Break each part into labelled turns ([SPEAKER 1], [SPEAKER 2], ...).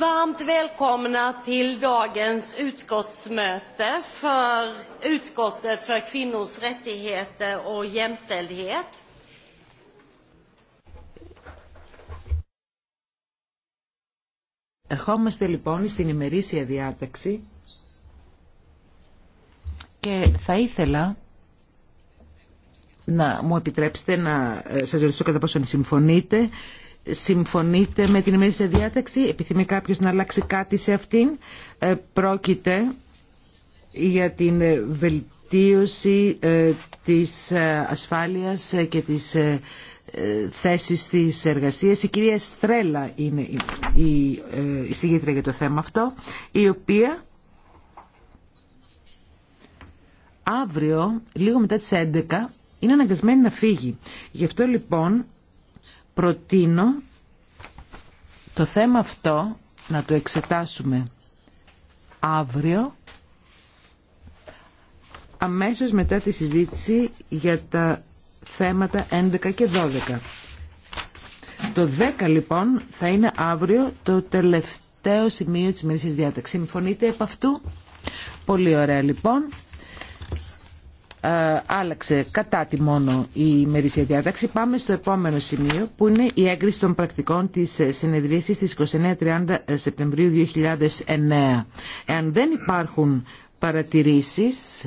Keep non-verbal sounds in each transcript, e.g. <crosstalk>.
[SPEAKER 1] Varmt välkomna
[SPEAKER 2] till dagens utskottsmöte för utskottet för kvinnors rättigheter och jämställdhet. Ερχόμαστε λοιπόν στην ημερήσια διάταξη και θα ήθελα να μου επιτρέψετε να ε, σας ρωτήσω κατά πόσο συμφωνείτε συμφωνείτε με την ημερήσια διάταξη, επιθυμεί κάποιος να αλλάξει κάτι σε αυτήν. Ε, πρόκειται για την ε, βελτίωση ε, της ασφάλειας και της θέσης της εργασίας. Η κυρία Στρέλα είναι η η για το θέμα αυτό, η οποία αύριο, λίγο μετά τις 11, είναι αναγκασμένη να φύγει. Γι' αυτό λοιπόν προτείνω το θέμα αυτό να το εξετάσουμε αύριο αμέσως μετά τη συζήτηση για τα θέματα 11 και 12. Το 10 λοιπόν θα είναι αύριο το τελευταίο σημείο της μερικής διάταξης. Συμφωνείτε επ' αυτού. Πολύ ωραία λοιπόν. Ε, άλλαξε κατά τη μόνο η ημερήσια διάταξη. Πάμε στο επόμενο σημείο που είναι η έγκριση των πρακτικών της συνεδρίασης της 29-30 Σεπτεμβρίου 2009. Εάν δεν υπάρχουν παρατηρήσεις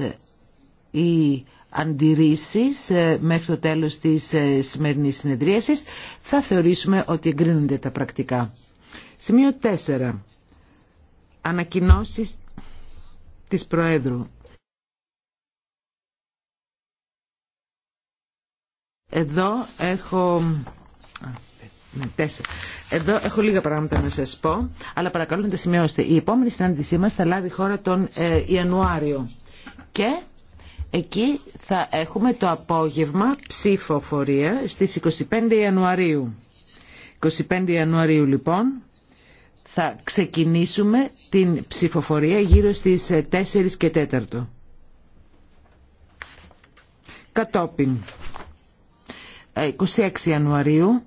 [SPEAKER 2] ή αντιρρήσεις ε, μέχρι το τέλος της ε, σημερινής συνεδρίασης θα θεωρήσουμε ότι εγκρίνονται τα πρακτικά. Σημείο 4. Ανακοινώσεις της Προέδρου Εδώ έχω... Εδώ έχω λίγα πράγματα να σας πω, αλλά παρακαλώ να τα σημειώσετε. Η επόμενη συνάντησή μας θα λάβει χώρα τον ε, Ιανουάριο και εκεί θα έχουμε το απόγευμα ψηφοφορία στις 25 Ιανουαρίου. 25 Ιανουαρίου λοιπόν θα ξεκινήσουμε την ψηφοφορία γύρω στις 4 ε, και 4. Κατόπιν. 26 Ιανουαρίου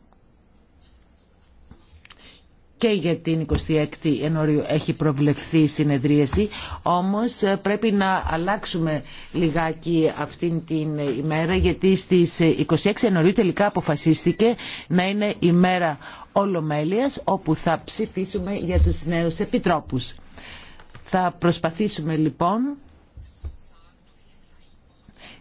[SPEAKER 2] και για την 26η Ιανουαρίου έχει προβλεφθεί συνεδρίαση, όμως ε, πρέπει να αλλάξουμε λιγάκι αυτήν την ημέρα, γιατί στις 26 ε, Ιανουαρίου τελικά αποφασίστηκε να είναι η μέρα Ολομέλειας, όπου θα ψηφίσουμε για τους νέους επιτρόπους. Θα προσπαθήσουμε λοιπόν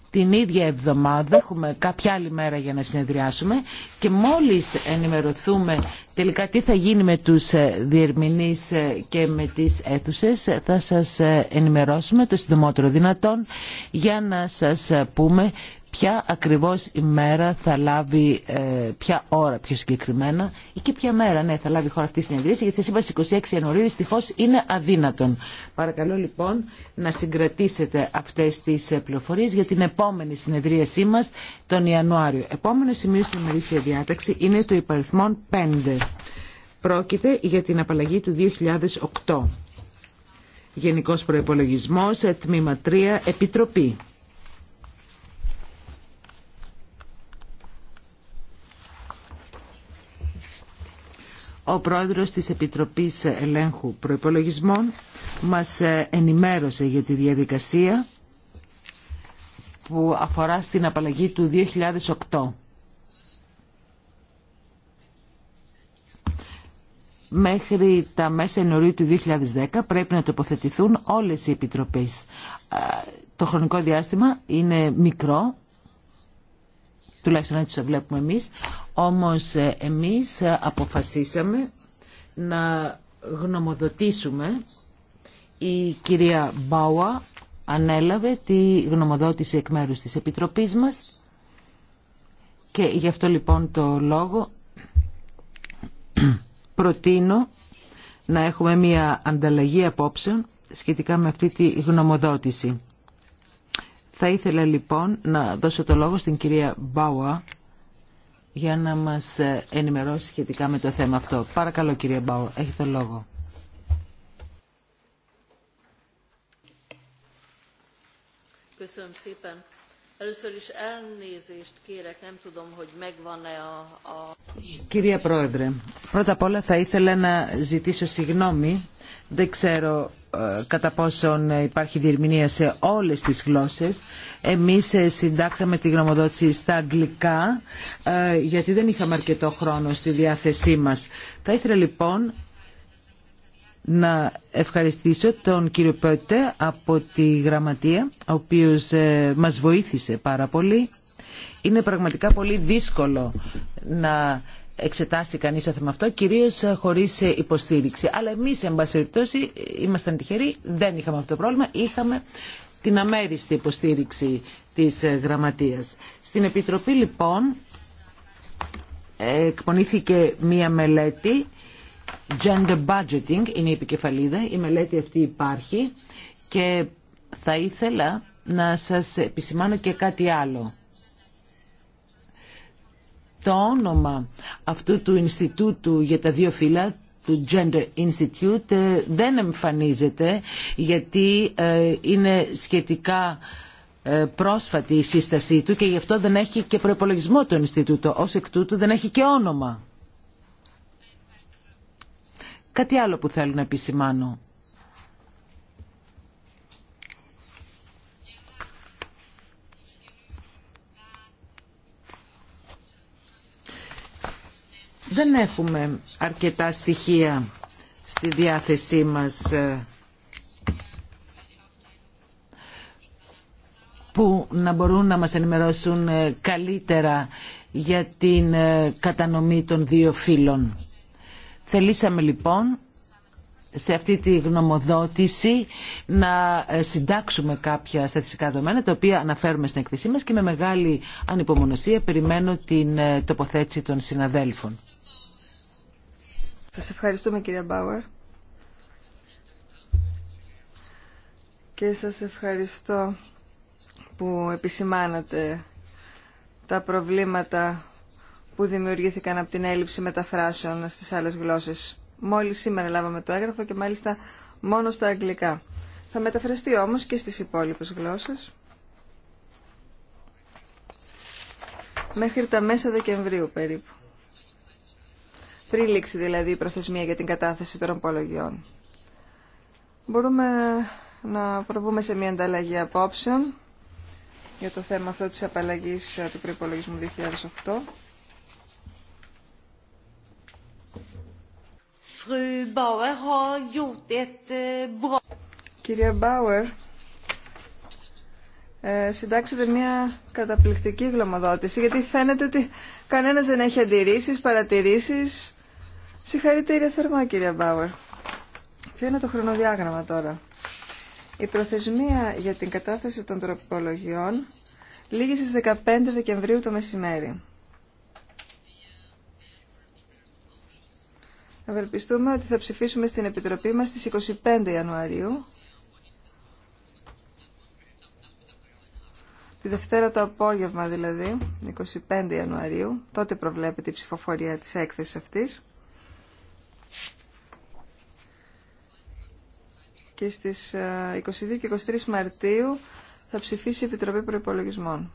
[SPEAKER 2] την ίδια εβδομάδα έχουμε κάποια άλλη μέρα για να συνεδριάσουμε και μόλις ενημερωθούμε τελικά τι θα γίνει με τους ε, διερμηνείς ε, και με τις αίθουσες ε, θα σας ενημερώσουμε το συντομότερο δυνατόν για να σας πούμε ποια ακριβώς η μέρα θα λάβει, ε, ποια ώρα πιο συγκεκριμένα ή και ποια μέρα ναι, θα λάβει η χώρα αυτή η συνεδρίαση, γιατί σας είπα 26 Ιανουαρίου δυστυχώ είναι αδύνατον. Παρακαλώ λοιπόν να συγκρατήσετε αυτές τις ε, πληροφορίες για την επόμενη συνεδρίασή μας τον Ιανουάριο. Επόμενο σημείο στην ημερήσια διάταξη είναι το υπαριθμόν 5. Πρόκειται για την απαλλαγή του 2008. Γενικός Προϋπολογισμός, ε, τμήμα 3, Επιτροπή. Ο πρόεδρος της Επιτροπής Ελέγχου Προϋπολογισμών μας ενημέρωσε για τη διαδικασία που αφορά στην απαλλαγή του 2008. Μέχρι τα μέσα Ιανουαρίου του 2010 πρέπει να τοποθετηθούν όλες οι επιτροπές. Το χρονικό διάστημα είναι μικρό, τουλάχιστον έτσι το βλέπουμε εμείς, όμως ε, εμείς ε, αποφασίσαμε να γνωμοδοτήσουμε η κυρία Μπάουα ανέλαβε τη γνωμοδότηση εκ μέρους της Επιτροπής μας και γι' αυτό λοιπόν το λόγο προτείνω να έχουμε μια ανταλλαγή απόψεων σχετικά με αυτή τη γνωμοδότηση. Θα ήθελα λοιπόν να δώσω το λόγο στην κυρία Μπάουα για να μας ενημερώσει σχετικά με το θέμα αυτό. Παρακαλώ κυρία Μπάουα, έχει το λόγο. Κυρία Πρόεδρε, πρώτα απ' όλα θα ήθελα να ζητήσω συγγνώμη. Δεν ξέρω ε, κατά πόσον ε, υπάρχει διερμηνία σε όλες τις γλώσσες. Εμείς ε, συντάξαμε τη γνωμοδότηση στα αγγλικά γιατί δεν είχαμε αρκετό χρόνο στη διάθεσή μας. Θα ήθελα λοιπόν να ευχαριστήσω τον κύριο Πέτε από τη Γραμματεία, ο οποίος μας βοήθησε πάρα πολύ. Είναι πραγματικά πολύ δύσκολο να εξετάσει κανείς το θέμα αυτό, κυρίως χωρίς υποστήριξη. Αλλά εμείς, εν πάση περιπτώσει, ήμασταν τυχεροί, δεν είχαμε αυτό το πρόβλημα, είχαμε την αμέριστη υποστήριξη της ε, γραμματείας. Στην Επιτροπή, λοιπόν, εκπονήθηκε μία μελέτη, Gender Budgeting είναι η επικεφαλίδα, η μελέτη αυτή υπάρχει και θα ήθελα να σας επισημάνω και κάτι άλλο. Το όνομα αυτού του Ινστιτούτου για τα δύο φύλλα, του Gender Institute, ε, δεν εμφανίζεται γιατί ε, είναι σχετικά ε, πρόσφατη η σύστασή του και γι' αυτό δεν έχει και προπολογισμό το Ινστιτούτο. Ως εκ τούτου δεν έχει και όνομα. Κάτι άλλο που θέλω να επισημάνω. Δεν έχουμε αρκετά στοιχεία στη διάθεσή μας ε, που να μπορούν να μας ενημερώσουν ε, καλύτερα για την ε, κατανομή των δύο φύλων. Θελήσαμε λοιπόν σε αυτή τη γνωμοδότηση να συντάξουμε κάποια στατιστικά δεδομένα τα οποία αναφέρουμε στην εκθεσή μας και με μεγάλη ανυπομονωσία περιμένω την τοποθέτηση των συναδέλφων.
[SPEAKER 1] Σας ευχαριστούμε κυρία Μπάουερ. Και σας ευχαριστώ που επισημάνατε τα προβλήματα που δημιουργήθηκαν από την έλλειψη μεταφράσεων στις άλλες γλώσσες. Μόλις σήμερα λάβαμε το έγγραφο και μάλιστα μόνο στα αγγλικά. Θα μεταφραστεί όμως και στις υπόλοιπες γλώσσες. Μέχρι τα μέσα Δεκεμβρίου περίπου πριν λήξει δηλαδή η προθεσμία για την κατάθεση των απολογιών. Μπορούμε να προβούμε σε μια ανταλλαγή απόψεων για το θέμα αυτό της απαλλαγής ε, του προϋπολογισμού 2008. Eh, Κυρία Μπάουερ, ε, συντάξετε μια καταπληκτική γλωμοδότηση, γιατί φαίνεται ότι κανένας δεν έχει αντιρρήσεις, παρατηρήσεις. Συγχαρητήρια θερμά κυρία Μπάουερ. Ποιο είναι το χρονοδιάγραμμα τώρα. Η προθεσμία για την κατάθεση των τροπολογιών λήγει στις 15 Δεκεμβρίου το μεσημέρι. Ευελπιστούμε ότι θα ψηφίσουμε στην Επιτροπή μας στις 25 Ιανουαρίου. Τη Δευτέρα το απόγευμα δηλαδή, 25 Ιανουαρίου, τότε προβλέπεται η ψηφοφορία της έκθεσης αυτής. και στις 22 ε, και 23 Μαρτίου θα ψηφίσει η Επιτροπή Προϋπολογισμών.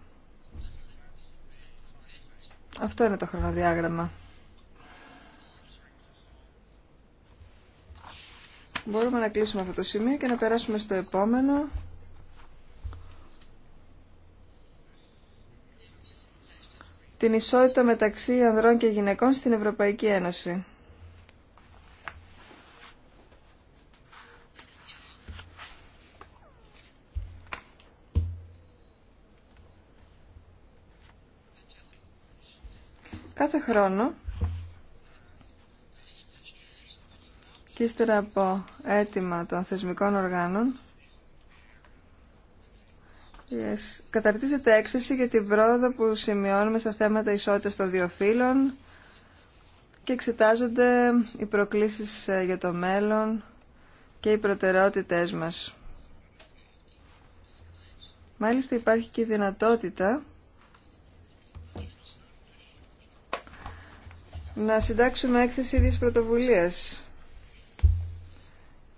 [SPEAKER 1] Αυτό είναι το χρονοδιάγραμμα. Μπορούμε να κλείσουμε αυτό το σημείο και να περάσουμε στο επόμενο. Την ισότητα μεταξύ ανδρών και γυναικών στην Ευρωπαϊκή Ένωση. Κάθε χρόνο και ύστερα από αίτημα των θεσμικών οργάνων yes. καταρτίζεται έκθεση για την πρόοδο που σημειώνουμε στα θέματα ισότητας των δύο φύλων και εξετάζονται οι προκλήσεις ε, για το μέλλον και οι προτεραιότητές μας. Μάλιστα υπάρχει και η δυνατότητα να συντάξουμε έκθεση ίδιες πρωτοβουλίας.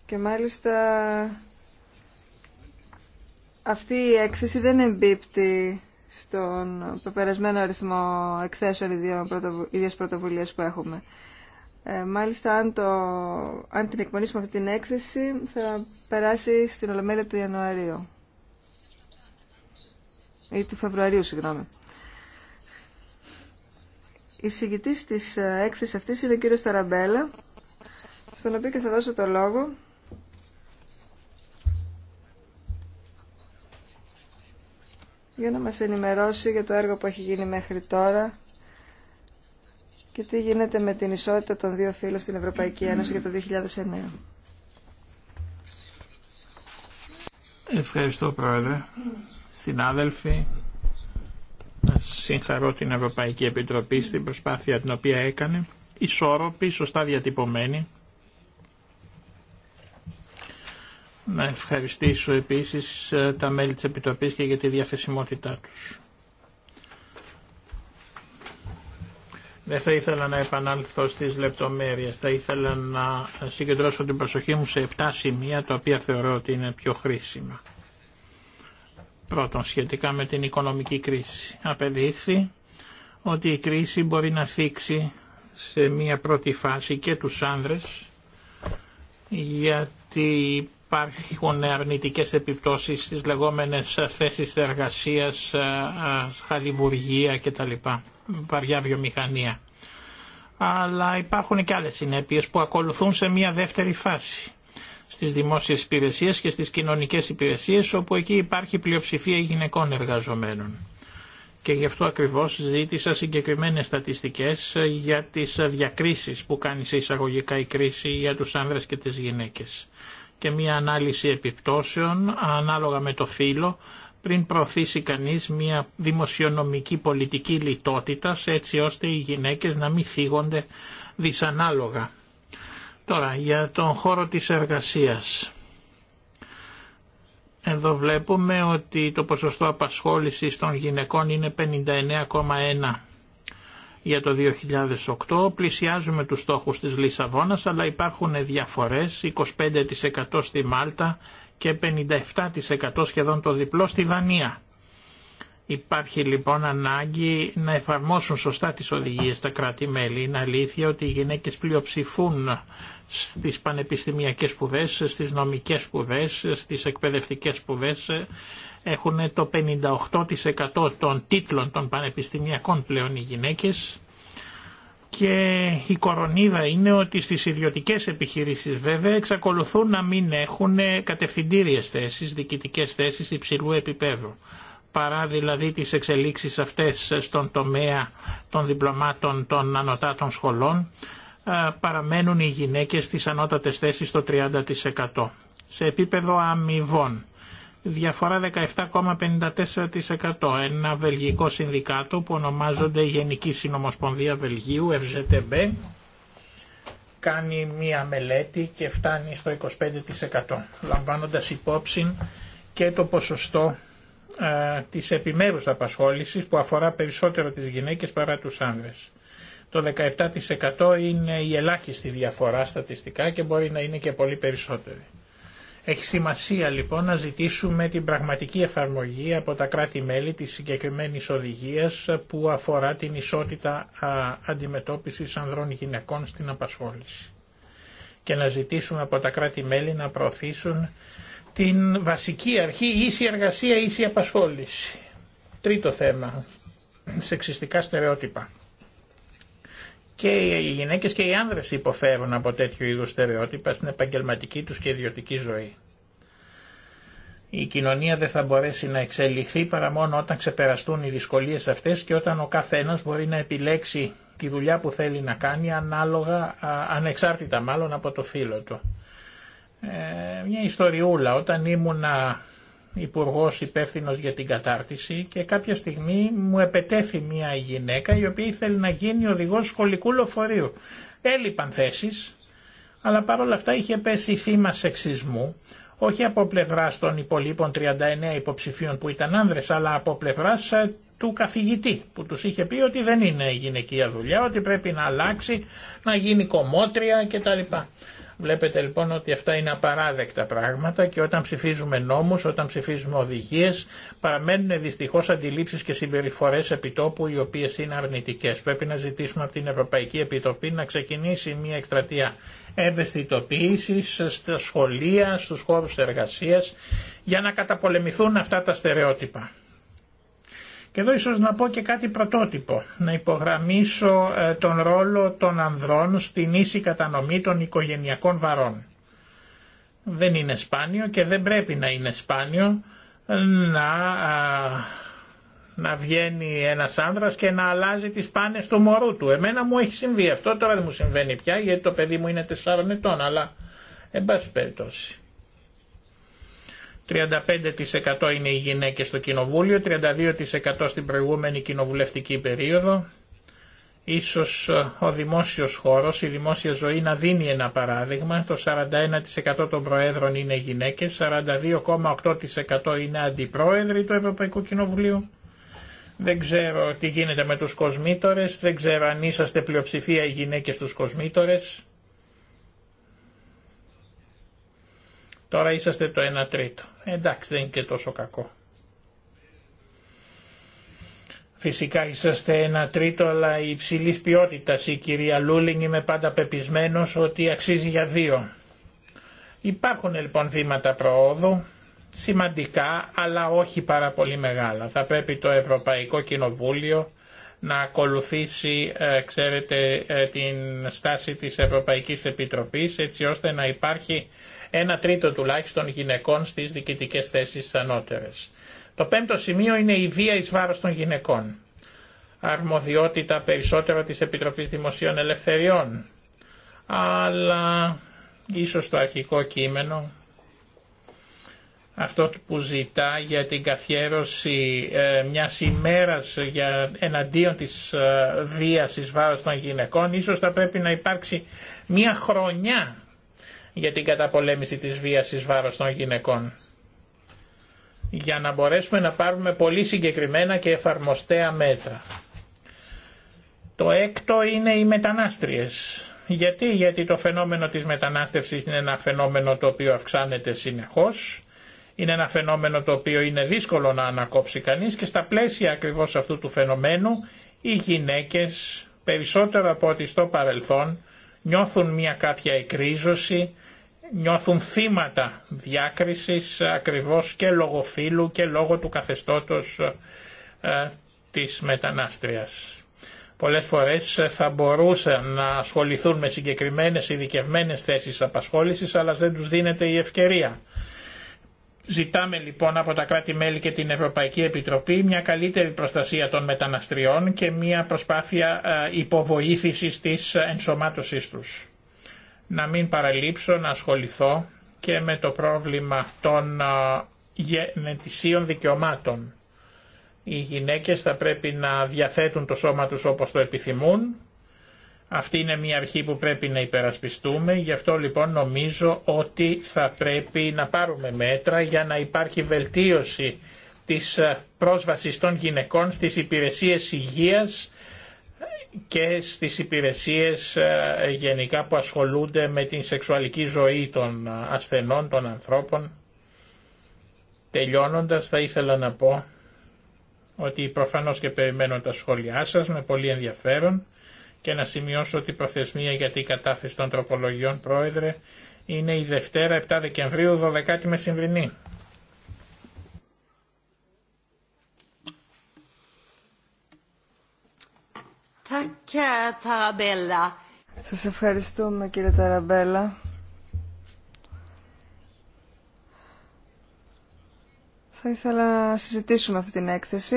[SPEAKER 1] Και μάλιστα αυτή η έκθεση δεν εμπίπτει στον πεπερασμένο αριθμό εκθέσεων ίδιας πρωτοβουλίας που έχουμε. Ε, μάλιστα, αν, το, αν την εκπονήσουμε αυτή την έκθεση, θα περάσει στην Ολομέλεια του Ιανουαρίου. Ή του Φεβρουαρίου, συγγνώμη. Η συγκητής τη ε, έκθεσης αυτής είναι ο κύριο Ταραμπέλα, στον οποίο και θα δώσω το λόγο. για να μας ενημερώσει για το έργο που έχει γίνει μέχρι τώρα και τι γίνεται με την ισότητα των δύο φύλων στην Ευρωπαϊκή Ένωση για το 2009.
[SPEAKER 3] Ευχαριστώ Πρόεδρε, συνάδελφοι, να συγχαρώ την Ευρωπαϊκή Επιτροπή στην προσπάθεια την οποία έκανε, ισόρροπη, σωστά διατυπωμένη. Να ευχαριστήσω επίσης ε, τα μέλη της Επιτροπής και για τη διαθεσιμότητά τους. Δεν θα ήθελα να επανάλθω στις λεπτομέρειες. Θα ήθελα να συγκεντρώσω την προσοχή μου σε 7 σημεία τα οποία θεωρώ ότι είναι πιο χρήσιμα. Πρώτον, σχετικά με την οικονομική κρίση. Απεδείχθη ότι η κρίση μπορεί να θίξει σε μία πρώτη φάση και τους άνδρες γιατί υπάρχουν αρνητικές επιπτώσεις στις λεγόμενες θέσεις εργασίας, χαλιβουργία κτλ. Βαριά βιομηχανία. Αλλά υπάρχουν και άλλες συνέπειες που ακολουθούν σε μία δεύτερη φάση στις δημόσιες υπηρεσίες και στις κοινωνικές υπηρεσίες όπου εκεί υπάρχει πλειοψηφία γυναικών εργαζομένων. Και γι' αυτό ακριβώς ζήτησα συγκεκριμένες στατιστικές ε, για τις ε, διακρίσεις που κάνει σε εισαγωγικά η κρίση για τους άνδρες και τις γυναίκες και μια ανάλυση επιπτώσεων ανάλογα με το φύλλο πριν προωθήσει κανείς μια δημοσιονομική πολιτική λιτότητα έτσι ώστε οι γυναίκες να μην θίγονται δυσανάλογα Τώρα, για τον χώρο της εργασίας. Εδώ βλέπουμε ότι το ποσοστό απασχόλησης των γυναικών είναι 59,1 για το 2008. Πλησιάζουμε τους στόχους της Λισαβόνας, αλλά υπάρχουν διαφορές, 25% στη Μάλτα και 57% σχεδόν το διπλό στη Δανία. Υπάρχει λοιπόν ανάγκη να εφαρμόσουν σωστά τις οδηγίες τα κράτη-μέλη. Είναι αλήθεια ότι οι γυναίκες πλειοψηφούν στις πανεπιστημιακές σπουδέ, στις νομικές σπουδέ, στις εκπαιδευτικές σπουδέ. Έχουν το 58% των τίτλων των πανεπιστημιακών πλέον οι γυναίκες. Και η κορονίδα είναι ότι στις ιδιωτικές επιχειρήσεις βέβαια εξακολουθούν να μην έχουν κατευθυντήριες θέσεις, διοικητικές θέσεις υψηλού επίπεδου παρά δηλαδή τις εξελίξεις αυτές στον τομέα των διπλωμάτων των ανωτάτων σχολών παραμένουν οι γυναίκες στις ανώτατες θέσεις στο 30%. Σε επίπεδο αμοιβών, διαφορά 17,54%. Ένα βελγικό συνδικάτο που ονομάζονται Γενική Συνομοσπονδία Βελγίου, FZTB, κάνει μία μελέτη και φτάνει στο 25%, λαμβάνοντας υπόψη και το ποσοστό της επιμέρους απασχόλησης που αφορά περισσότερο τις γυναίκες παρά τους άνδρες. Το 17% είναι η ελάχιστη διαφορά στατιστικά και μπορεί να είναι και πολύ περισσότερη. Έχει σημασία λοιπόν να ζητήσουμε την πραγματική εφαρμογή από τα κράτη-μέλη της συγκεκριμένης οδηγίας που αφορά την ισότητα αντιμετώπισης ανδρών γυναικών στην απασχόληση και να ζητήσουμε από τα κράτη-μέλη να προωθήσουν την βασική αρχή ίση εργασία, ίση απασχόληση. Τρίτο θέμα, σεξιστικά στερεότυπα. Και οι γυναίκες και οι άνδρες υποφέρουν από τέτοιου είδους στερεότυπα στην επαγγελματική τους και ιδιωτική ζωή. Η κοινωνία δεν θα μπορέσει να εξελιχθεί παρά μόνο όταν ξεπεραστούν οι δυσκολίες αυτές και όταν ο καθένας μπορεί να επιλέξει τη δουλειά που θέλει να κάνει ανάλογα, ανεξάρτητα μάλλον από το φίλο του. Ε, μια ιστοριούλα όταν ήμουνα υπουργό υπεύθυνο για την κατάρτιση και κάποια στιγμή μου επετέθη μια γυναίκα η οποία ήθελε να γίνει οδηγός σχολικού λοφορείου. Έλειπαν θέσει. αλλά παρόλα αυτά είχε πέσει θύμα σεξισμού, όχι από πλευρά των υπολείπων 39 υποψηφίων που ήταν άνδρες, αλλά από πλευρά ε, του καθηγητή που τους είχε πει ότι δεν είναι γυναικεία δουλειά, ότι πρέπει να αλλάξει, να γίνει κομμότρια κτλ. Βλέπετε λοιπόν ότι αυτά είναι απαράδεκτα πράγματα και όταν ψηφίζουμε νόμους, όταν ψηφίζουμε οδηγίες, παραμένουν δυστυχώς αντιλήψεις και συμπεριφορές επιτόπου οι οποίες είναι αρνητικές. Πρέπει να ζητήσουμε από την Ευρωπαϊκή Επιτροπή να ξεκινήσει μια εκστρατεία ευαισθητοποίησης στα σχολεία, στους χώρους εργασίας για να καταπολεμηθούν αυτά τα στερεότυπα. Και εδώ ίσως να πω και κάτι πρωτότυπο, να υπογραμμίσω ε, τον ρόλο των ανδρών στην ίση κατανομή των οικογενειακών βαρών. Δεν είναι σπάνιο και δεν πρέπει να είναι σπάνιο ε, να, να βγαίνει ένας άνδρας και να αλλάζει τις πάνες του μωρού του. Εμένα μου έχει συμβεί αυτό, τώρα δεν μου συμβαίνει πια γιατί το παιδί μου είναι 4 ετών, αλλά εν πάση περιπτώσει. 35% είναι οι γυναίκες στο κοινοβούλιο, 32% στην προηγούμενη κοινοβουλευτική περίοδο. Ίσως ε, ο δημόσιος χώρος, η δημόσια ζωή να δίνει ένα παράδειγμα. Το 41% των προέδρων είναι γυναίκες, 42,8% είναι αντιπρόεδροι του Ευρωπαϊκού Κοινοβουλίου. Δεν ξέρω τι γίνεται με τους κοσμήτορες, δεν ξέρω αν είσαστε πλειοψηφία οι γυναίκες στους κοσμήτορες. Τώρα είσαστε το 1 τρίτο. Εντάξει, δεν είναι και τόσο κακό. Φυσικά είσαστε ένα τρίτο, αλλά υψηλή ποιότητα. Η κυρία Λούλινγκ είμαι πάντα πεπισμένο ότι αξίζει για δύο. Υπάρχουν λοιπόν βήματα προόδου, σημαντικά, αλλά όχι πάρα πολύ μεγάλα. Θα πρέπει το Ευρωπαϊκό Κοινοβούλιο να ακολουθήσει, ε, ξέρετε, ε, την στάση της Ευρωπαϊκής Επιτροπής, έτσι ώστε να υπάρχει ένα τρίτο τουλάχιστον γυναικών στις διοικητικές θέσεις ανώτερες. Το πέμπτο σημείο είναι η βία εις βάρος των γυναικών. Αρμοδιότητα περισσότερο της Επιτροπής Δημοσίων Ελευθεριών. Αλλά ίσως το αρχικό κείμενο αυτό που ζητά για την καθιέρωση ε, μιας ημέρας για εναντίον της ε, βίας εις βάρος των γυναικών. Ίσως θα πρέπει να υπάρξει μια χρονιά για την καταπολέμηση της βίας εις βάρος των γυναικών. Για να μπορέσουμε να πάρουμε πολύ συγκεκριμένα και εφαρμοστέα μέτρα. Το έκτο είναι οι μετανάστριες. Γιατί, γιατί το φαινόμενο της μετανάστευσης είναι ένα φαινόμενο το οποίο αυξάνεται συνεχώς, είναι ένα φαινόμενο το οποίο είναι δύσκολο να ανακόψει κανείς και στα πλαίσια ακριβώς αυτού του φαινομένου οι γυναίκες περισσότερο από ό,τι στο παρελθόν νιώθουν μια κάποια εκρίζωση, νιώθουν θύματα διάκρισης ακριβώς και λόγω φύλου και λόγω του καθεστώτος ε, της μετανάστριας. Πολλές φορές ε, θα μπορούσαν να ασχοληθούν με συγκεκριμένες ειδικευμένε θέσεις απασχόλησης αλλά δεν τους δίνεται η ευκαιρία. Ζητάμε λοιπόν από τα κράτη-μέλη και την Ευρωπαϊκή Επιτροπή μια καλύτερη προστασία των μεταναστριών και μια προσπάθεια υποβοήθησης της ενσωμάτωσής τους. Να μην παραλείψω να ασχοληθώ και με το πρόβλημα των γενετησίων δικαιωμάτων. Οι γυναίκες θα πρέπει να διαθέτουν το σώμα τους όπως το επιθυμούν αυτή είναι μια αρχή που πρέπει να υπερασπιστούμε, γι' αυτό λοιπόν νομίζω ότι θα πρέπει να πάρουμε μέτρα για να υπάρχει βελτίωση της ε, πρόσβασης των γυναικών στις υπηρεσίες υγείας και στις υπηρεσίες ε, γενικά που ασχολούνται με την σεξουαλική ζωή των ε, ασθενών, των ανθρώπων. Τελειώνοντας θα ήθελα να πω ότι προφανώς και περιμένω τα σχόλιά σας με πολύ ενδιαφέρον και να σημειώσω ότι η προθεσμία για την κατάθεση των τροπολογιών, Πρόεδρε, είναι η Δευτέρα 7 Δεκεμβρίου 12η Μεσημβρινή.
[SPEAKER 1] Σας ευχαριστούμε κύριε Ταραμπέλα. Θα ήθελα να συζητήσουμε αυτή την έκθεση.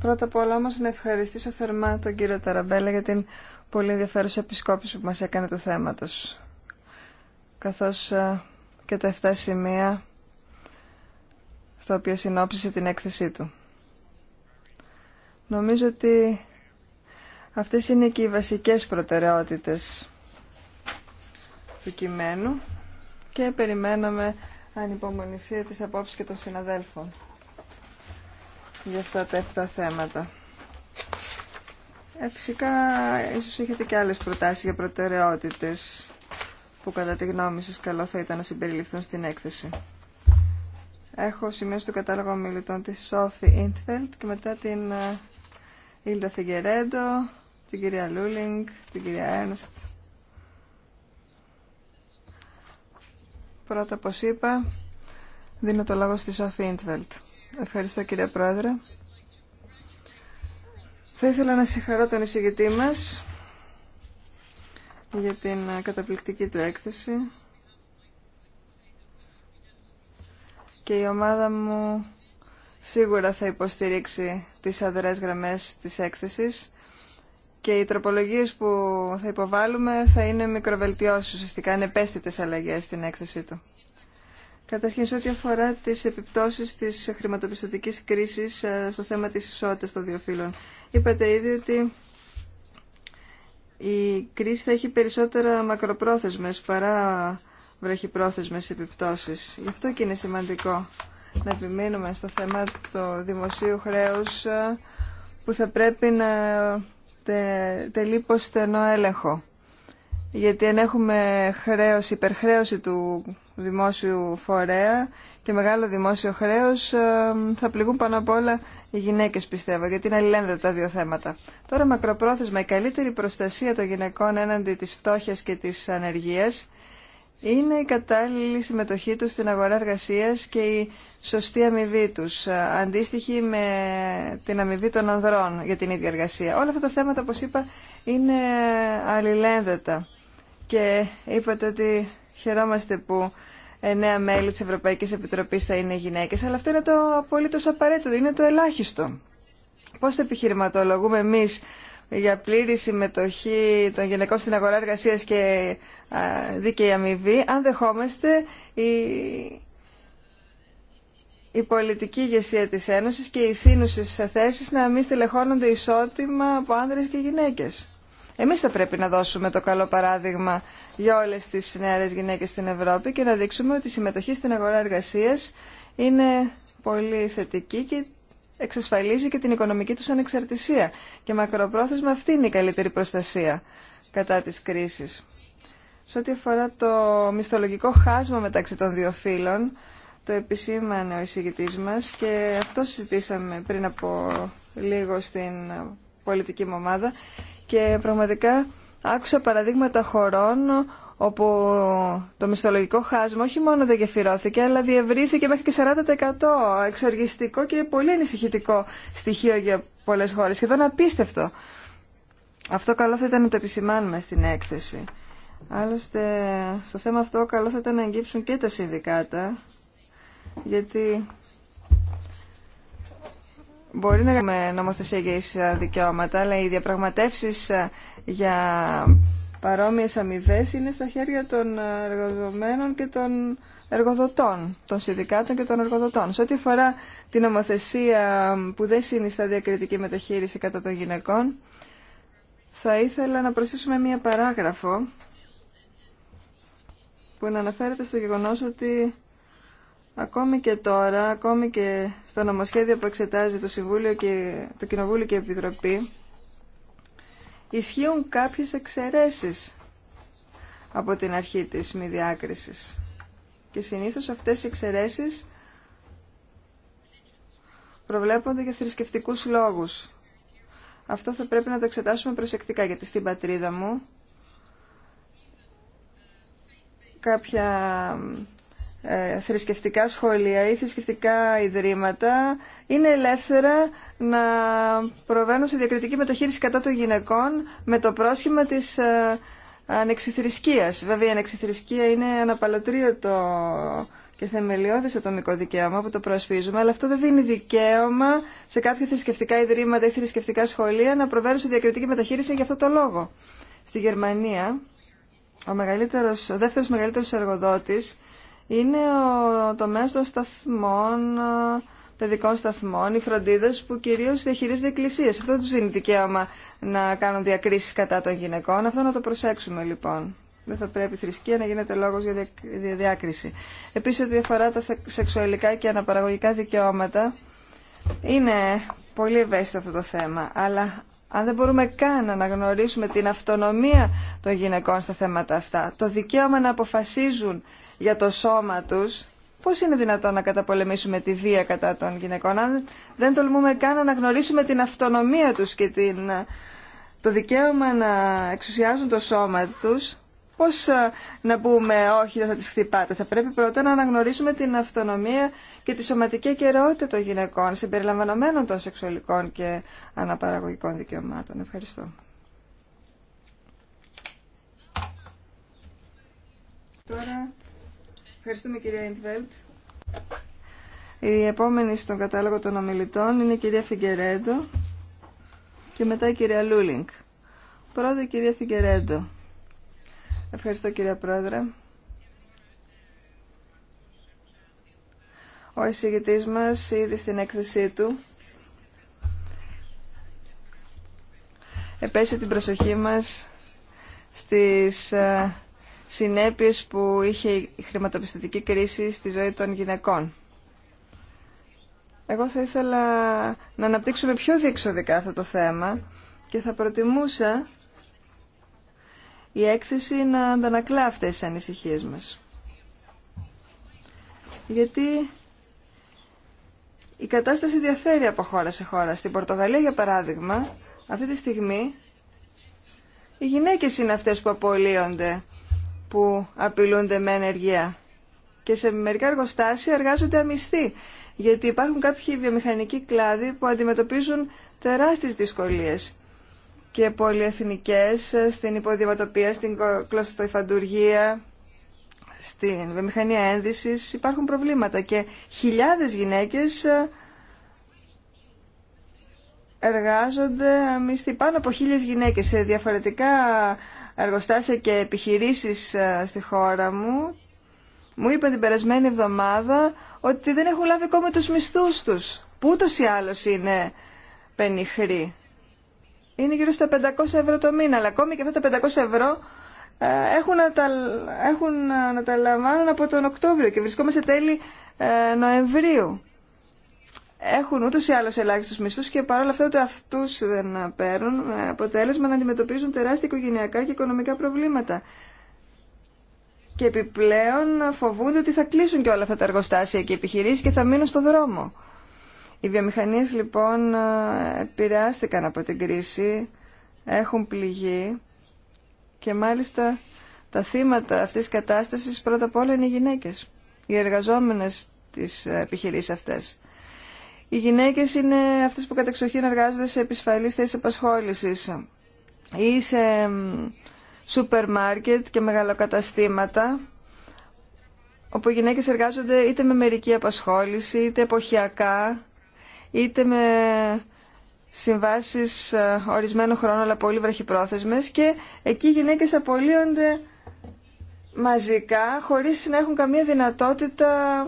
[SPEAKER 1] Πρώτα απ' όλα όμως να ευχαριστήσω θερμά τον κύριο Ταραμπέλα για την πολύ ενδιαφέρουσα επισκόπηση που μας έκανε το του τους, καθώς ε, και τα 7 σημεία στα οποία συνόψισε την έκθεσή του. Νομίζω ότι αυτές είναι και οι βασικές προτεραιότητες του κειμένου και περιμέναμε ανυπομονησία της απόψης και των συναδέλφων για αυτά τα 7 θέματα. Ε, φυσικά, ίσως έχετε και άλλες προτάσεις για προτεραιότητες που κατά τη γνώμη σας καλό θα ήταν να συμπεριληφθούν στην έκθεση. Έχω σημείωση του κατάλογο μιλητών της Σόφη Ιντφελτ και μετά την Ήλτα ε, Φιγκερέντο, την κυρία Λούλινγκ, την κυρία Έρνστ. Πρώτα, όπως είπα, δίνω το λόγο στη Σόφη Ιντφελτ. Ευχαριστώ κύριε Πρόεδρε. Θα ήθελα να συγχαρώ τον εισηγητή μας για την καταπληκτική του έκθεση. Και η ομάδα μου σίγουρα θα υποστηρίξει τις αδερές γραμμές της έκθεσης και οι τροπολογίες που θα υποβάλουμε θα είναι μικροβελτιώσεις, ουσιαστικά είναι επέστητες αλλαγές στην έκθεσή του. Καταρχήν, σε ό,τι αφορά τι επιπτώσει τη χρηματοπιστωτική κρίση ε, στο θέμα τη ισότητα των δύο φύλων, είπατε ήδη ότι η κρίση θα έχει περισσότερα μακροπρόθεσμες παρά βραχυπρόθεσμες επιπτώσεις. Γι' αυτό και είναι σημαντικό να επιμείνουμε στο θέμα του δημοσίου χρέους ε, που θα πρέπει να τελεί στενό έλεγχο γιατί αν έχουμε χρέος, υπερχρέωση του δημόσιου φορέα και μεγάλο δημόσιο χρέος ε, θα πληγούν πάνω απ' όλα οι γυναίκες πιστεύω γιατί είναι αλληλένδετα τα δύο θέματα. Τώρα μακροπρόθεσμα η καλύτερη προστασία των γυναικών έναντι της φτώχειας και της ανεργίας είναι η κατάλληλη συμμετοχή τους στην αγορά εργασίας και η σωστή αμοιβή τους, ε, αντίστοιχη με την αμοιβή των ανδρών για την ίδια εργασία. Όλα αυτά τα θέματα, όπως είπα, είναι αλληλένδετα και είπατε ότι χαιρόμαστε που νέα μέλη της Ευρωπαϊκής Επιτροπής θα είναι γυναίκες, αλλά αυτό είναι το απολύτως απαραίτητο, είναι το ελάχιστο. Πώς θα επιχειρηματολογούμε εμείς για πλήρη συμμετοχή των γυναικών στην αγορά εργασίας και δίκαιη αμοιβή, αν δεχόμαστε η, η πολιτική ηγεσία της Ένωσης και οι θύνουσες θέσεις να μην στελεχώνονται ισότιμα από άνδρες και γυναίκες. Εμείς θα πρέπει να δώσουμε το καλό παράδειγμα για όλες τις νεαρές γυναίκες στην Ευρώπη και να δείξουμε ότι η συμμετοχή στην αγορά εργασίας είναι πολύ θετική και εξασφαλίζει και την οικονομική τους ανεξαρτησία. Και μακροπρόθεσμα αυτή είναι η καλύτερη προστασία κατά της κρίσης. Σε ό,τι αφορά το μισθολογικό χάσμα μεταξύ των δύο φύλων, το επισήμανε ο εισηγητής μας και αυτό συζητήσαμε πριν από λίγο στην πολιτική μου ομάδα και πραγματικά άκουσα παραδείγματα χωρών όπου το μισθολογικό χάσμα όχι μόνο δεν γεφυρώθηκε, αλλά διευρύθηκε μέχρι και 40%. Εξοργιστικό και πολύ ανησυχητικό στοιχείο για πολλές χώρες. είναι απίστευτο. Αυτό καλό θα ήταν να το επισημάνουμε στην έκθεση. Άλλωστε, στο θέμα αυτό καλό θα ήταν να εγγύψουν και τα συνδικάτα, γιατί Μπορεί να έχουμε νομοθεσία για ίσα δικαιώματα, αλλά οι διαπραγματεύσει ε, για παρόμοιε αμοιβέ είναι στα χέρια των εργαζομένων και των εργοδοτών, των συνδικάτων και των εργοδοτών. Σε ό,τι αφορά την νομοθεσία που δεν συνιστά διακριτική μεταχείριση κατά των γυναικών, θα ήθελα να προσθέσουμε μία παράγραφο που να αναφέρεται στο γεγονός ότι Ακόμη και τώρα, ακόμη και στα νομοσχέδια που εξετάζει το, Συμβούλιο και, το Κοινοβούλιο και η Επιτροπή, ισχύουν κάποιες εξαιρέσεις από την αρχή της μη διάκρισης. Και συνήθως αυτές οι εξαιρέσεις προβλέπονται για θρησκευτικούς λόγους. Αυτό θα πρέπει να το εξετάσουμε προσεκτικά, γιατί στην πατρίδα μου κάποια ε, θρησκευτικά σχολεία ή θρησκευτικά ιδρύματα είναι ελεύθερα να προβαίνουν σε διακριτική μεταχείριση κατά των γυναικών με το πρόσχημα της ε, ανεξιθρησκείας. Βέβαια η ανεξιθρησκεία είναι αναπαλωτρίωτο και θεμελιώδης ατομικό δικαίωμα που το προσπίζουμε, αλλά αυτό δεν δίνει δικαίωμα σε κάποια θρησκευτικά ιδρύματα ή θρησκευτικά σχολεία να προβαίνουν σε διακριτική μεταχείριση για αυτό το λόγο. Στη Γερμανία, ο, μεγαλύτερος, ο δεύτερος μεγαλύτερος εργοδότης είναι ο τομέας των σταθμών, παιδικών σταθμών, οι φροντίδες που κυρίως διαχειρίζονται εκκλησίες. Αυτό τους δίνει δικαίωμα να κάνουν διακρίσεις κατά των γυναικών. Αυτό να το προσέξουμε λοιπόν. Δεν θα πρέπει η θρησκεία να γίνεται λόγος για διάκριση. Επίσης, ό,τι αφορά τα σεξουαλικά και αναπαραγωγικά δικαιώματα, είναι πολύ ευαίσθητο αυτό το θέμα, αλλά αν δεν μπορούμε καν να αναγνωρίσουμε την αυτονομία των γυναικών στα θέματα αυτά, το δικαίωμα να αποφασίζουν για το σώμα τους, πώς είναι δυνατόν να καταπολεμήσουμε τη βία κατά των γυναικών, αν δεν τολμούμε καν να αναγνωρίσουμε την αυτονομία τους και το δικαίωμα να εξουσιάζουν το σώμα τους, Πώς ε, να πούμε όχι δεν θα τις χτυπάτε. Θα πρέπει πρώτα να αναγνωρίσουμε την αυτονομία και τη σωματική ακαιρεότητα των γυναικών συμπεριλαμβανομένων των σεξουαλικών και αναπαραγωγικών δικαιωμάτων. Ευχαριστώ. Τώρα, ευχαριστούμε κυρία Ιντβέλτ. Η επόμενη στον κατάλογο των ομιλητών είναι η κυρία Φιγκερέντο και μετά η κυρία Λούλινγκ. Πρώτα η κυρία Φιγκερέντο. Ευχαριστώ κύριε Πρόεδρε. Ο εισηγητής μας ήδη στην έκθεσή του επέσε την προσοχή μας στις ε, συνέπειες που είχε η χρηματοπιστωτική κρίση στη ζωή των γυναικών. Εγώ θα ήθελα να αναπτύξουμε πιο διεξοδικά αυτό το θέμα και θα προτιμούσα η έκθεση να αντανακλά αυτές τις ανησυχίες μας. Γιατί η κατάσταση διαφέρει από χώρα σε χώρα. Στην Πορτογαλία, για παράδειγμα, αυτή τη στιγμή οι γυναίκες είναι αυτές που απολύονται, που απειλούνται με ενεργεία. Και σε μερικά εργοστάσια εργάζονται αμυστοί, γιατί υπάρχουν κάποιοι βιομηχανικοί κλάδοι που αντιμετωπίζουν τεράστιες δυσκολίες και πολυεθνικές στην υποδηματοπία, στην κλωστοϊφαντουργία, στην βιομηχανία ένδυσης υπάρχουν προβλήματα και χιλιάδες γυναίκες ε, εργάζονται μισθή πάνω από χίλιες γυναίκες σε διαφορετικά εργοστάσια και επιχειρήσεις ε, στη χώρα μου μου είπαν την περασμένη εβδομάδα ότι δεν έχουν λάβει ακόμα τους μισθούς τους που ούτως ή άλλως είναι πενιχροί είναι γύρω στα 500 ευρώ το μήνα, αλλά ακόμη και αυτά τα 500 ευρώ ε, έχουν να τα, έχουν ε, λαμβάνουν από τον Οκτώβριο και βρισκόμαστε τέλη ε, Νοεμβρίου. Έχουν ούτω ή άλλω ελάχιστου μισθού και παρόλα αυτά ούτε αυτού δεν παίρνουν, με αποτέλεσμα να αντιμετωπίζουν τεράστια οικογενειακά και οικονομικά προβλήματα. Και επιπλέον φοβούνται ότι θα κλείσουν και όλα αυτά τα εργοστάσια και επιχειρήσει και θα μείνουν στο δρόμο. Οι βιομηχανίες λοιπόν επηρεάστηκαν από την κρίση, έχουν πληγεί και μάλιστα τα θύματα αυτής της κατάστασης πρώτα απ' όλα είναι οι γυναίκες, οι εργαζόμενες της επιχειρήσης αυτές. Οι γυναίκες είναι αυτές που κατεξοχήν εργάζονται σε επισφαλείς θέσεις απασχόλησης ή σε σούπερ μάρκετ και μεγαλοκαταστήματα όπου οι γυναίκες εργάζονται είτε με μερική απασχόληση είτε εποχιακά είτε με συμβάσεις ε, ορισμένου χρόνου αλλά πολύ βραχυπρόθεσμες και εκεί οι γυναίκες απολύονται μαζικά χωρίς να έχουν καμία δυνατότητα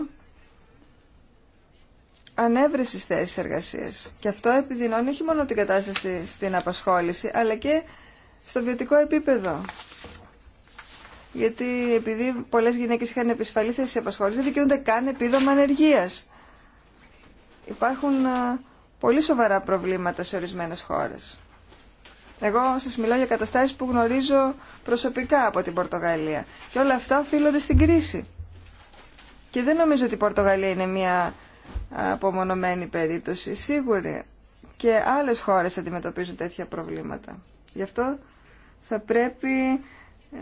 [SPEAKER 1] ανέβρεσης θέσης εργασίας. Και αυτό επιδεινώνει όχι μόνο την κατάσταση στην απασχόληση αλλά και στο βιωτικό επίπεδο. Γιατί επειδή πολλές γυναίκες είχαν επισφαλή θέση απασχόληση δεν δικαιούνται καν επίδομα ανεργίας. Υπάρχουν πολύ σοβαρά προβλήματα σε ορισμένες χώρες. Εγώ σας μιλάω για καταστάσεις που γνωρίζω προσωπικά από την Πορτογαλία. Και όλα αυτά οφείλονται στην κρίση. Και δεν νομίζω ότι η Πορτογαλία είναι μια απομονωμένη περίπτωση. Σίγουρη και άλλες χώρες αντιμετωπίζουν τέτοια προβλήματα. Γι' αυτό θα πρέπει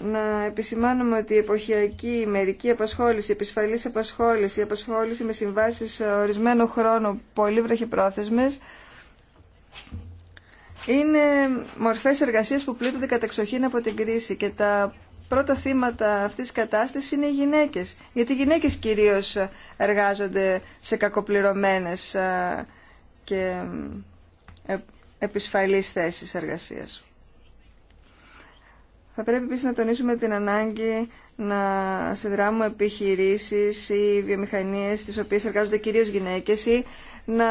[SPEAKER 1] να επισημάνουμε ότι η εποχιακή, η μερική απασχόληση, η επισφαλής απασχόληση, η απασχόληση με συμβάσεις ορισμένου χρόνου πολύ βραχυπρόθεσμες, είναι μορφές εργασίας που πλήττονται κατεξοχήν από την κρίση και τα πρώτα θύματα αυτής της κατάστασης είναι οι γυναίκες. Γιατί οι γυναίκες κυρίως εργάζονται σε κακοπληρωμένες ε, και ε, επισφαλείς θέσεις εργασίας. Θα πρέπει επίση να τονίσουμε την ανάγκη να συνδράμουμε επιχειρήσεις ή βιομηχανίες στις οποίες εργάζονται κυρίως γυναίκες ή να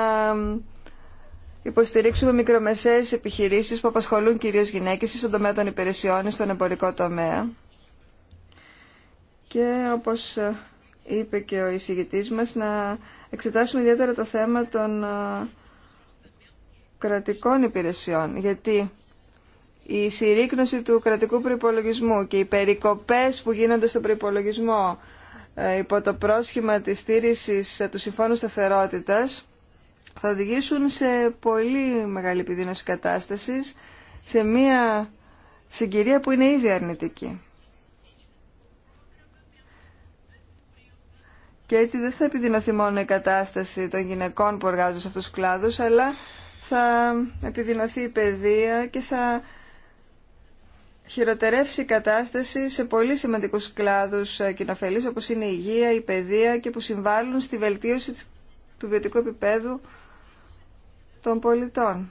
[SPEAKER 1] υποστηρίξουμε μικρομεσαίες επιχειρήσεις που απασχολούν κυρίως γυναίκες στον τομέα των υπηρεσιών στον εμπορικό τομέα. Και όπως είπε και ο εισηγητή μα, να εξετάσουμε ιδιαίτερα το θέμα των ε, κρατικών υπηρεσιών, γιατί η συρρήκνωση του κρατικού προϋπολογισμού και οι περικοπές που γίνονται στον προϋπολογισμό ε, υπό το πρόσχημα της στήρησης ε, του Συμφώνου Σταθερότητας θα οδηγήσουν σε πολύ μεγάλη επιδείνωση κατάστασης, σε μια συγκυρία που είναι ήδη αρνητική. Και έτσι δεν θα επιδεινωθεί μόνο η κατάσταση των γυναικών που εργάζονται σε αυτούς τους κλάδους, αλλά θα επιδεινωθεί η παιδεία και θα χειροτερεύσει η κατάσταση σε πολύ σημαντικού κλάδου ε, κοινοφελής όπως είναι η υγεία, η παιδεία και που συμβάλλουν στη βελτίωση του βιωτικού επίπεδου των πολιτών.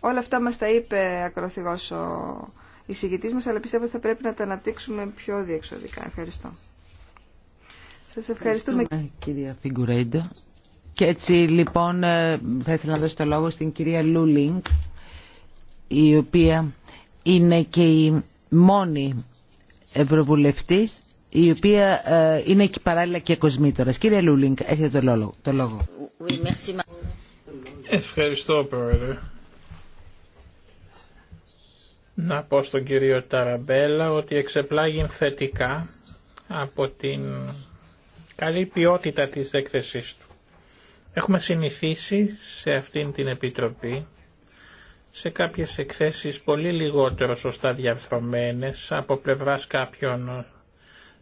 [SPEAKER 1] Όλα αυτά μας τα είπε ακροθυγός ο εισηγητής μας, αλλά πιστεύω ότι θα πρέπει να τα αναπτύξουμε πιο διεξοδικά. Ευχαριστώ. Σας ευχαριστούμε.
[SPEAKER 2] κυρία Φιγκουρέντο. Και έτσι λοιπόν ε, θα ήθελα να δώσω το λόγο στην κυρία Λούλινγκ, η οποία είναι και η μόνη ευρωβουλευτής η οποία ε, είναι και παράλληλα και κοσμήτωρας. Κύριε Λούλινγκ, έχετε το λόγο.
[SPEAKER 3] Ευχαριστώ, Πρόεδρε. Να πω στον κύριο Ταραμπέλα ότι εξεπλάγει θετικά από την καλή ποιότητα της έκθεσής του. Έχουμε συνηθίσει σε αυτήν την Επιτροπή σε κάποιες εκθέσεις πολύ λιγότερο σωστά διαρθρωμένες από πλευράς κάποιων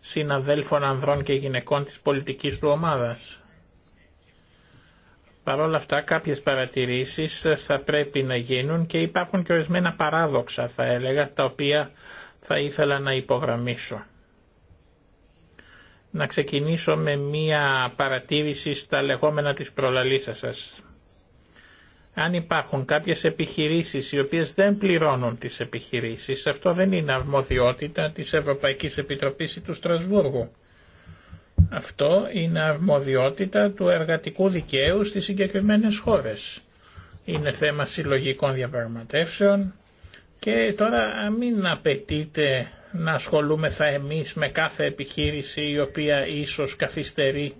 [SPEAKER 3] συναδέλφων ανδρών και γυναικών της πολιτικής του ομάδας. Παρ' όλα αυτά κάποιες παρατηρήσεις θα πρέπει να γίνουν και υπάρχουν και ορισμένα παράδοξα θα έλεγα τα οποία θα ήθελα να υπογραμμίσω. Να ξεκινήσω με μία παρατήρηση στα λεγόμενα της προλαλήσας σας. Αν υπάρχουν κάποιες επιχειρήσεις οι οποίες δεν πληρώνουν τις επιχειρήσεις, αυτό δεν είναι αρμοδιότητα της Ευρωπαϊκής Επιτροπής ή του Στρασβούργου. Αυτό είναι αρμοδιότητα του εργατικού δικαίου στις συγκεκριμένες χώρες. Είναι θέμα συλλογικών διαπραγματεύσεων και τώρα μην απαιτείται να ασχολούμεθα εμείς με κάθε επιχείρηση η οποία ίσως συλλογικων διαπραγματευσεων και τωρα μην απαιτειτε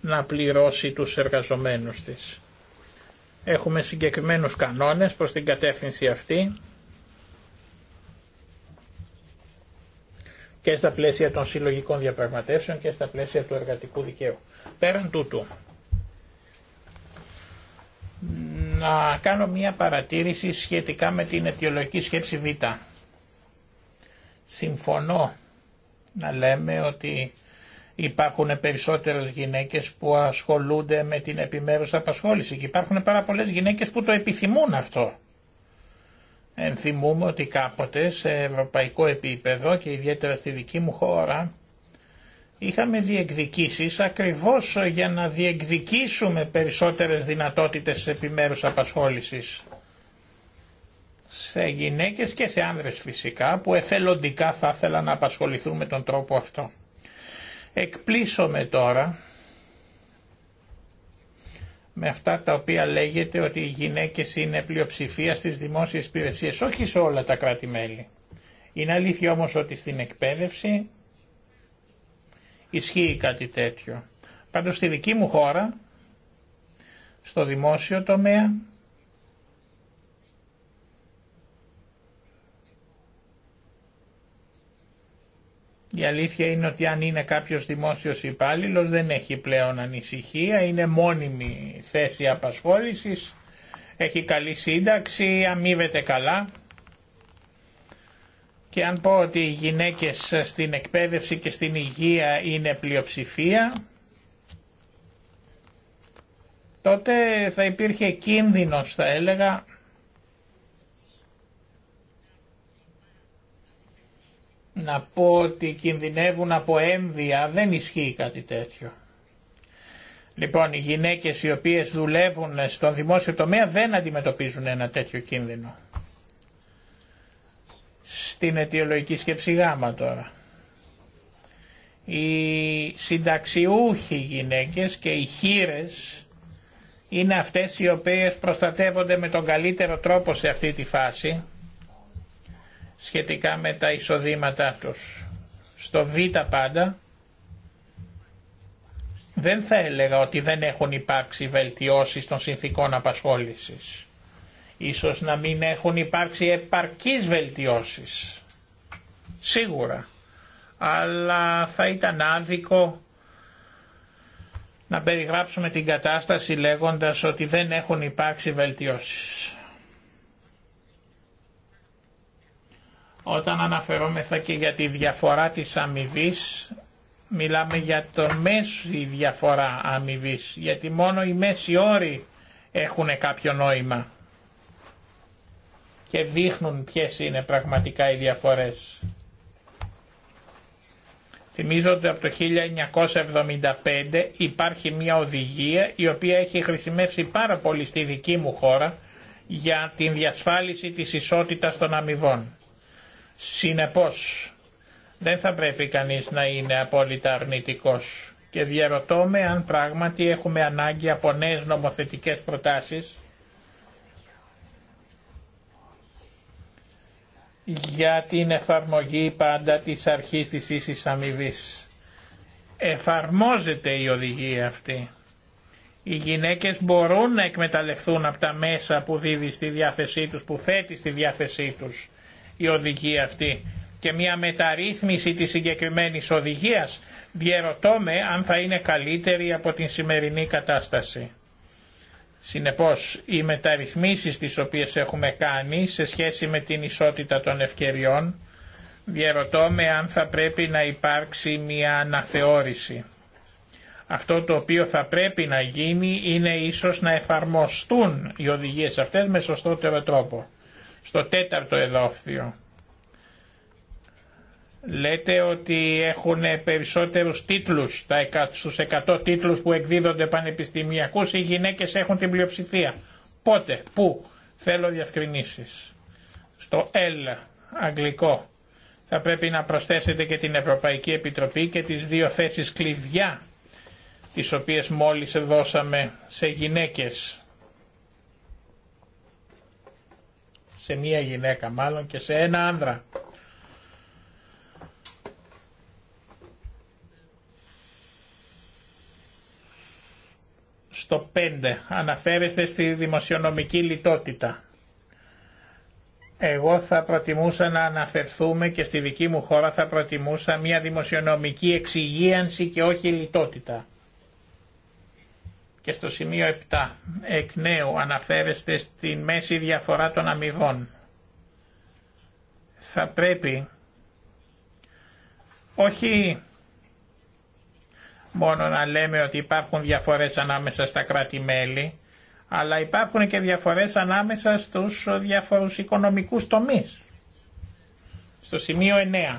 [SPEAKER 3] να πληρώσει τους εργαζομένους της. Έχουμε συγκεκριμένους κανόνες προς την κατεύθυνση αυτή και στα πλαίσια των συλλογικών διαπραγματεύσεων και στα πλαίσια του εργατικού δικαίου. Πέραν τούτου, να κάνω μία παρατήρηση σχετικά με την αιτιολογική σκέψη Β. Συμφωνώ να λέμε ότι Υπάρχουν περισσότερες γυναίκες που ασχολούνται με την επιμέρους απασχόληση και υπάρχουν πάρα πολλές γυναίκες που το επιθυμούν αυτό. Ενθυμούμε ότι κάποτε σε ευρωπαϊκό επίπεδο και ιδιαίτερα στη δική μου χώρα είχαμε διεκδικήσεις ακριβώς για να διεκδικήσουμε περισσότερες δυνατότητες επιμέρους απασχόλησης σε γυναίκες και σε άνδρες φυσικά που εθελοντικά θα ήθελαν να απασχοληθούν με τον τρόπο αυτό με τώρα με αυτά τα οποία λέγεται ότι οι γυναίκες είναι πλειοψηφία στις δημόσιες υπηρεσίε, όχι σε όλα τα κράτη-μέλη. Είναι αλήθεια όμως ότι στην εκπαίδευση ισχύει κάτι τέτοιο. Πάντως στη δική μου χώρα, στο δημόσιο τομέα, Η αλήθεια είναι ότι αν είναι κάποιος δημόσιος υπάλληλο, δεν έχει πλέον ανησυχία, είναι μόνιμη θέση απασχόλησης, έχει καλή σύνταξη, αμείβεται καλά. Και αν πω ότι οι γυναίκες στην εκπαίδευση και στην υγεία είναι πλειοψηφία, τότε θα υπήρχε κίνδυνος θα έλεγα να πω ότι κινδυνεύουν από ένδια, δεν ισχύει κάτι τέτοιο. Λοιπόν, οι γυναίκες οι οποίες δουλεύουν στον δημόσιο τομέα δεν αντιμετωπίζουν ένα τέτοιο κίνδυνο. Στην αιτιολογική σκέψη γάμα τώρα. Οι συνταξιούχοι γυναίκες και οι χείρες είναι αυτές οι οποίες προστατεύονται με τον καλύτερο τρόπο σε αυτή τη φάση σχετικά με τα εισοδήματά τους. Στο Β πάντα δεν θα έλεγα ότι δεν έχουν υπάρξει βελτιώσεις των συνθήκων απασχόλησης. Ίσως να μην έχουν υπάρξει επαρκείς βελτιώσεις. Σίγουρα. Αλλά θα ήταν άδικο να περιγράψουμε την κατάσταση λέγοντας ότι δεν έχουν υπάρξει βελτιώσεις. Όταν αναφερόμεθα και για τη διαφορά της αμοιβή, μιλάμε για το η διαφορά αμοιβή, γιατί μόνο οι μέση όροι έχουν κάποιο νόημα και δείχνουν ποιες είναι πραγματικά οι διαφορές. Θυμίζω ότι από το 1975 υπάρχει μια οδηγία η οποία έχει χρησιμεύσει πάρα πολύ στη δική μου χώρα για την διασφάλιση της ισότητας των αμοιβών. Συνεπώς, δεν θα πρέπει κανείς να είναι απόλυτα αρνητικός και διαρωτώ με αν πράγματι έχουμε ανάγκη από νέες νομοθετικές προτάσεις για την εφαρμογή πάντα της αρχής της ίσης αμοιβή. Εφαρμόζεται η οδηγία αυτή. Οι γυναίκες μπορούν να εκμεταλλευτούν από τα μέσα που δίδει στη διάθεσή τους, που θέτει στη διάθεσή τους η οδηγία αυτή και μια μεταρρύθμιση της συγκεκριμένης οδηγίας διαρωτώ με αν θα είναι καλύτερη από την σημερινή κατάσταση. Συνεπώς, οι μεταρρυθμίσεις τις οποίες έχουμε κάνει σε σχέση με την ισότητα των ευκαιριών διαρωτώ με αν θα πρέπει να υπάρξει μια αναθεώρηση. Αυτό το οποίο θα πρέπει να γίνει είναι ίσως να εφαρμοστούν οι οδηγίες αυτές με σωστότερο τρόπο στο τέταρτο εδόφιο. Λέτε ότι έχουν περισσότερους τίτλους, τα 100 τίτλους που εκδίδονται πανεπιστημιακούς, οι γυναίκες έχουν την πλειοψηφία. Πότε, πού, θέλω διευκρινήσεις. Στο L, αγγλικό, θα πρέπει να προσθέσετε και την Ευρωπαϊκή Επιτροπή και τις δύο θέσεις κλειδιά, τις οποίες μόλις δώσαμε σε γυναίκες σε μία γυναίκα μάλλον και σε ένα άνδρα. Στο 5 αναφέρεστε στη δημοσιονομική λιτότητα. Εγώ θα προτιμούσα να αναφερθούμε και στη δική μου χώρα θα προτιμούσα μια δημοσιονομική εξυγίανση και όχι λιτότητα. Και στο σημείο 7 εκ νέου αναφέρεστε στη μέση διαφορά των αμοιβών. Θα πρέπει όχι μόνο να λέμε ότι υπάρχουν διαφορές ανάμεσα στα κράτη-μέλη, αλλά υπάρχουν και διαφορές ανάμεσα στους διαφορούς οικονομικούς τομείς. Στο σημείο 9.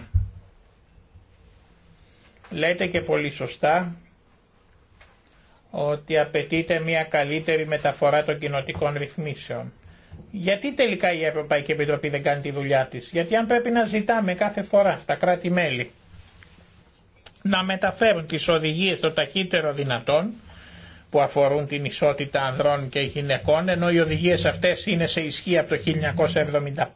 [SPEAKER 3] Λέτε και πολύ σωστά ότι απαιτείται μια καλύτερη μεταφορά των κοινοτικών ρυθμίσεων. Γιατί τελικά η Ευρωπαϊκή Επιτροπή δεν κάνει τη δουλειά της. Γιατί αν πρέπει να ζητάμε κάθε φορά στα κράτη-μέλη να μεταφέρουν τις οδηγίες το ταχύτερο δυνατόν που αφορούν την ισότητα ανδρών και γυναικών ενώ οι οδηγίες αυτές είναι σε ισχύ από το 1975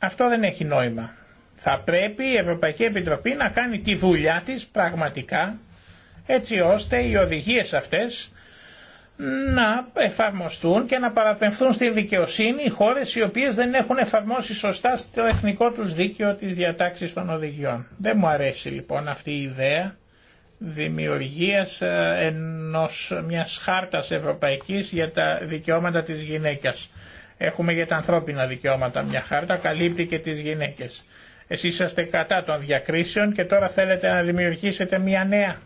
[SPEAKER 3] αυτό δεν έχει νόημα. Θα πρέπει η Ευρωπαϊκή Επιτροπή να κάνει τη δουλειά της πραγματικά έτσι ώστε οι οδηγίες αυτές να εφαρμοστούν και να παραπεμφθούν στη δικαιοσύνη οι χώρες οι οποίες δεν έχουν εφαρμόσει σωστά στο εθνικό τους δίκαιο της διατάξης των οδηγιών. Δεν μου αρέσει λοιπόν αυτή η ιδέα δημιουργίας ε, ενός, μιας χάρτας ευρωπαϊκής για τα δικαιώματα της γυναίκας. Έχουμε για τα ανθρώπινα δικαιώματα μια χάρτα, καλύπτει και τις γυναίκες. Εσείς είσαστε κατά των διακρίσεων και τώρα θέλετε να δημιουργήσετε μια νέα.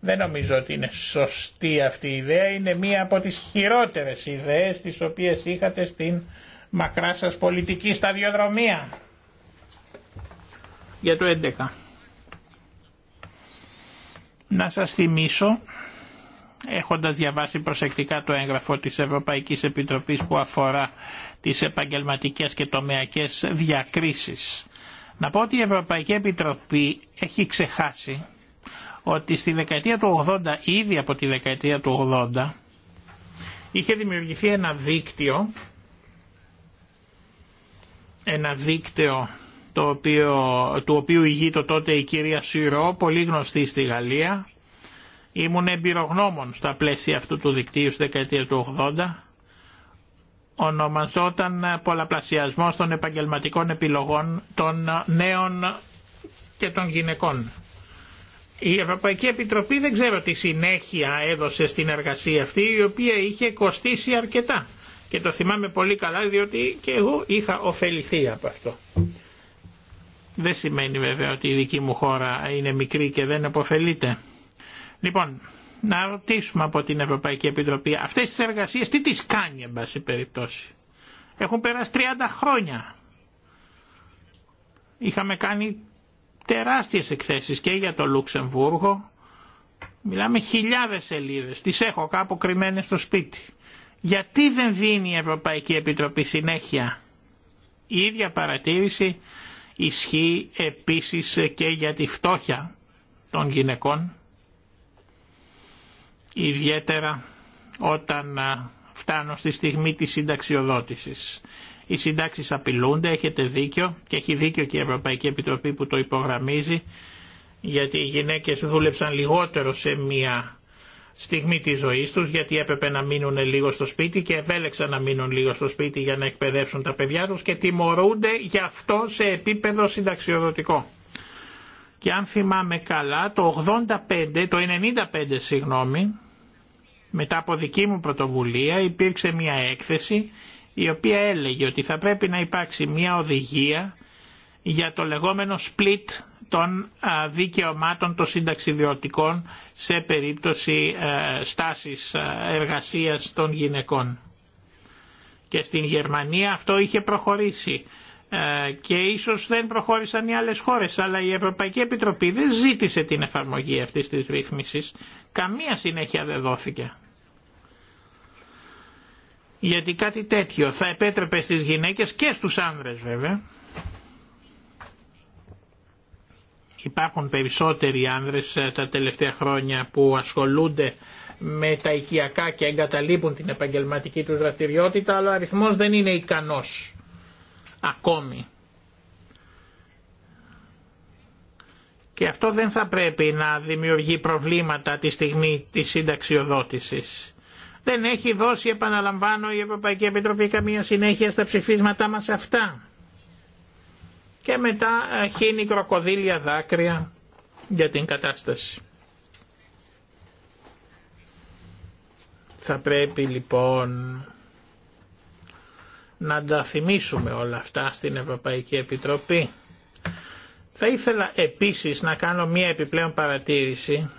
[SPEAKER 3] Δεν νομίζω ότι είναι σωστή αυτή η ιδέα. Είναι μία από τις χειρότερες ιδέες τις οποίες είχατε στην μακρά σας πολιτική σταδιοδρομία. Για το 11. Να σας θυμίσω, έχοντας διαβάσει προσεκτικά το έγγραφο της Ευρωπαϊκής Επιτροπής που αφορά τις επαγγελματικές και τομεακές διακρίσεις, να πω ότι η Ευρωπαϊκή Επιτροπή έχει ξεχάσει ότι στη δεκαετία του 80, ήδη από τη δεκαετία του 80, είχε δημιουργηθεί ένα δίκτυο, ένα δίκτυο το οποίο, του οποίου ηγείτο τότε η κυρία Σιρό, πολύ γνωστή στη Γαλλία. Ήμουν εμπειρογνώμων στα πλαίσια αυτού του δικτύου στη δεκαετία του 80 ονομαζόταν πολλαπλασιασμός των επαγγελματικών επιλογών των νέων και των γυναικών. Η Ευρωπαϊκή Επιτροπή δεν ξέρω τι συνέχεια έδωσε στην εργασία αυτή η οποία είχε κοστίσει αρκετά και το θυμάμαι πολύ καλά διότι και εγώ είχα ωφεληθεί από αυτό. Δεν σημαίνει βέβαια ότι η δική μου χώρα είναι μικρή και δεν αποφελείται. Λοιπόν, να ρωτήσουμε από την Ευρωπαϊκή Επιτροπή αυτές τις εργασίες τι τις κάνει εν πάση περιπτώσει. Έχουν περάσει 30 χρόνια. Είχαμε κάνει τεράστιες εκθέσεις και για το Λουξεμβούργο. Μιλάμε χιλιάδες σελίδες. Τις έχω κάπου κρυμμένες στο σπίτι. Γιατί δεν δίνει η Ευρωπαϊκή Επιτροπή συνέχεια. Η ίδια παρατήρηση ισχύει επίσης και για τη φτώχεια των γυναικών ιδιαίτερα όταν φτάνω στη στιγμή της συνταξιοδότησης. Οι συντάξεις απειλούνται, έχετε δίκιο και έχει δίκιο και η Ευρωπαϊκή Επιτροπή που το υπογραμμίζει γιατί οι γυναίκες δούλεψαν λιγότερο σε μια στιγμή της ζωής τους γιατί έπρεπε να μείνουν λίγο στο σπίτι και επέλεξαν να μείνουν λίγο στο σπίτι για να εκπαιδεύσουν τα παιδιά τους και τιμωρούνται γι' αυτό σε επίπεδο συνταξιοδοτικό και αν θυμάμαι καλά το 85, το 95 συγγνώμη, μετά από δική μου πρωτοβουλία υπήρξε μια έκθεση η οποία έλεγε ότι θα πρέπει να υπάρξει μια οδηγία για το λεγόμενο split των δικαιωμάτων των συνταξιδιωτικών σε περίπτωση ε, στάσης ε, εργασίας των γυναικών. Και στην Γερμανία αυτό είχε προχωρήσει ε, και ίσως δεν προχώρησαν οι άλλες χώρες, αλλά η Ευρωπαϊκή Επιτροπή δεν ζήτησε την εφαρμογή αυτής της ρύθμισης. Καμία συνέχεια δεν δόθηκε. Γιατί κάτι τέτοιο θα επέτρεπε στις γυναίκες και στους άνδρες βέβαια. Υπάρχουν περισσότεροι άνδρες ε, τα τελευταία χρόνια που ασχολούνται με τα οικιακά και εγκαταλείπουν την επαγγελματική του δραστηριότητα, αλλά ο αριθμός δεν είναι ικανός ακόμη. Και αυτό δεν θα πρέπει να δημιουργεί προβλήματα τη στιγμή της συνταξιοδότησης. Δεν έχει δώσει, επαναλαμβάνω, η Ευρωπαϊκή Επιτροπή καμία συνέχεια στα ψηφίσματά μας αυτά. Και μετά ε, χύνει κροκοδίλια δάκρυα για την κατάσταση. Θα πρέπει λοιπόν να τα θυμίσουμε όλα αυτά στην Ευρωπαϊκή Επιτροπή. Θα ήθελα επίσης να κάνω μία επιπλέον παρατήρηση.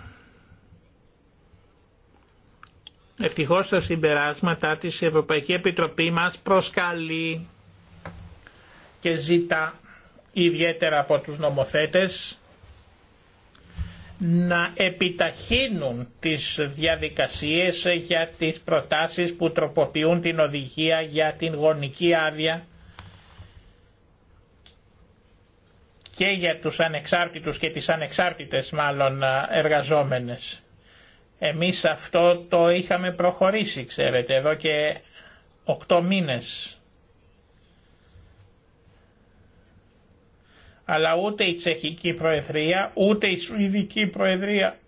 [SPEAKER 3] Ευτυχώς τα συμπεράσματα της Ευρωπαϊκή Επιτροπή μας προσκαλεί και ζητά ιδιαίτερα από τους νομοθέτες να επιταχύνουν τις διαδικασίες για τις προτάσεις που τροποποιούν την οδηγία για την γονική άδεια και για τους ανεξάρτητους και τις ανεξάρτητες μάλλον εργαζόμενες. Εμείς αυτό το είχαμε προχωρήσει, ξέρετε, εδώ και οκτώ μήνες. αλλά ούτε η Τσεχική Προεδρία ούτε η Σουηδική Προεδρία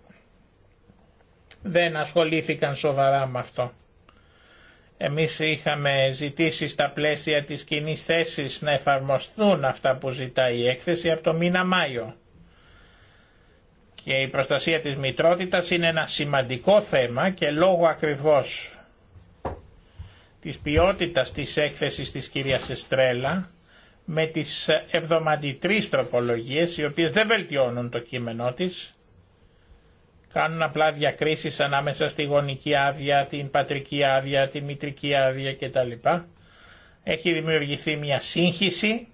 [SPEAKER 3] δεν ασχολήθηκαν σοβαρά με αυτό. Εμείς είχαμε ζητήσει στα πλαίσια της κοινή θέση να εφαρμοστούν αυτά που ζητάει η έκθεση από το μήνα Μάιο. Και η προστασία της μητρότητας είναι ένα σημαντικό θέμα και λόγω ακριβώς της ποιότητας της έκθεσης της κυρίας Εστρέλα με τις 73 τροπολογίες οι οποίες δεν βελτιώνουν το κείμενό της κάνουν απλά διακρίσεις ανάμεσα στη γονική άδεια, την πατρική άδεια, τη μητρική άδεια κτλ. Έχει δημιουργηθεί μια σύγχυση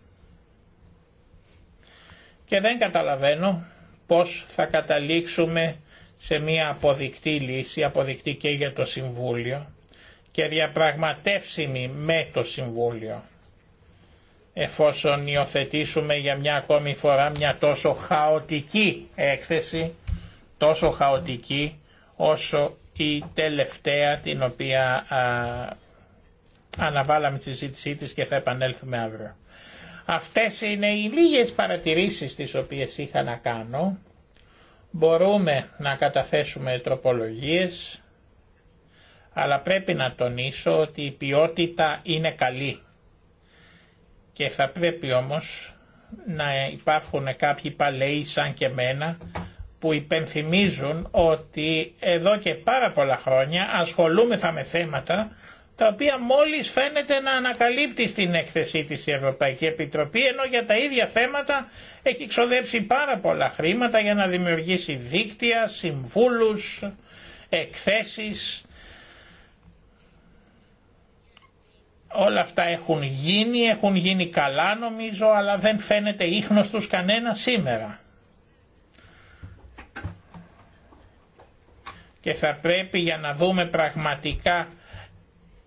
[SPEAKER 3] και δεν καταλαβαίνω πώς θα καταλήξουμε σε μια αποδεικτή λύση, αποδεικτή και για το Συμβούλιο και διαπραγματεύσιμη με το Συμβούλιο εφόσον υιοθετήσουμε για μια ακόμη φορά μια τόσο χαοτική έκθεση, τόσο χαοτική όσο η τελευταία την οποία αναβάλαμε τη συζήτησή της και θα επανέλθουμε αύριο. Αυτές είναι οι λίγες παρατηρήσεις τις οποίες είχα να κάνω. Μπορούμε να καταθέσουμε τροπολογίες, αλλά πρέπει να τονίσω ότι η ποιότητα είναι καλή. Και θα πρέπει όμως να υπάρχουν κάποιοι παλαιοί σαν και μένα που υπενθυμίζουν ότι εδώ και πάρα πολλά χρόνια ασχολούμεθα με θέματα τα οποία μόλις φαίνεται να ανακαλύπτει στην έκθεσή της η Ευρωπαϊκή Επιτροπή ενώ για τα ίδια θέματα έχει ξοδέψει πάρα πολλά χρήματα για να δημιουργήσει δίκτυα, συμβούλους, εκθέσεις όλα αυτά έχουν γίνει, έχουν γίνει καλά νομίζω, αλλά δεν φαίνεται ίχνος τους κανένα σήμερα. Και θα πρέπει για να δούμε πραγματικά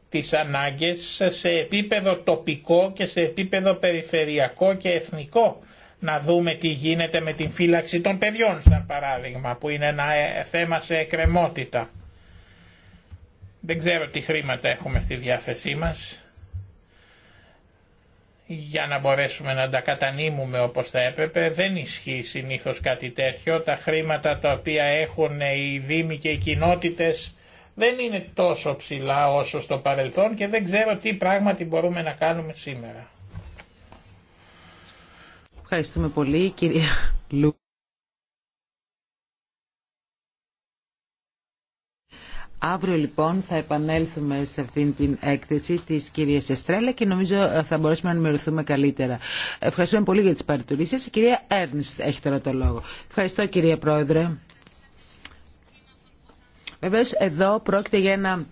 [SPEAKER 3] τις ανάγκες σε επίπεδο τοπικό και σε επίπεδο περιφερειακό και εθνικό να δούμε τι γίνεται με την φύλαξη των παιδιών σαν παράδειγμα που είναι ένα ε, θέμα σε εκκρεμότητα. Δεν ξέρω τι χρήματα έχουμε στη διάθεσή μας για να μπορέσουμε να τα κατανείμουμε όπως θα έπρεπε. Δεν ισχύει συνήθως κάτι τέτοιο. Τα χρήματα τα οποία έχουν οι δήμοι και οι κοινότητες δεν είναι τόσο ψηλά όσο στο παρελθόν και δεν ξέρω τι πράγματι μπορούμε να κάνουμε σήμερα.
[SPEAKER 2] Ευχαριστούμε πολύ κυρία Αύριο λοιπόν θα επανέλθουμε σε αυτήν την έκθεση της κυρίας Εστρέλα και νομίζω ε, θα μπορέσουμε να ενημερωθούμε καλύτερα. Ευχαριστούμε πολύ για τις παρατηρήσεις. Η κυρία Έρνστ έχει τώρα το λόγο. Ευχαριστώ κυρία Πρόεδρε. Βεβαίως εδώ πρόκειται για ένα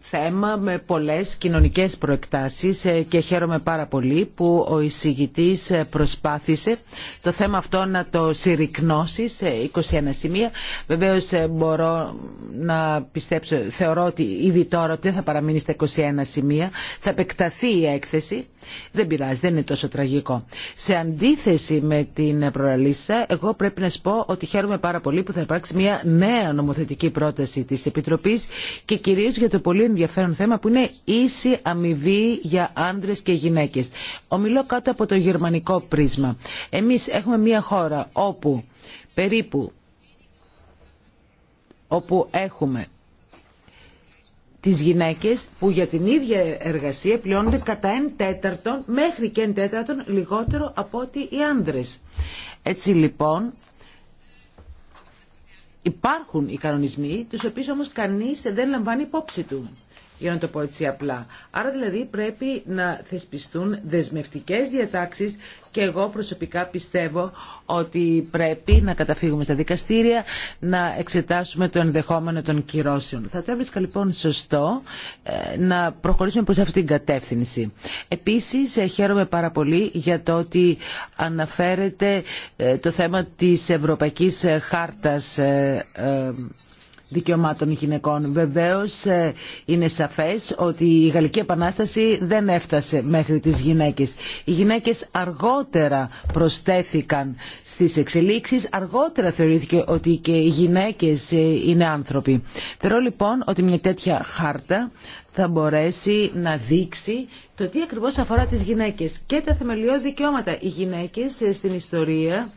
[SPEAKER 2] θέμα με πολλές κοινωνικές προεκτάσεις ε, και χαίρομαι πάρα πολύ που ο εισηγητής ε, προσπάθησε το θέμα αυτό να το συρρυκνώσει σε 21 σημεία. Βεβαίως ε, μπορώ να πιστέψω, θεωρώ ότι ήδη τώρα ότι δεν θα παραμείνει στα 21 σημεία, θα επεκταθεί η έκθεση. Δεν πειράζει, δεν είναι τόσο τραγικό. Σε αντίθεση με την προαλήσα, εγώ πρέπει να σου πω ότι χαίρομαι πάρα πολύ που θα υπάρξει μια νέα νομοθετική πρόταση της Επιτροπής και για το πολύ ενδιαφέρον θέμα που είναι ίση αμοιβή για άνδρες και γυναίκες. Ομιλώ κάτω από το γερμανικό πρίσμα. Εμείς έχουμε μια χώρα όπου περίπου όπου έχουμε τις γυναίκες που για την ίδια εργασία πληρώνονται κατά 1 τέταρτον μέχρι και 1 τέταρτον λιγότερο από ότι οι άνδρες. Έτσι λοιπόν Υπάρχουν οι κανονισμοί, τους οποίους όμως κανείς δεν λαμβάνει υπόψη του για να το πω έτσι απλά. Άρα δηλαδή πρέπει να θεσπιστούν δεσμευτικές διατάξεις και εγώ προσωπικά πιστεύω ότι πρέπει να καταφύγουμε στα δικαστήρια, να εξετάσουμε το ενδεχόμενο των κυρώσεων. Θα το έβρισκα λοιπόν σωστό ε, να προχωρήσουμε προς αυτήν την κατεύθυνση. Επίσης ε, χαίρομαι πάρα πολύ για το ότι αναφέρεται ε, το θέμα της Ευρωπαϊκής Χάρτας δικαιωμάτων γυναικών. Βεβαίως ε, είναι σαφές ότι η Γαλλική Επανάσταση δεν έφτασε μέχρι τις γυναίκες. Οι γυναίκες αργότερα προστέθηκαν στις εξελίξεις, αργότερα θεωρήθηκε ότι και οι γυναίκες ε, είναι άνθρωποι. Θεωρώ λοιπόν ότι μια τέτοια χάρτα θα μπορέσει να δείξει το τι ακριβώς αφορά τις γυναίκες και τα θεμελιώδη δικαιώματα. Οι γυναίκες ε, στην ιστορία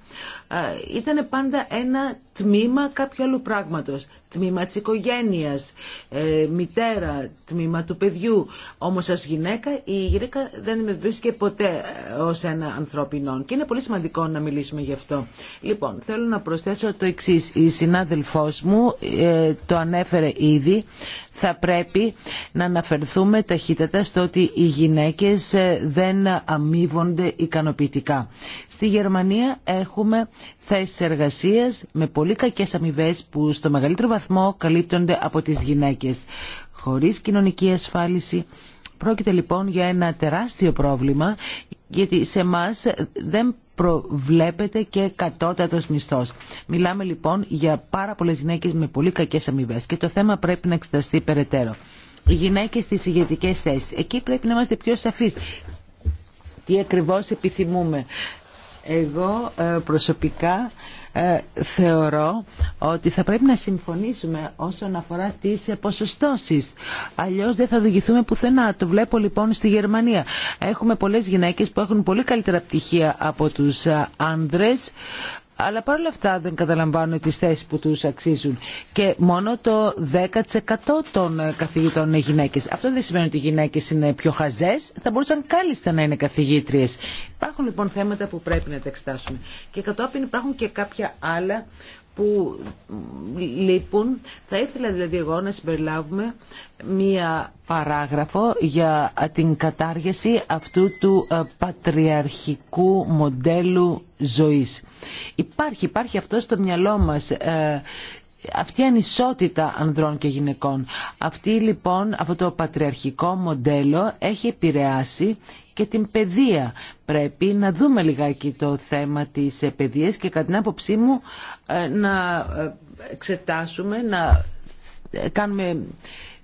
[SPEAKER 2] ε, ήταν πάντα ένα τμήμα κάποιου άλλου πράγματος. Τμήμα της οικογένειας, ε, μητέρα, τμήμα του παιδιού. Όμως ως γυναίκα η γυναίκα δεν βρίσκεται ποτέ ως ένα ανθρώπινο και είναι πολύ σημαντικό να μιλήσουμε γι' αυτό. Λοιπόν, θέλω να προσθέσω το εξή: Η συνάδελφός μου το ανέφερε ήδη. Θα πρέπει να αναφερθούμε ταχύτατα στο ότι η γυναίκες ε, δεν αμείβονται ικανοποιητικά. Στη Γερμανία έχουμε θέσεις εργασίας με πολύ κακές αμοιβέ που στο μεγαλύτερο βαθμό καλύπτονται από τις γυναίκες. Χωρίς κοινωνική ασφάλιση Πρόκειται λοιπόν για ένα τεράστιο πρόβλημα γιατί σε εμά δεν προβλέπεται και κατώτατος μισθός. Μιλάμε λοιπόν για πάρα πολλές γυναίκες με πολύ κακές αμοιβέ και το θέμα πρέπει να εξεταστεί περαιτέρω γυναίκες στις ηγετικές θέσεις. Εκεί πρέπει να είμαστε πιο σαφείς. Τι ακριβώς επιθυμούμε. Εγώ ε, προσωπικά ε, θεωρώ ότι θα πρέπει να συμφωνήσουμε όσον αφορά τις ποσοστώσεις. Αλλιώς δεν θα οδηγηθούμε πουθενά. Το βλέπω λοιπόν στη Γερμανία. Έχουμε πολλές γυναίκες που έχουν πολύ καλύτερα πτυχία από τους ε, άντρες αλλά παρόλα αυτά δεν καταλαμβάνουν τις θέσεις που τους αξίζουν. Και μόνο το 10% των ε, καθηγητών είναι γυναίκες. Αυτό δεν σημαίνει ότι οι γυναίκες είναι πιο χαζές, θα μπορούσαν κάλλιστα να είναι καθηγήτριες. Υπάρχουν λοιπόν θέματα που πρέπει να τα εξετάσουμε. Και κατόπιν υπάρχουν και κάποια άλλα που λείπουν. Θα ήθελα δηλαδή εγώ να συμπεριλάβουμε μία παράγραφο για την κατάργηση αυτού του ε, πατριαρχικού μοντέλου ζωής. Υπάρχει, υπάρχει αυτό στο μυαλό μας ε, αυτή η ανισότητα ανδρών και γυναικών. Αυτή λοιπόν, αυτό το πατριαρχικό μοντέλο έχει επηρεάσει και την παιδεία. Πρέπει να δούμε λιγάκι το θέμα της παιδείας και κατά την άποψή μου ε, να ε, εξετάσουμε, να ε, κάνουμε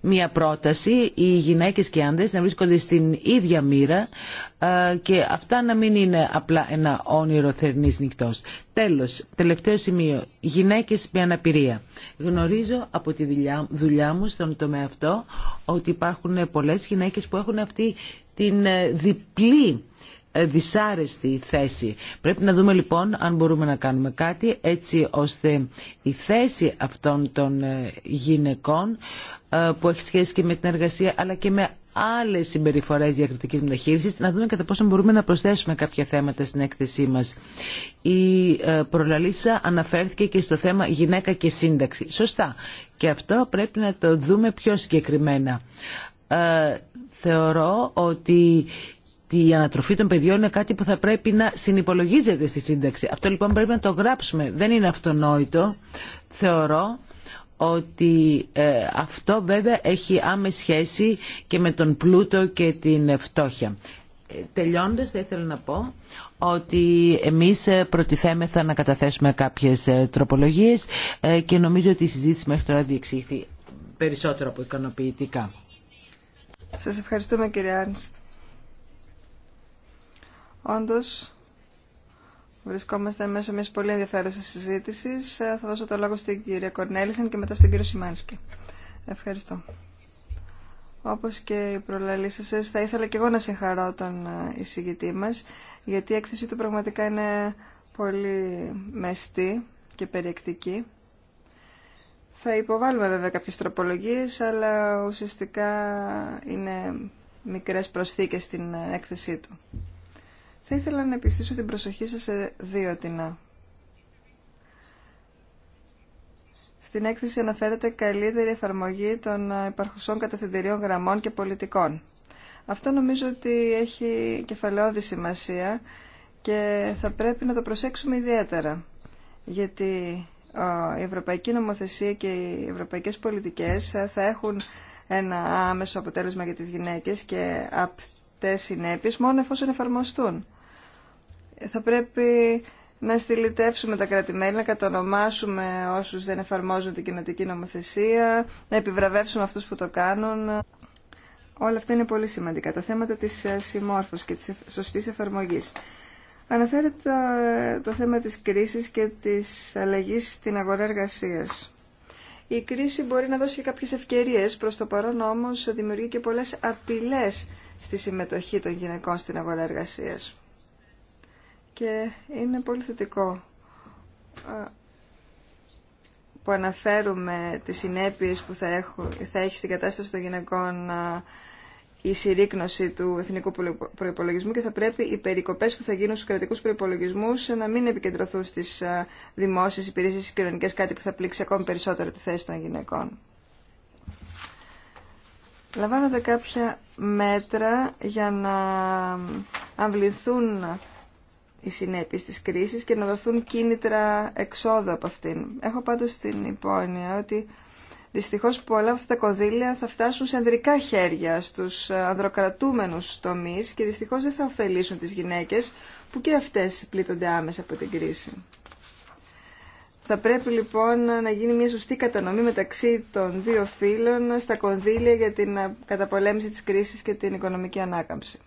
[SPEAKER 2] μια πρόταση οι γυναίκες και οι άνδρες να βρίσκονται στην ίδια μοίρα ε, και αυτά να μην είναι απλά ένα όνειρο θερινής νυχτός. Τέλος, τελευταίο σημείο, γυναίκες με αναπηρία. Γνωρίζω από τη δουλειά μου στον τομέα αυτό ότι υπάρχουν πολλές γυναίκες που έχουν αυτή την ε, διπλή δυσάρεστη θέση. Πρέπει να δούμε λοιπόν αν μπορούμε να κάνουμε κάτι έτσι ώστε η θέση αυτών των ε, γυναικών ε, που έχει σχέση και με την εργασία αλλά και με άλλε συμπεριφορές διακριτική μεταχείρισης να δούμε κατά πόσο μπορούμε να προσθέσουμε κάποια θέματα στην έκθεσή μα. Η ε, προλαλήσα αναφέρθηκε και στο θέμα γυναίκα και σύνταξη. Σωστά. Και αυτό πρέπει να το δούμε πιο συγκεκριμένα. Θεωρώ ότι ότι η ανατροφή των παιδιών είναι κάτι που θα πρέπει να συνυπολογίζεται στη σύνταξη. Αυτό λοιπόν πρέπει να το γράψουμε. Δεν είναι αυτονόητο, θεωρώ ότι ε, αυτό βέβαια έχει άμεση σχέση και με τον πλούτο και την φτώχεια. Ε, τελειώντας θα ήθελα να πω ότι εμείς ε, προτιθέμεθα να καταθέσουμε κάποιες τροπολογίες και νομίζω ότι η συζήτηση μέχρι τώρα διεξήχθη περισσότερο από ικανοποιητικά.
[SPEAKER 1] Σας ευχαριστούμε κύριε Άρνστ. Όντω βρισκόμαστε μέσω μια πολύ ενδιαφέρουσα συζήτηση. Ε, θα δώσω το λόγο στην κυρία Κορνέλισεν και μετά στην κύριο Σιμάνσκι. Ευχαριστώ. Όπω και οι προλαλήσεις θα ήθελα και εγώ να συγχαρώ τον ε, εισηγητή μα γιατί η έκθεση του πραγματικά είναι πολύ μεστή και περιεκτική. Θα υποβάλουμε βέβαια κάποιες τροπολογίες, αλλά ουσιαστικά είναι μικρές προσθήκες στην ε, έκθεσή του. Θα ήθελα να επιστήσω την προσοχή σας σε δύο τεινά. Στην έκθεση αναφέρεται καλύτερη εφαρμογή των υπαρχουσών καταθετηρίων γραμμών και πολιτικών. Αυτό νομίζω ότι έχει κεφαλαιόδη σημασία και θα πρέπει να το προσέξουμε ιδιαίτερα. Γιατί η ευρωπαϊκή νομοθεσία και οι ευρωπαϊκές πολιτικές θα έχουν ένα άμεσο αποτέλεσμα για τις γυναίκες και απτές συνέπειες μόνο εφόσον εφαρμοστούν θα πρέπει να στυλιτεύσουμε τα κρατη να κατονομάσουμε όσους δεν εφαρμόζουν την κοινοτική νομοθεσία, να επιβραβεύσουμε αυτούς που το κάνουν. Όλα αυτά είναι πολύ σημαντικά. Τα θέματα της ε, συμμόρφωσης και της σωστής εφαρμογής. Αναφέρεται ε, το θέμα της κρίσης και της αλλαγής στην αγορά εργασίας. Η κρίση μπορεί να δώσει και κάποιες ευκαιρίες, προς το παρόν όμως δημιουργεί και πολλές απειλές στη συμμετοχή των γυναικών στην αγορά εργασίας και είναι πολύ θετικό ε, που αναφέρουμε τις συνέπειες που θα, έχω, θα έχει στην κατάσταση των γυναικών ε, η συρρήκνωση του εθνικού προϋπολογισμού και θα πρέπει οι περικοπές που θα γίνουν στους κρατικούς προϋπολογισμούς να μην επικεντρωθούν στις ε, δημόσιες υπηρεσίες και κοινωνικές, κάτι που θα πλήξει ακόμη περισσότερο τη θέση των γυναικών. Λαμβάνονται κάποια μέτρα για να αμβληθούν οι συνέπειες της κρίσης και να δοθούν κίνητρα εξόδου από αυτήν. Έχω πάντως την υπόνοια ότι δυστυχώς πολλά αυτά τα κονδύλια θα φτάσουν σε ανδρικά χέρια στους ανδροκρατούμενους τομείς και δυστυχώς δεν θα ωφελήσουν τις γυναίκες που και αυτές πλήττονται άμεσα από την κρίση. Θα πρέπει λοιπόν να γίνει μια σωστή κατανομή μεταξύ των δύο φύλων στα κονδύλια για την καταπολέμηση της κρίσης και την οικονομική ανάκαμψη.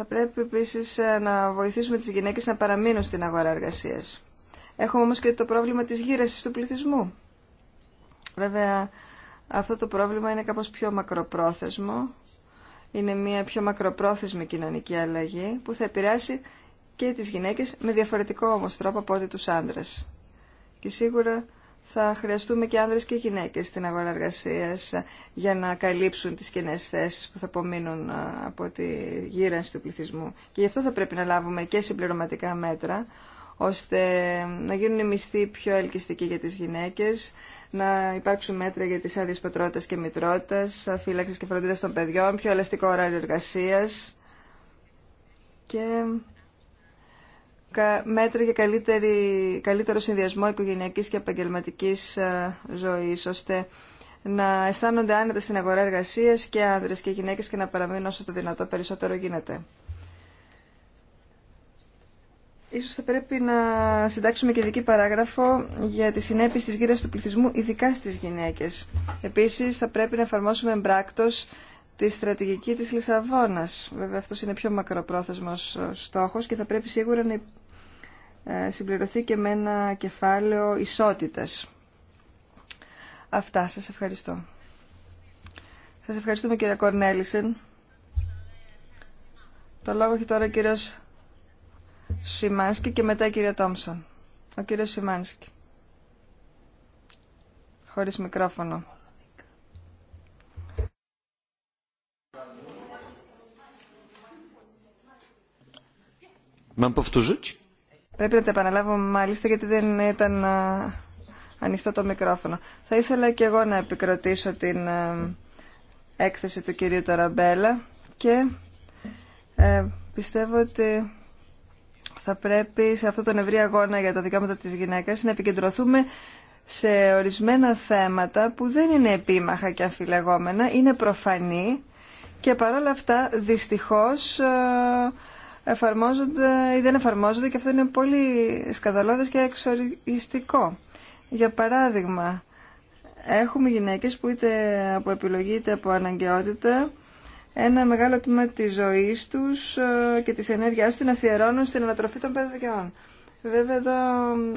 [SPEAKER 1] Θα πρέπει επίσης ε, να βοηθήσουμε τις γυναίκες να παραμείνουν στην αγορά εργασία. Έχουμε όμως και το πρόβλημα της γύρεσης του πληθυσμού. Βέβαια, αυτό το πρόβλημα είναι κάπως πιο μακροπρόθεσμο. Είναι μια πιο μακροπρόθεσμη κοινωνική αλλαγή που θα επηρεάσει και τις γυναίκες με διαφορετικό όμως τρόπο από ό,τι τους άντρες. Και σίγουρα θα χρειαστούμε και άνδρες και γυναίκες στην αγορά εργασίας για να καλύψουν τις κοινέ θέσεις που θα απομείνουν από τη γύρανση του πληθυσμού. Και γι' αυτό θα πρέπει να λάβουμε και συμπληρωματικά μέτρα, ώστε να γίνουν οι μισθοί πιο ελκυστικοί για τις γυναίκες, να υπάρξουν μέτρα για τις άδειες πατρότητας και μητρότητας, φύλαξης και φροντίδας των παιδιών, πιο ελαστικό ωράριο εργασίας και μέτρα για καλύτερη, καλύτερο συνδυασμό οικογενειακής και επαγγελματικής ε, ζωής, ώστε να αισθάνονται άνετα στην αγορά εργασίας και άνδρες και γυναίκες και να παραμείνουν όσο το δυνατό περισσότερο γίνεται. Ίσως θα πρέπει να συντάξουμε και δική παράγραφο για τις συνέπειες της γύρας του πληθυσμού, ειδικά στις γυναίκες. Επίσης, θα πρέπει να εφαρμόσουμε εμπράκτος τη στρατηγική της Λισαβόνας. Βέβαια αυτός είναι πιο μακροπρόθεσμος ε, στόχος και θα πρέπει σίγουρα να ε, συμπληρωθεί και με ένα κεφάλαιο ισότητας. Αυτά, σας ευχαριστώ. Σας ευχαριστούμε κύριε Κορνέλησεν. Το λόγο έχει τώρα ο κύριος Σιμάνσκι και μετά η κυρία Τόμσον. Ο κύριος Σιμάνσκι. Χωρίς μικρόφωνο. Πρέπει να τα επαναλάβω μάλιστα γιατί δεν ήταν ανοιχτό το μικρόφωνο. Θα ήθελα και εγώ να επικροτήσω την έκθεση του κυρίου Ταραμπέλα και ε, πιστεύω ότι θα πρέπει σε αυτό τον ευρύ αγώνα για τα δικαιώματα της γυναίκας να επικεντρωθούμε σε ορισμένα θέματα που δεν είναι επίμαχα και αφιλεγόμενα, είναι προφανή και παρόλα αυτά δυστυχώς εφαρμόζονται ή δεν εφαρμόζονται και αυτό είναι πολύ σκαδαλώδες και εξοριστικό. Για παράδειγμα, έχουμε γυναίκες που είτε από επιλογή είτε από αναγκαιότητα ένα μεγάλο τμήμα της ζωής τους ε, και της ενέργειάς τους την αφιερώνουν στην ανατροφή των παιδιών. Βέβαια εδώ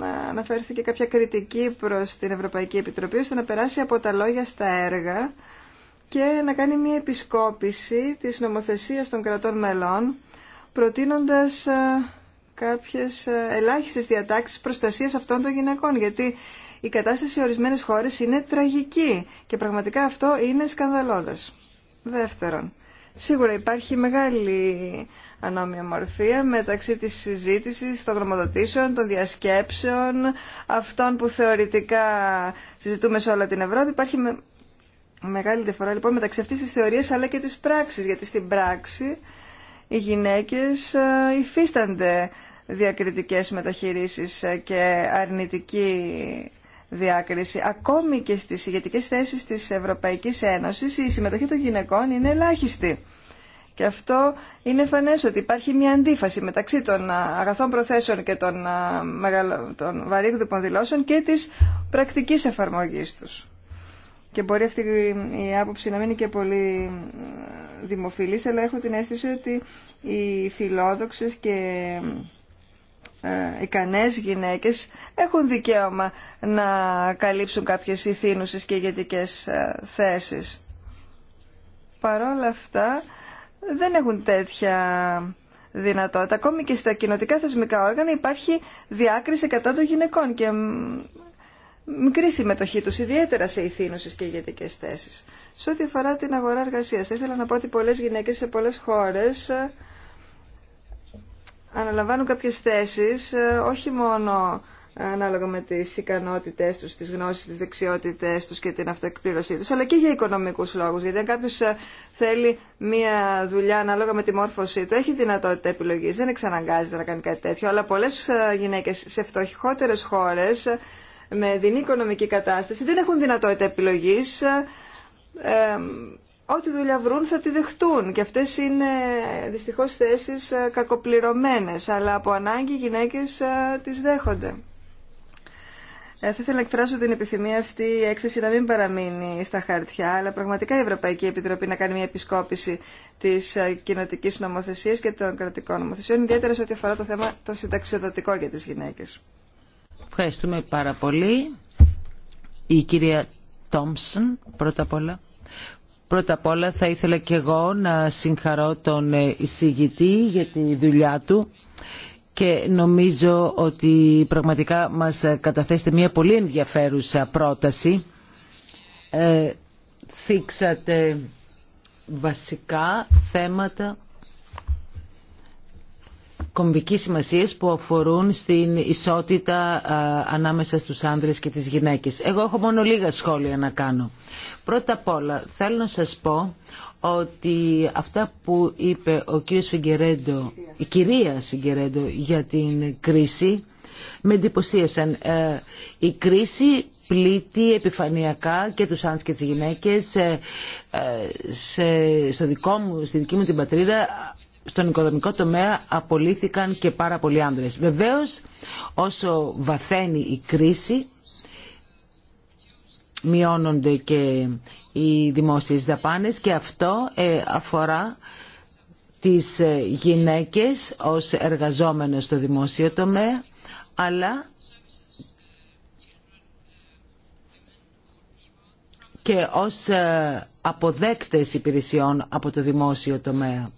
[SPEAKER 1] ε, αναφέρθηκε κάποια κριτική προς την Ευρωπαϊκή Επιτροπή ώστε να περάσει από τα λόγια στα έργα και να κάνει μια επισκόπηση της νομοθεσίας των κρατών μελών προτείνοντας ε, κάποιες ε, ελάχιστες διατάξεις προστασίας αυτών των γυναικών, γιατί η κατάσταση σε ορισμένες χώρες είναι τραγική και πραγματικά αυτό είναι σκανδαλώδες. Δεύτερον, σίγουρα υπάρχει μεγάλη ανώμια μορφία μεταξύ της συζήτησης, των γνωμοδοτήσεων, των διασκέψεων, αυτών που θεωρητικά συζητούμε σε όλη την Ευρώπη. Υπάρχει με... μεγάλη διαφορά λοιπόν μεταξύ αυτής της θεωρίας αλλά και της πράξης, γιατί στην πράξη οι γυναίκες ε, υφίστανται διακριτικές μεταχειρήσεις ε, και αρνητική διάκριση. Ακόμη και στις ηγετικές θέσεις της Ευρωπαϊκής Ένωσης η συμμετοχή των γυναικών είναι ελάχιστη. Και αυτό είναι φανές ότι υπάρχει μια αντίφαση μεταξύ των ε, αγαθών προθέσεων και των, των βαρύγδουπων δηλώσεων και της πρακτικής εφαρμογής τους. Και μπορεί αυτή η άποψη να μην και πολύ δημοφιλής, αλλά έχω την αίσθηση ότι οι φιλόδοξες και ε, ικανές γυναίκες έχουν δικαίωμα να καλύψουν κάποιες ηθήνουσες και ηγετικές ε, θέσεις. Παρόλα αυτά δεν έχουν τέτοια δυνατότητα. Ακόμη και στα κοινοτικά θεσμικά όργανα υπάρχει διάκριση κατά των γυναικών και μικρή συμμετοχή του, ιδιαίτερα σε ηθήνουσε και ηγετικέ θέσει. Σε ό,τι αφορά την αγορά εργασία. θα ήθελα να πω ότι πολλέ γυναίκε σε πολλέ χώρε ε, αναλαμβάνουν κάποιες θέσεις, ε, όχι μόνο ε, ανάλογα με τις ικανότητές τους, τις γνώσεις, τις δεξιότητές τους και την αυτοεκπλήρωσή τους, αλλά και για οικονομικούς λόγους. Γιατί αν κάποιος θέλει μία δουλειά ανάλογα με τη μόρφωσή του, έχει δυνατότητα επιλογής, δεν εξαναγκάζεται να κάνει κάτι τέτοιο, αλλά πολλές γυναίκες σε φτωχότερε χώρες με δινή οικονομική κατάσταση δεν έχουν δυνατότητα επιλογής. Ε, ό,τι δουλειά βρουν θα τη δεχτούν και αυτές είναι δυστυχώς θέσεις ε, κακοπληρωμένες αλλά από ανάγκη οι γυναίκες ε, τις δέχονται. Ε, θα ήθελα να εκφράσω την επιθυμία αυτή η έκθεση να μην παραμείνει στα χαρτιά, αλλά πραγματικά η Ευρωπαϊκή Επιτροπή να κάνει μια επισκόπηση τη κοινοτική νομοθεσία και των κρατικών νομοθεσιών, ιδιαίτερα σε ό,τι αφορά το θέμα το συνταξιοδοτικό για τι γυναίκε.
[SPEAKER 2] Ευχαριστούμε πάρα πολύ. Η κυρία Τόμψον, πρώτα απ' όλα. Πρώτα απ' όλα θα ήθελα και εγώ να συγχαρώ τον εισηγητή για τη δουλειά του και νομίζω ότι πραγματικά μας καταθέσετε μια πολύ ενδιαφέρουσα πρόταση. Ε, βασικά θέματα κομβικής σημασία που αφορούν στην ισότητα ανάμεσα στους άνδρες και τις γυναίκες. Εγώ έχω μόνο λίγα σχόλια να κάνω. Πρώτα απ' όλα θέλω να σας πω ότι αυτά που είπε ο κύριος Φιγκερέντο, η κυρία Φιγκερέντο για την κρίση με εντυπωσίασαν. Ε, η κρίση πλήττει επιφανειακά και τους άνδρες και τις γυναίκες. Ε, ε, σε, στο δικό μου, στη δική μου την πατρίδα στον οικοδομικό τομέα απολύθηκαν και πάρα πολλοί άντρες. Βεβαίως, όσο βαθαίνει η κρίση, μειώνονται και οι δημόσιες δαπάνες και αυτό ε, αφορά τις ε, γυναίκες ως εργαζόμενες στο δημόσιο τομέα, αλλά και ως ε, αποδέκτες υπηρεσιών από το δημόσιο τομέα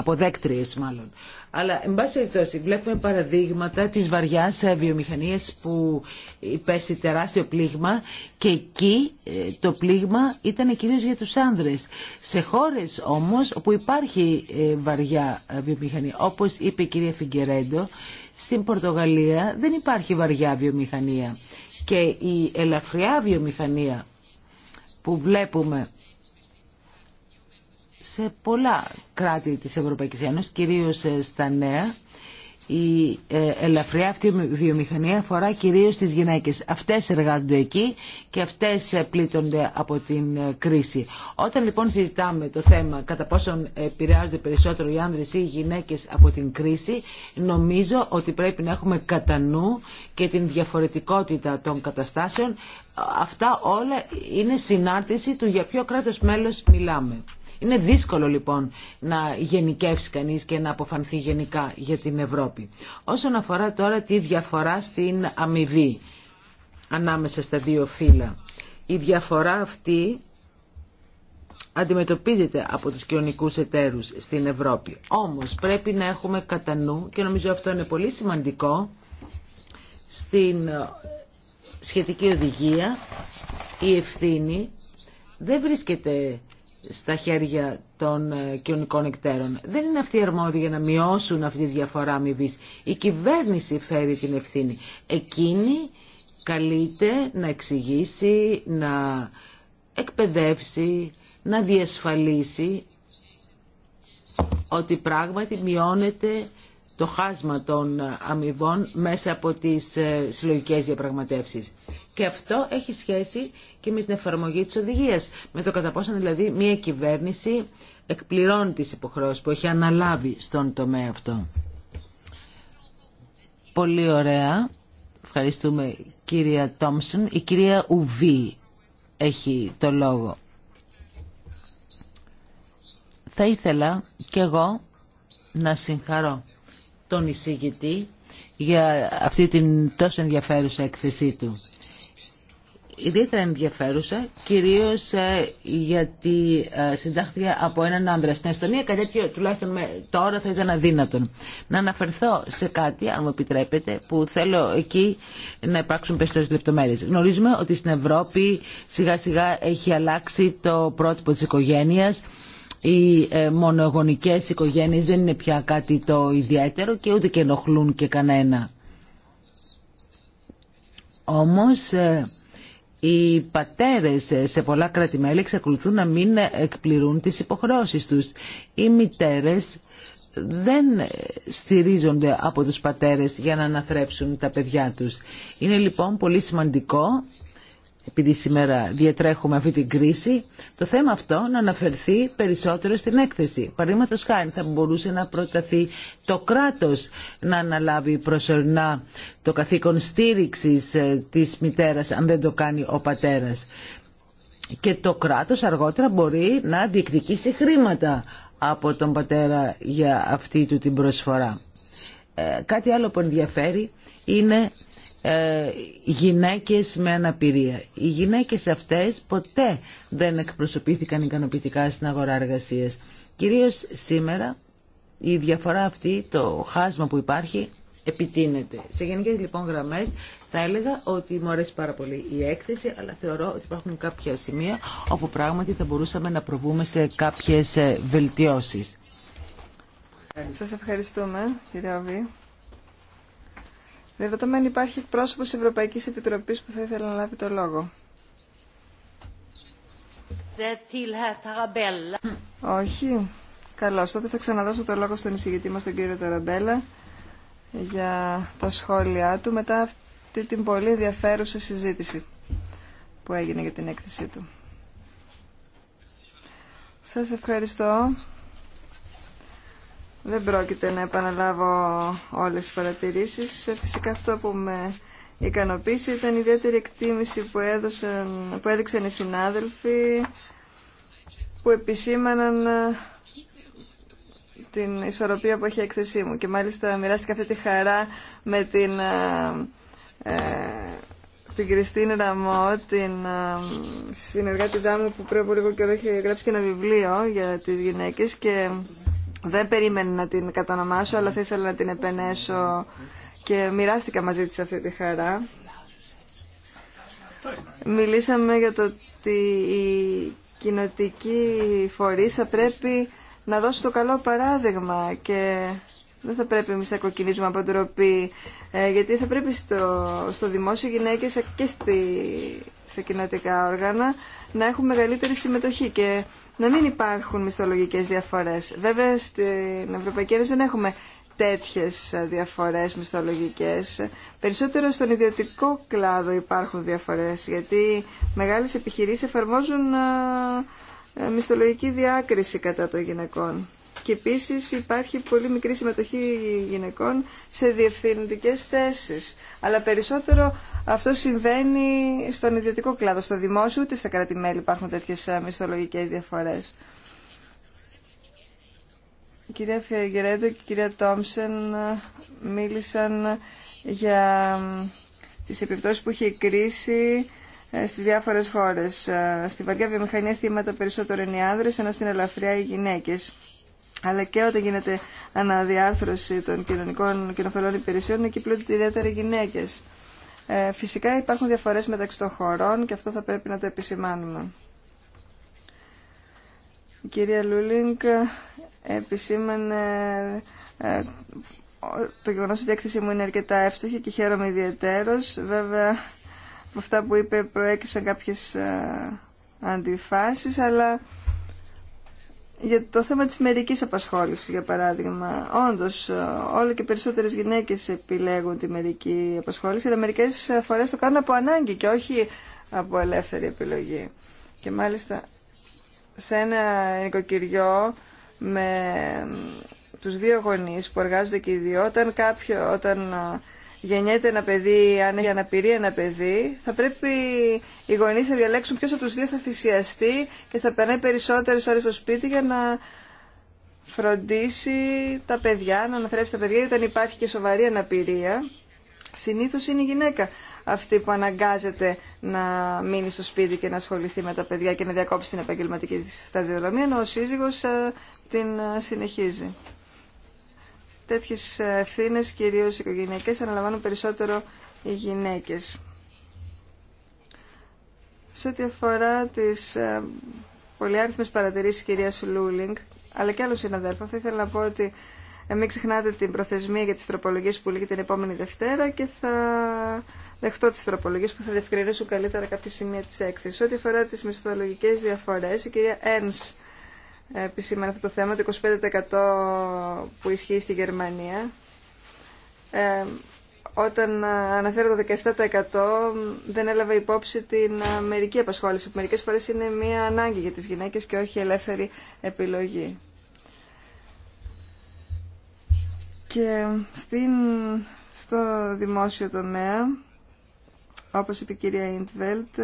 [SPEAKER 2] αποδέκτριε μάλλον. Αλλά, εν πάση περιπτώσει, βλέπουμε παραδείγματα της βαριά ε, βιομηχανία που υπέστη τεράστιο πλήγμα και εκεί ε, το πλήγμα ήταν κυρίω για τους άνδρες. Σε χώρες όμως όπου υπάρχει ε, βαριά βιομηχανία, όπως είπε η κυρία Φιγκερέντο, στην Πορτογαλία δεν υπάρχει βαριά βιομηχανία και η ελαφριά βιομηχανία που βλέπουμε σε πολλά κράτη της Ευρωπαϊκής Ένωσης, κυρίως ε, στα νέα. Η ε, ελαφριά αυτή βιομηχανία αφορά κυρίως τις γυναίκες. Αυτές εργάζονται εκεί και αυτές ε, πλήττονται από την κρίση. Όταν λοιπόν συζητάμε το θέμα κατά πόσον επηρεάζονται περισσότερο οι άνδρες ή οι γυναίκες από την κρίση, νομίζω ότι πρέπει να έχουμε κατά νου και την διαφορετικότητα των καταστάσεων. Αυτά όλα είναι συνάρτηση του για ποιο κράτος μέλος μιλάμε. Είναι δύσκολο λοιπόν να γενικεύσει κανείς και να αποφανθεί γενικά για την Ευρώπη. Όσον αφορά τώρα τη διαφορά στην αμοιβή ανάμεσα στα δύο φύλλα. Η διαφορά αυτή αντιμετωπίζεται από τους κοινωνικούς εταίρους στην Ευρώπη. Όμως πρέπει να έχουμε κατά νου, και νομίζω αυτό είναι πολύ σημαντικό, στην σχετική οδηγία η ευθύνη δεν βρίσκεται στα χέρια των ε, κοινωνικών εκτέρων. Δεν είναι αυτοί οι αρμόδιοι για να μειώσουν αυτή τη διαφορά αμοιβή. Η κυβέρνηση φέρει την ευθύνη. Εκείνη καλείται να εξηγήσει, να εκπαιδεύσει, να διασφαλίσει ότι πράγματι μειώνεται το χάσμα των αμοιβών μέσα από τις ε, συλλογικές διαπραγματεύσεις. Και αυτό έχει σχέση και με την εφαρμογή της οδηγίας. Με το κατά πόσο δηλαδή μια κυβέρνηση εκπληρώνει τις υποχρεώσεις που έχει αναλάβει στον τομέα αυτό. Πολύ ωραία. Ευχαριστούμε κυρία Τόμσον. Η κυρία Ουβή έχει το λόγο. Θα ήθελα κι εγώ να συγχαρώ τον εισηγητή για αυτή την τόσο ενδιαφέρουσα έκθεσή του. Ιδιαίτερα ενδιαφέρουσα, κυρίως ε, γιατί ε, συντάχθηκε από έναν άντρα. Στην Εστονία κάτι τέτοιο τουλάχιστον με, τώρα θα ήταν αδύνατον. Να αναφερθώ σε κάτι, αν μου επιτρέπετε, που θέλω εκεί να υπάρξουν περισσότερες λεπτομέρειες. Γνωρίζουμε ότι στην Ευρώπη σιγά σιγά έχει αλλάξει το πρότυπο της οικογένειας οι ε, μονογονικές οικογένειες δεν είναι πια κάτι το ιδιαίτερο και ούτε και ενοχλούν και κανένα. Όμως ε, οι πατέρες ε, σε πολλά κράτη-μέλη εξακολουθούν να μην εκπληρούν τις υποχρεώσεις τους. Οι μητέρες δεν στηρίζονται από τους πατέρες για να αναθρέψουν τα παιδιά τους. Είναι λοιπόν πολύ σημαντικό επειδή σήμερα διατρέχουμε αυτή την κρίση, το θέμα αυτό να αναφερθεί περισσότερο στην έκθεση. Παραδείγματο χάρη θα μπορούσε να προταθεί το κράτος να αναλάβει προσωρινά το καθήκον στήριξης ε, της μητέρας αν δεν το κάνει ο πατέρας. Και το κράτος αργότερα μπορεί να διεκδικήσει χρήματα από τον πατέρα για αυτή του την προσφορά. Ε, κάτι άλλο που ενδιαφέρει είναι ε, γυναίκες με αναπηρία. Οι γυναίκες αυτές ποτέ δεν εκπροσωπήθηκαν ικανοποιητικά στην αγορά εργασίας. Κυρίως σήμερα η διαφορά αυτή, το χάσμα που υπάρχει, επιτείνεται. Σε γενικές λοιπόν γραμμές θα έλεγα ότι μου αρέσει πάρα πολύ η έκθεση, αλλά θεωρώ ότι υπάρχουν κάποια σημεία όπου πράγματι θα μπορούσαμε να προβούμε σε κάποιες ε, βελτιώσεις.
[SPEAKER 1] Σας ευχαριστούμε, κύριε Αβή. Δεδομένου υπάρχει πρόσωπο Ευρωπαϊκής Ευρωπαϊκή Επιτροπή που θα ήθελε να λάβει το λόγο. Όχι. Καλώ. Τότε θα ξαναδώσω το λόγο στον εισηγητή μα, τον κύριο Ταραμπέλα, για τα σχόλιά του μετά αυτή την πολύ ενδιαφέρουσα συζήτηση που έγινε για την έκθεσή του. Σας ευχαριστώ. Δεν πρόκειται να επαναλάβω όλες τις παρατηρήσεις. Φυσικά αυτό που με ικανοποίησε ήταν η ιδιαίτερη εκτίμηση που, έδωσαν, που έδειξαν οι συνάδελφοι που επισήμαναν ε, την ισορροπία που έχει έκθεσή μου και μάλιστα μοιράστηκα αυτή τη χαρά με την, ε, ε την Κριστίν Ραμό, την ε, συνεργάτη μου που πριν από λίγο καιρό είχε γράψει και ένα βιβλίο για τις γυναίκες και δεν περίμενα να την κατανομάσω, αλλά θα ήθελα να την επενέσω και μοιράστηκα μαζί της αυτή τη χαρά. Μιλήσαμε για το ότι η κοινοτικοί φορείς θα πρέπει να δώσει το καλό παράδειγμα και δεν θα πρέπει εμείς να κοκκινίζουμε από ντροπή, ε, γιατί θα πρέπει στο, δημόσιο γυναίκες και στη, στα κοινοτικά όργανα να έχουν μεγαλύτερη συμμετοχή και να μην υπάρχουν μισθολογικές διαφορές. Βέβαια στην Ευρωπαϊκή Ένωση δεν έχουμε τέτοιες διαφορές μισθολογικές. Περισσότερο στον ιδιωτικό κλάδο υπάρχουν διαφορές, γιατί μεγάλες επιχειρήσεις εφαρμόζουν ε, μισθολογική διάκριση κατά των γυναικών. Και επίσης υπάρχει πολύ μικρή συμμετοχή γυναικών σε διευθυντικές θέσεις, αλλά περισσότερο αυτό συμβαίνει στον ιδιωτικό κλάδο, στο δημόσιο, ούτε στα κράτη-μέλη υπάρχουν τέτοιε μισθολογικέ διαφορέ. Η κυρία Φιαγκερέντο και η κυρία Τόμσεν ε, μίλησαν για τις επιπτώσεις που είχε η κρίση ε, στις διάφορες χώρες. Ε, στη βαριά βιομηχανία θύματα περισσότερο είναι οι άνδρες, ενώ στην ελαφριά οι γυναίκες. Αλλά και όταν γίνεται αναδιάρθρωση των κοινωνικών κοινοφελών υπηρεσιών, εκεί πλούνται ιδιαίτερα οι γυναίκες. Ε, φυσικά υπάρχουν διαφορές μεταξύ των χωρών και αυτό θα πρέπει να το επισημάνουμε. Η κυρία Λούλινγκ επισήμανε ε, το γεγονό ότι η έκθεση μου είναι αρκετά εύστοχη και χαίρομαι ιδιαίτερο. Βέβαια, από αυτά που είπε προέκυψαν κάποιες ε, αντιφάσεις, αλλά για το θέμα της μερική απασχόλησης, για παράδειγμα. Όντως, όλο και περισσότερες γυναίκες επιλέγουν τη μερική απασχόληση, αλλά μερικές φορές το κάνουν από ανάγκη και όχι από ελεύθερη επιλογή. Και μάλιστα, σε ένα νοικοκυριό με τους δύο γονείς που εργάζονται και οι δύο, όταν, κάποιο, όταν γεννιέται ένα παιδί, αν έχει αναπηρία ένα παιδί, θα πρέπει οι γονεί να διαλέξουν ποιο από του δύο θα θυσιαστεί και θα περνάει περισσότερε ώρε στο σπίτι για να φροντίσει τα παιδιά, να αναθρέψει τα παιδιά, όταν υπάρχει και σοβαρή αναπηρία. Συνήθως είναι η γυναίκα αυτή που αναγκάζεται να μείνει στο σπίτι και να ασχοληθεί με τα παιδιά και να διακόψει την επαγγελματική της σταδιοδρομία, ενώ ο σύζυγος ε, την ε, συνεχίζει τέτοιες ευθύνε, κυρίως οικογενειακές, αναλαμβάνουν περισσότερο οι γυναίκες. Σε ό,τι αφορά τις ε, πολυάριθμες παρατηρήσεις κυρίας Λούλινγκ, αλλά και άλλων συναδέλφων, θα ήθελα να πω ότι ε, μην ξεχνάτε την προθεσμία για τις τροπολογίες που λύγει την επόμενη Δευτέρα και θα δεχτώ τις τροπολογίες που θα διευκρινίσουν καλύτερα κάποια σημεία της έκθεσης. Ό,τι αφορά τις μισθολογικές διαφορές, η κυρία Ένς επισήμανε αυτό το θέμα, το 25% που ισχύει στη Γερμανία. Ε, όταν αναφέρω το 17% δεν έλαβε υπόψη την μερική απασχόληση, που μερικές φορές είναι μία ανάγκη για τις γυναίκες και όχι ελεύθερη επιλογή. Και στην, στο δημόσιο τομέα, όπως είπε η κυρία Ιντβέλτ,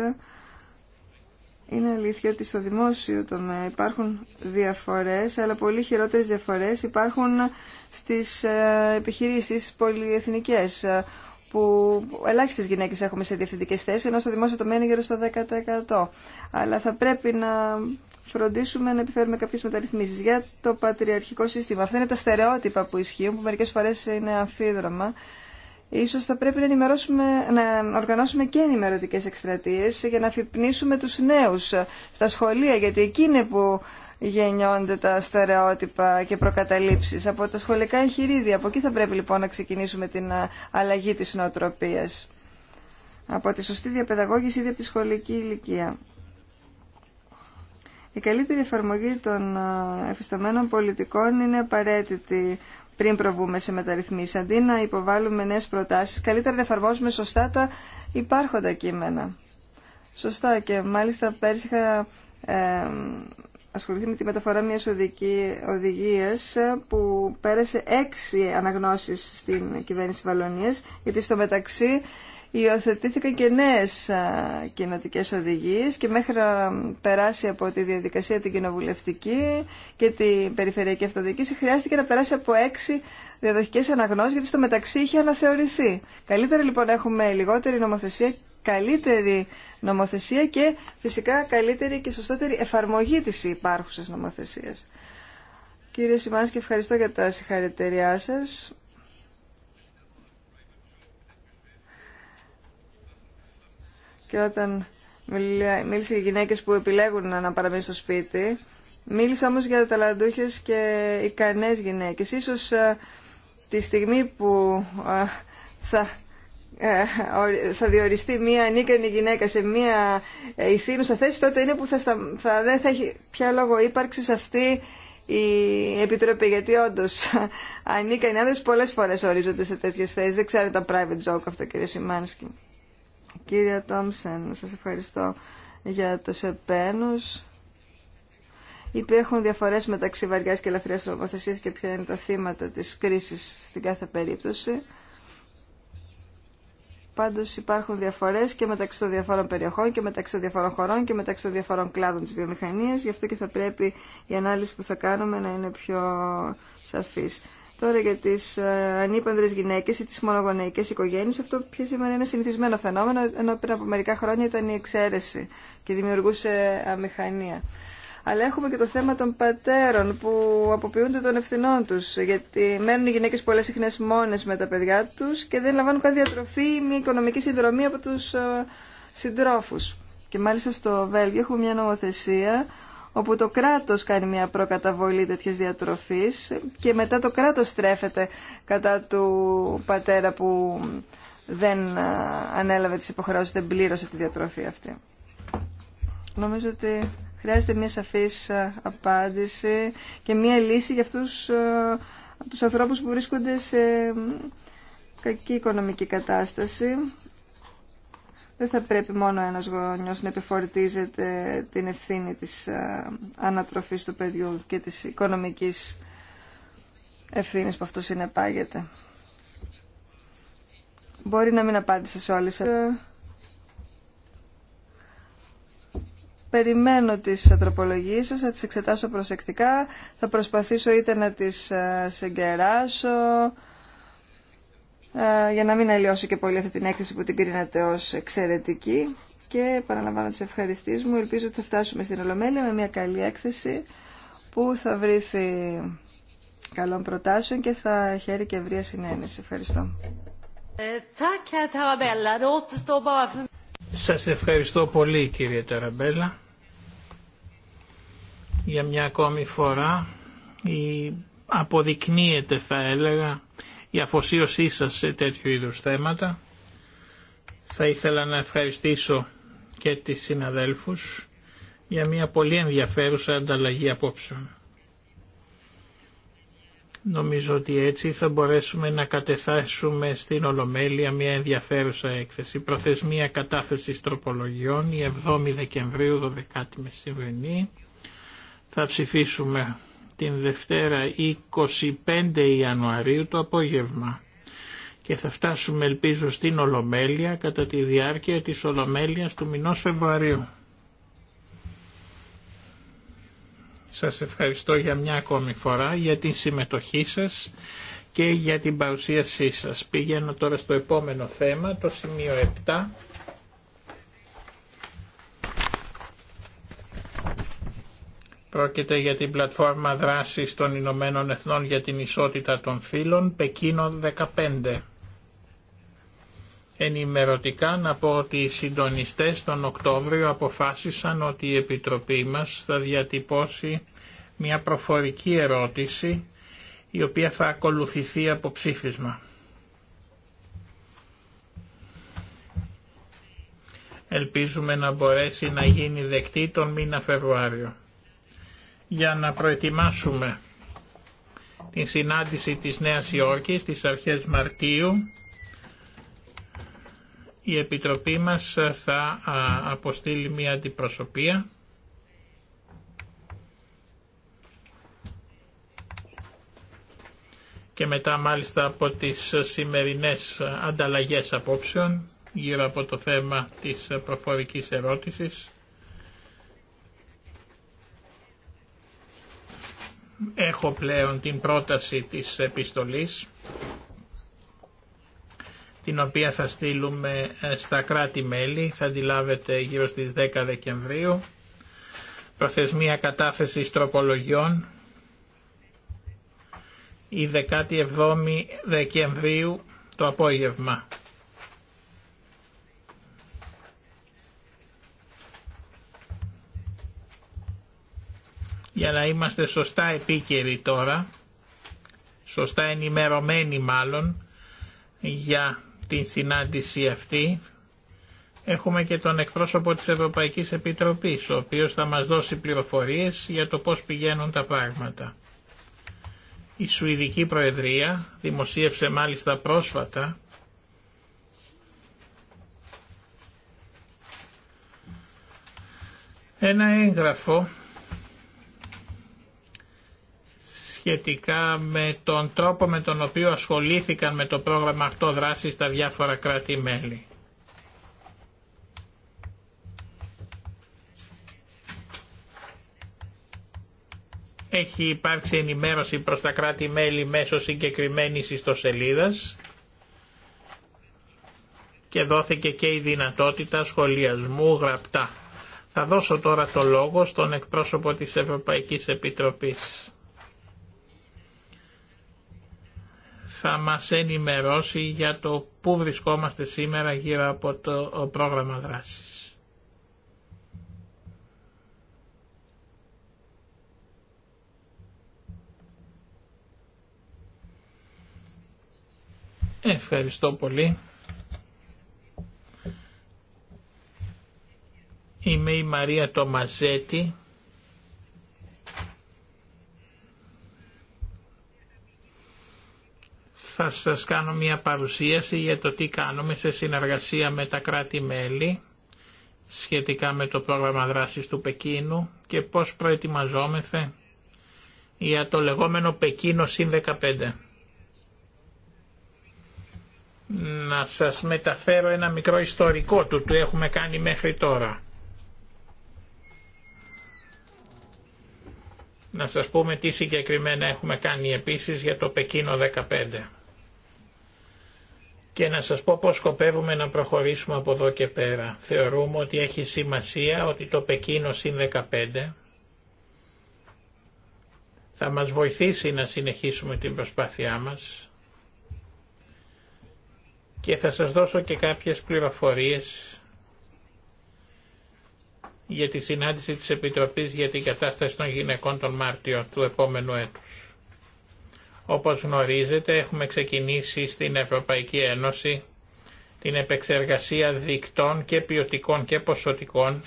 [SPEAKER 1] είναι αλήθεια ότι στο δημόσιο τομέα υπάρχουν διαφορές, αλλά πολύ χειρότερες διαφορές υπάρχουν στις ε, επιχειρήσεις πολυεθνικές, ε, που ελάχιστες γυναίκες έχουμε σε διευθυντικές θέσεις, ενώ στο δημόσιο τομέα είναι γύρω στο 10%. Αλλά θα πρέπει να φροντίσουμε να επιφέρουμε κάποιες μεταρρυθμίσεις. Για το πατριαρχικό σύστημα, αυτά είναι τα στερεότυπα που ισχύουν, που μερικές φορές είναι αμφίδρομα, Ίσως θα πρέπει να, ενημερώσουμε, να οργανώσουμε και ενημερωτικέ εκστρατείε για να αφυπνίσουμε τους νέους στα σχολεία, γιατί εκεί είναι που γεννιόνται τα στερεότυπα και προκαταλήψεις από τα σχολικά εγχειρίδια. Από εκεί θα πρέπει λοιπόν να ξεκινήσουμε την αλλαγή της νοοτροπίας. Από τη σωστή διαπαιδαγώγηση ήδη από τη σχολική ηλικία. Η καλύτερη εφαρμογή των ε, εφισταμένων πολιτικών είναι απαραίτητη πριν προβούμε σε μεταρρυθμίσεις. Αντί να υποβάλουμε νέες προτάσεις, καλύτερα να εφαρμόζουμε σωστά τα υπάρχοντα κείμενα. Σωστά και μάλιστα πέρσι είχα ε, ασχοληθεί με τη μεταφορά μιας οδηγίας ε, που πέρασε έξι αναγνώσεις στην κυβέρνηση Βαλονίας, γιατί στο μεταξύ υιοθετήθηκαν και νέε κοινοτικέ οδηγίες και μέχρι να περάσει από τη διαδικασία την κοινοβουλευτική και την περιφερειακή αυτοδιοίκηση χρειάστηκε να περάσει από έξι διαδοχικέ αναγνώσει γιατί στο μεταξύ είχε αναθεωρηθεί. Καλύτερα λοιπόν έχουμε λιγότερη νομοθεσία καλύτερη νομοθεσία και φυσικά καλύτερη και σωστότερη εφαρμογή της υπάρχουσας νομοθεσίας. Κύριε Σιμάνσκι, ευχαριστώ για τα συγχαρητήριά σας. και όταν μίλησε για γυναίκες που επιλέγουν να παραμείνουν στο σπίτι, μίλησε όμως για ταλαντούχες και ικανές γυναίκες. Ίσως ε, τη στιγμή που ε, θα ε, θα διοριστεί μία ανίκανη γυναίκα σε μία ηθήνουσα θέση, τότε είναι που θα, θα, δεν θα έχει πια λόγο ύπαρξη αυτή η επιτροπή. Γιατί όντω <laughs> ανίκανοι άνθρωποι πολλέ φορέ ορίζονται σε τέτοιε θέσει. Δεν ξέρω τα private joke αυτό, κύριε Σιμάνσκι. Κύριε Τόμσεν, σας ευχαριστώ για το επένους. Υπάρχουν διαφορές μεταξύ βαριάς και ελαφριάς τροποθεσίας και ποια είναι τα θύματα της κρίσης στην κάθε περίπτωση. Πάντως υπάρχουν διαφορές και μεταξύ των διαφόρων περιοχών και μεταξύ των διαφόρων χωρών και μεταξύ των διαφόρων κλάδων της βιομηχανίας. Γι' αυτό και θα πρέπει η ανάλυση που θα κάνουμε να είναι πιο σαφής. Τώρα για τι ε, ανήπαντρε γυναίκε ή τι μονογονεϊκέ οικογένειε, αυτό πια σήμερα είναι συνηθισμένο φαινόμενο, ενώ πριν από μερικά χρόνια ήταν η εξαίρεση και δημιουργούσε αμηχανία. Αλλά έχουμε και το θέμα των πατέρων που αποποιούνται των ευθυνών του, γιατί μένουν οι γυναίκε πολλέ συχνέ μόνε με τα παιδιά του και δεν λαμβάνουν καν διατροφή ή μη οικονομική συνδρομή από του ε, συντρόφου. Και μάλιστα στο Βέλγιο έχουμε μια νομοθεσία όπου το κράτος κάνει μια προκαταβολή τέτοιες διατροφής και μετά το κράτος στρέφεται κατά του πατέρα που δεν ανέλαβε τις υποχρεώσεις, δεν πλήρωσε τη διατροφή αυτή. Νομίζω ότι χρειάζεται μια σαφής απάντηση και μια λύση για αυτούς τους ανθρώπους που βρίσκονται σε κακή οικονομική κατάσταση δεν θα πρέπει μόνο ένας γονιός να επιφορτίζεται την ευθύνη της ε, ανατροφής του παιδιού και της οικονομικής ευθύνης που αυτό συνεπάγεται. Μπορεί να μην απάντησα σε όλες. Περιμένω τις ανθρωπολογίες σας, θα τις εξετάσω προσεκτικά, θα προσπαθήσω είτε να τις ε, συγκεράσω, ε, για να μην αλλοιώσω και πολύ αυτή την έκθεση που την κρίνατε ως εξαιρετική και παραλαμβάνω τις ευχαριστήσεις μου. Ελπίζω ότι θα φτάσουμε στην Ολομέλεια με μια καλή έκθεση που θα βρήθει καλών προτάσεων και θα χαίρει και ευρεία συνένεση. Ευχαριστώ. Ε, ε,
[SPEAKER 3] Σας ευχαριστώ πολύ κύριε Ταραμπέλα. Για μια ακόμη φορά η αποδεικνύεται θα έλεγα η αφοσίωσή σας σε τέτοιου είδους θέματα. Θα ήθελα να ευχαριστήσω και τις συναδέλφους για μια πολύ ενδιαφέρουσα ανταλλαγή απόψεων. Νομίζω ότι έτσι θα μπορέσουμε να κατεθάσουμε στην Ολομέλεια μια ενδιαφέρουσα έκθεση. Προθεσμία κατάθεση τροπολογιών η 7η Δεκεμβρίου 12η μεσημβρινή. Θα ψηφίσουμε την Δευτέρα 25 Ιανουαρίου το απόγευμα και θα φτάσουμε ελπίζω στην Ολομέλεια κατά τη διάρκεια της Ολομέλειας του μηνός Φεβρουαρίου. Σας ευχαριστώ για μια ακόμη φορά για την συμμετοχή σας και για την παρουσίασή σας. Πηγαίνω τώρα στο επόμενο θέμα, το σημείο 7. Πρόκειται για την πλατφόρμα δράσης των Ηνωμένων Εθνών για την Ισότητα των Φύλων, Πεκίνο 15. Ενημερωτικά να πω ότι οι συντονιστές τον Οκτώβριο αποφάσισαν ότι η Επιτροπή μας θα διατυπώσει μια προφορική ερώτηση η οποία θα ακολουθηθεί από ψήφισμα. Ελπίζουμε να μπορέσει να γίνει δεκτή τον μήνα Φεβρουάριο για να προετοιμάσουμε την συνάντηση της Νέας Υόρκης στις αρχές Μαρτίου. Η Επιτροπή μας θα αποστείλει μια αντιπροσωπεία και μετά μάλιστα από τις σημερινές ανταλλαγές απόψεων γύρω από το θέμα της προφορικής ερώτησης Έχω πλέον την πρόταση της επιστολής την οποία θα στείλουμε ε, στα κράτη-μέλη, θα αντιλάβετε γύρω στις 10 Δεκεμβρίου. Προθεσμία κατάθεσης τροπολογιών η 17η Δεκεμβρίου το απόγευμα. για να είμαστε σωστά επίκαιροι τώρα, σωστά ενημερωμένοι μάλλον για την συνάντηση αυτή, έχουμε και τον εκπρόσωπο της Ευρωπαϊκής Επιτροπής, ο οποίος θα μας δώσει πληροφορίες για το πώς πηγαίνουν τα πράγματα. Η Σουηδική Προεδρία δημοσίευσε μάλιστα πρόσφατα ένα έγγραφο σχετικά με τον τρόπο με τον οποίο ασχολήθηκαν με το πρόγραμμα αυτό δράση στα διάφορα κράτη-μέλη. Έχει υπάρξει ενημέρωση προς τα κράτη-μέλη μέσω συγκεκριμένης ιστοσελίδας και δόθηκε και η δυνατότητα σχολιασμού γραπτά. Θα δώσω τώρα το λόγο στον εκπρόσωπο της Ευρωπαϊκής Επιτροπής. θα μας ενημερώσει για το πού βρισκόμαστε σήμερα γύρω από το πρόγραμμα δράσης. Ευχαριστώ πολύ. Είμαι η Μαρία Τομαζέτη θα σας κάνω μια παρουσίαση για το τι κάνουμε σε συνεργασία με τα κράτη-μέλη σχετικά με το πρόγραμμα δράσης του Πεκίνου και πώς προετοιμαζόμεθε για το λεγόμενο Πεκίνο συν 15. Να σας μεταφέρω ένα μικρό ιστορικό του, του έχουμε κάνει μέχρι τώρα. Να σας πούμε τι συγκεκριμένα έχουμε κάνει επίσης για το Πεκίνο 15 και να σας πω πώς σκοπεύουμε να προχωρήσουμε από εδώ και πέρα. Θεωρούμε ότι έχει σημασία ότι το Πεκίνο συν 15 θα μας βοηθήσει να συνεχίσουμε την προσπάθειά μας και θα σας δώσω και κάποιες πληροφορίες για τη συνάντηση της Επιτροπής για την κατάσταση των γυναικών τον Μάρτιο του επόμενου έτους. Όπως γνωρίζετε έχουμε ξεκινήσει στην Ευρωπαϊκή Ένωση την επεξεργασία δικτών και ποιοτικών και ποσοτικών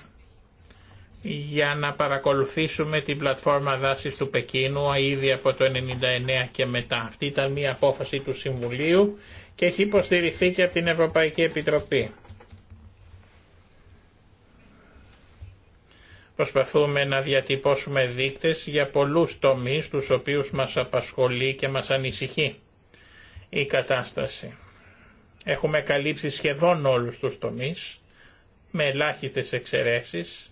[SPEAKER 3] για να παρακολουθήσουμε την πλατφόρμα δάσης του Πεκίνου ήδη από το 1999 και μετά. Αυτή ήταν μια απόφαση του Συμβουλίου και έχει υποστηριχθεί και από την Ευρωπαϊκή Επιτροπή. Προσπαθούμε να διατυπώσουμε δείκτες για πολλούς τομείς τους οποίους μας απασχολεί και μας ανησυχεί η κατάσταση. Έχουμε καλύψει σχεδόν όλους τους τομείς, με ελάχιστες εξαιρέσεις,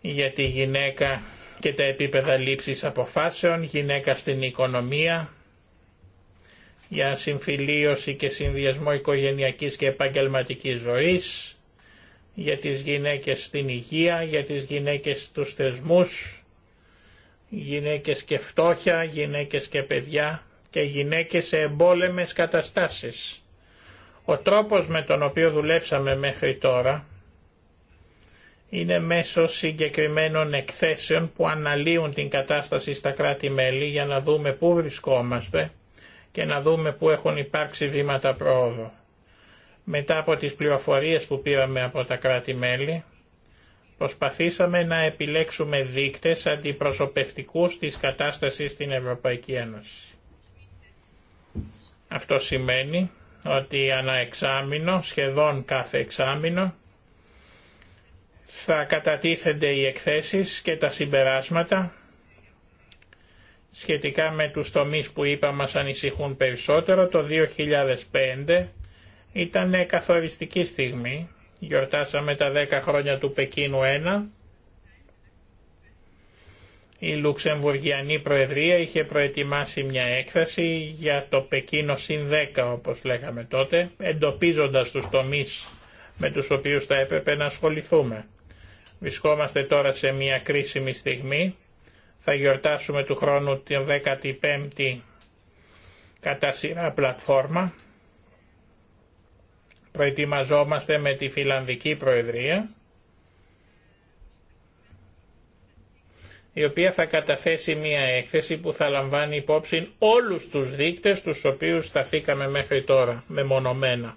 [SPEAKER 3] για τη γυναίκα και τα επίπεδα λήψης αποφάσεων, γυναίκα στην οικονομία, για συμφιλίωση και συνδυασμό οικογενειακής και επαγγελματικής ζωής, για τις γυναίκες στην υγεία, για τις γυναίκες στους θεσμούς, γυναίκες και φτώχεια, γυναίκες και παιδιά και γυναίκες σε εμπόλεμες καταστάσεις. Ο τρόπος με τον οποίο δουλέψαμε μέχρι τώρα είναι μέσω συγκεκριμένων εκθέσεων που αναλύουν την κατάσταση στα κράτη-μέλη για να δούμε πού βρισκόμαστε και να δούμε πού έχουν υπάρξει βήματα πρόοδου. Μετά από τις πληροφορίες που πήραμε από τα κράτη-μέλη, προσπαθήσαμε να επιλέξουμε δείκτες αντιπροσωπευτικούς της κατάστασης στην Ευρωπαϊκή Ένωση. Αυτό σημαίνει ότι ανά εξάμηνο, σχεδόν κάθε εξάμηνο, θα κατατίθενται οι εκθέσεις και τα συμπεράσματα σχετικά με τους τομείς που είπα μας ανησυχούν περισσότερο το 2005 ήταν καθοριστική στιγμή. Γιορτάσαμε τα 10 χρόνια του Πεκίνου 1. Η Λουξεμβουργιανή Προεδρία είχε προετοιμάσει μια έκθεση για το Πεκίνο συν 10 όπως λέγαμε τότε, εντοπίζοντας τους τομείς με τους οποίους θα έπρεπε να ασχοληθούμε. Βρισκόμαστε τώρα σε μια κρίσιμη στιγμή. Θα γιορτάσουμε του χρόνου την 15η κατά σειρά πλατφόρμα Προετοιμαζόμαστε με τη Φιλανδική Προεδρία, η οποία θα καταθέσει μία έκθεση που θα λαμβάνει υπόψη όλους τους δείκτες τους οποίους σταθήκαμε μέχρι τώρα, μεμονωμένα.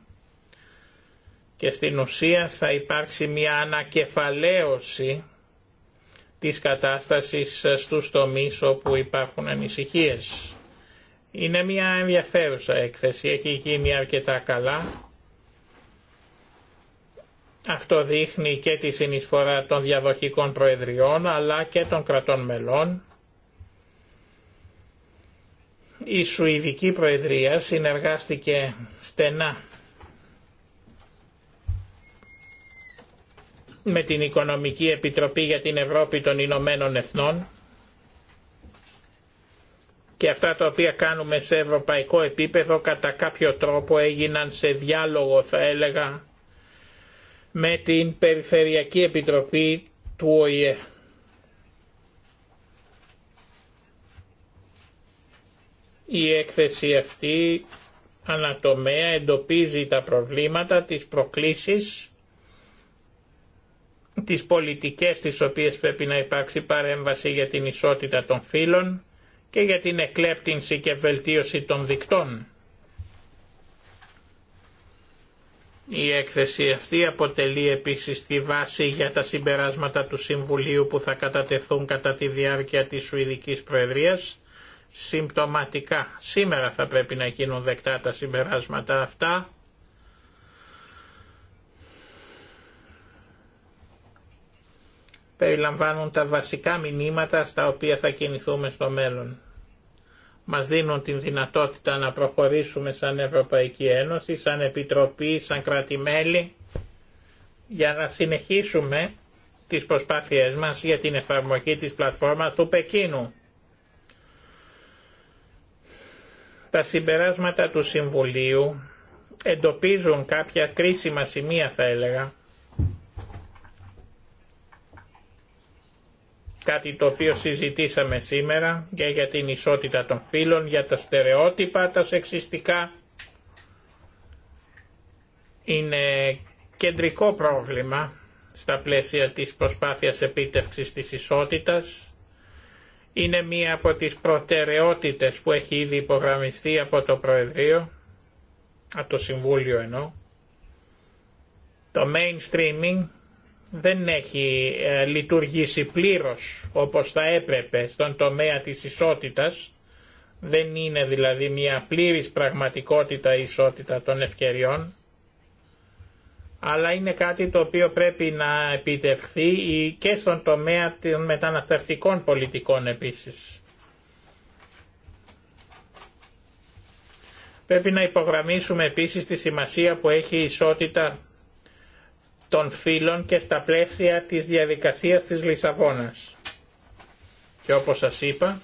[SPEAKER 3] Και στην ουσία θα υπάρξει μία ανακεφαλαίωση της κατάστασης στους τομείς όπου υπάρχουν ανησυχίες. Είναι μια ενδιαφέρουσα έκθεση, έχει γίνει αρκετά καλά αυτό δείχνει και τη συνεισφορά των διαδοχικών προεδριών αλλά και των κρατών μελών. Η Σουηδική Προεδρία συνεργάστηκε στενά με την Οικονομική Επιτροπή για την Ευρώπη των Ηνωμένων Εθνών και αυτά τα οποία κάνουμε σε ευρωπαϊκό επίπεδο κατά κάποιο τρόπο έγιναν σε διάλογο θα έλεγα με την Περιφερειακή Επιτροπή του ΟΗΕ. Η έκθεση αυτή ανατομέα εντοπίζει τα προβλήματα, της προκλήσεις, τις πολιτικές τις οποίες πρέπει να υπάρξει παρέμβαση για την ισότητα των φύλων και για την εκλέπτυνση και βελτίωση των δικτών. Η έκθεση αυτή αποτελεί επίσης τη βάση για τα συμπεράσματα του Συμβουλίου που θα κατατεθούν κατά τη διάρκεια της Σουηδικής Προεδρίας. Συμπτωματικά σήμερα θα πρέπει να γίνουν δεκτά τα συμπεράσματα αυτά. Περιλαμβάνουν τα βασικά μηνύματα στα οποία θα κινηθούμε στο μέλλον μας δίνουν την δυνατότητα να προχωρήσουμε σαν Ευρωπαϊκή Ένωση, σαν Επιτροπή, σαν κρατημέλη, για να συνεχίσουμε τις προσπάθειές μας για την εφαρμογή της πλατφόρμας του Πεκίνου. Τα συμπεράσματα του Συμβουλίου εντοπίζουν κάποια κρίσιμα σημεία θα έλεγα κάτι το οποίο συζητήσαμε σήμερα και για την ισότητα των φίλων για τα στερεότυπα, τα σεξιστικά. Είναι κεντρικό πρόβλημα στα πλαίσια της προσπάθειας επίτευξης της ισότητας. Είναι μία από τις προτεραιότητες που έχει ήδη υπογραμμιστεί από το Προεδρείο, από το Συμβούλιο ενώ. Το mainstreaming δεν έχει ε, λειτουργήσει πλήρως όπως θα έπρεπε στον τομέα της ισότητας, δεν είναι δηλαδή μια πλήρης πραγματικότητα η ισότητα των ευκαιριών, αλλά είναι κάτι το οποίο πρέπει να επιτευχθεί και στον τομέα των μεταναστευτικών πολιτικών επίσης. Πρέπει να υπογραμμίσουμε επίσης τη σημασία που έχει η ισότητα των φύλων και στα πλαίσια της διαδικασίας της Λισαβόνας. Και όπως σας είπα,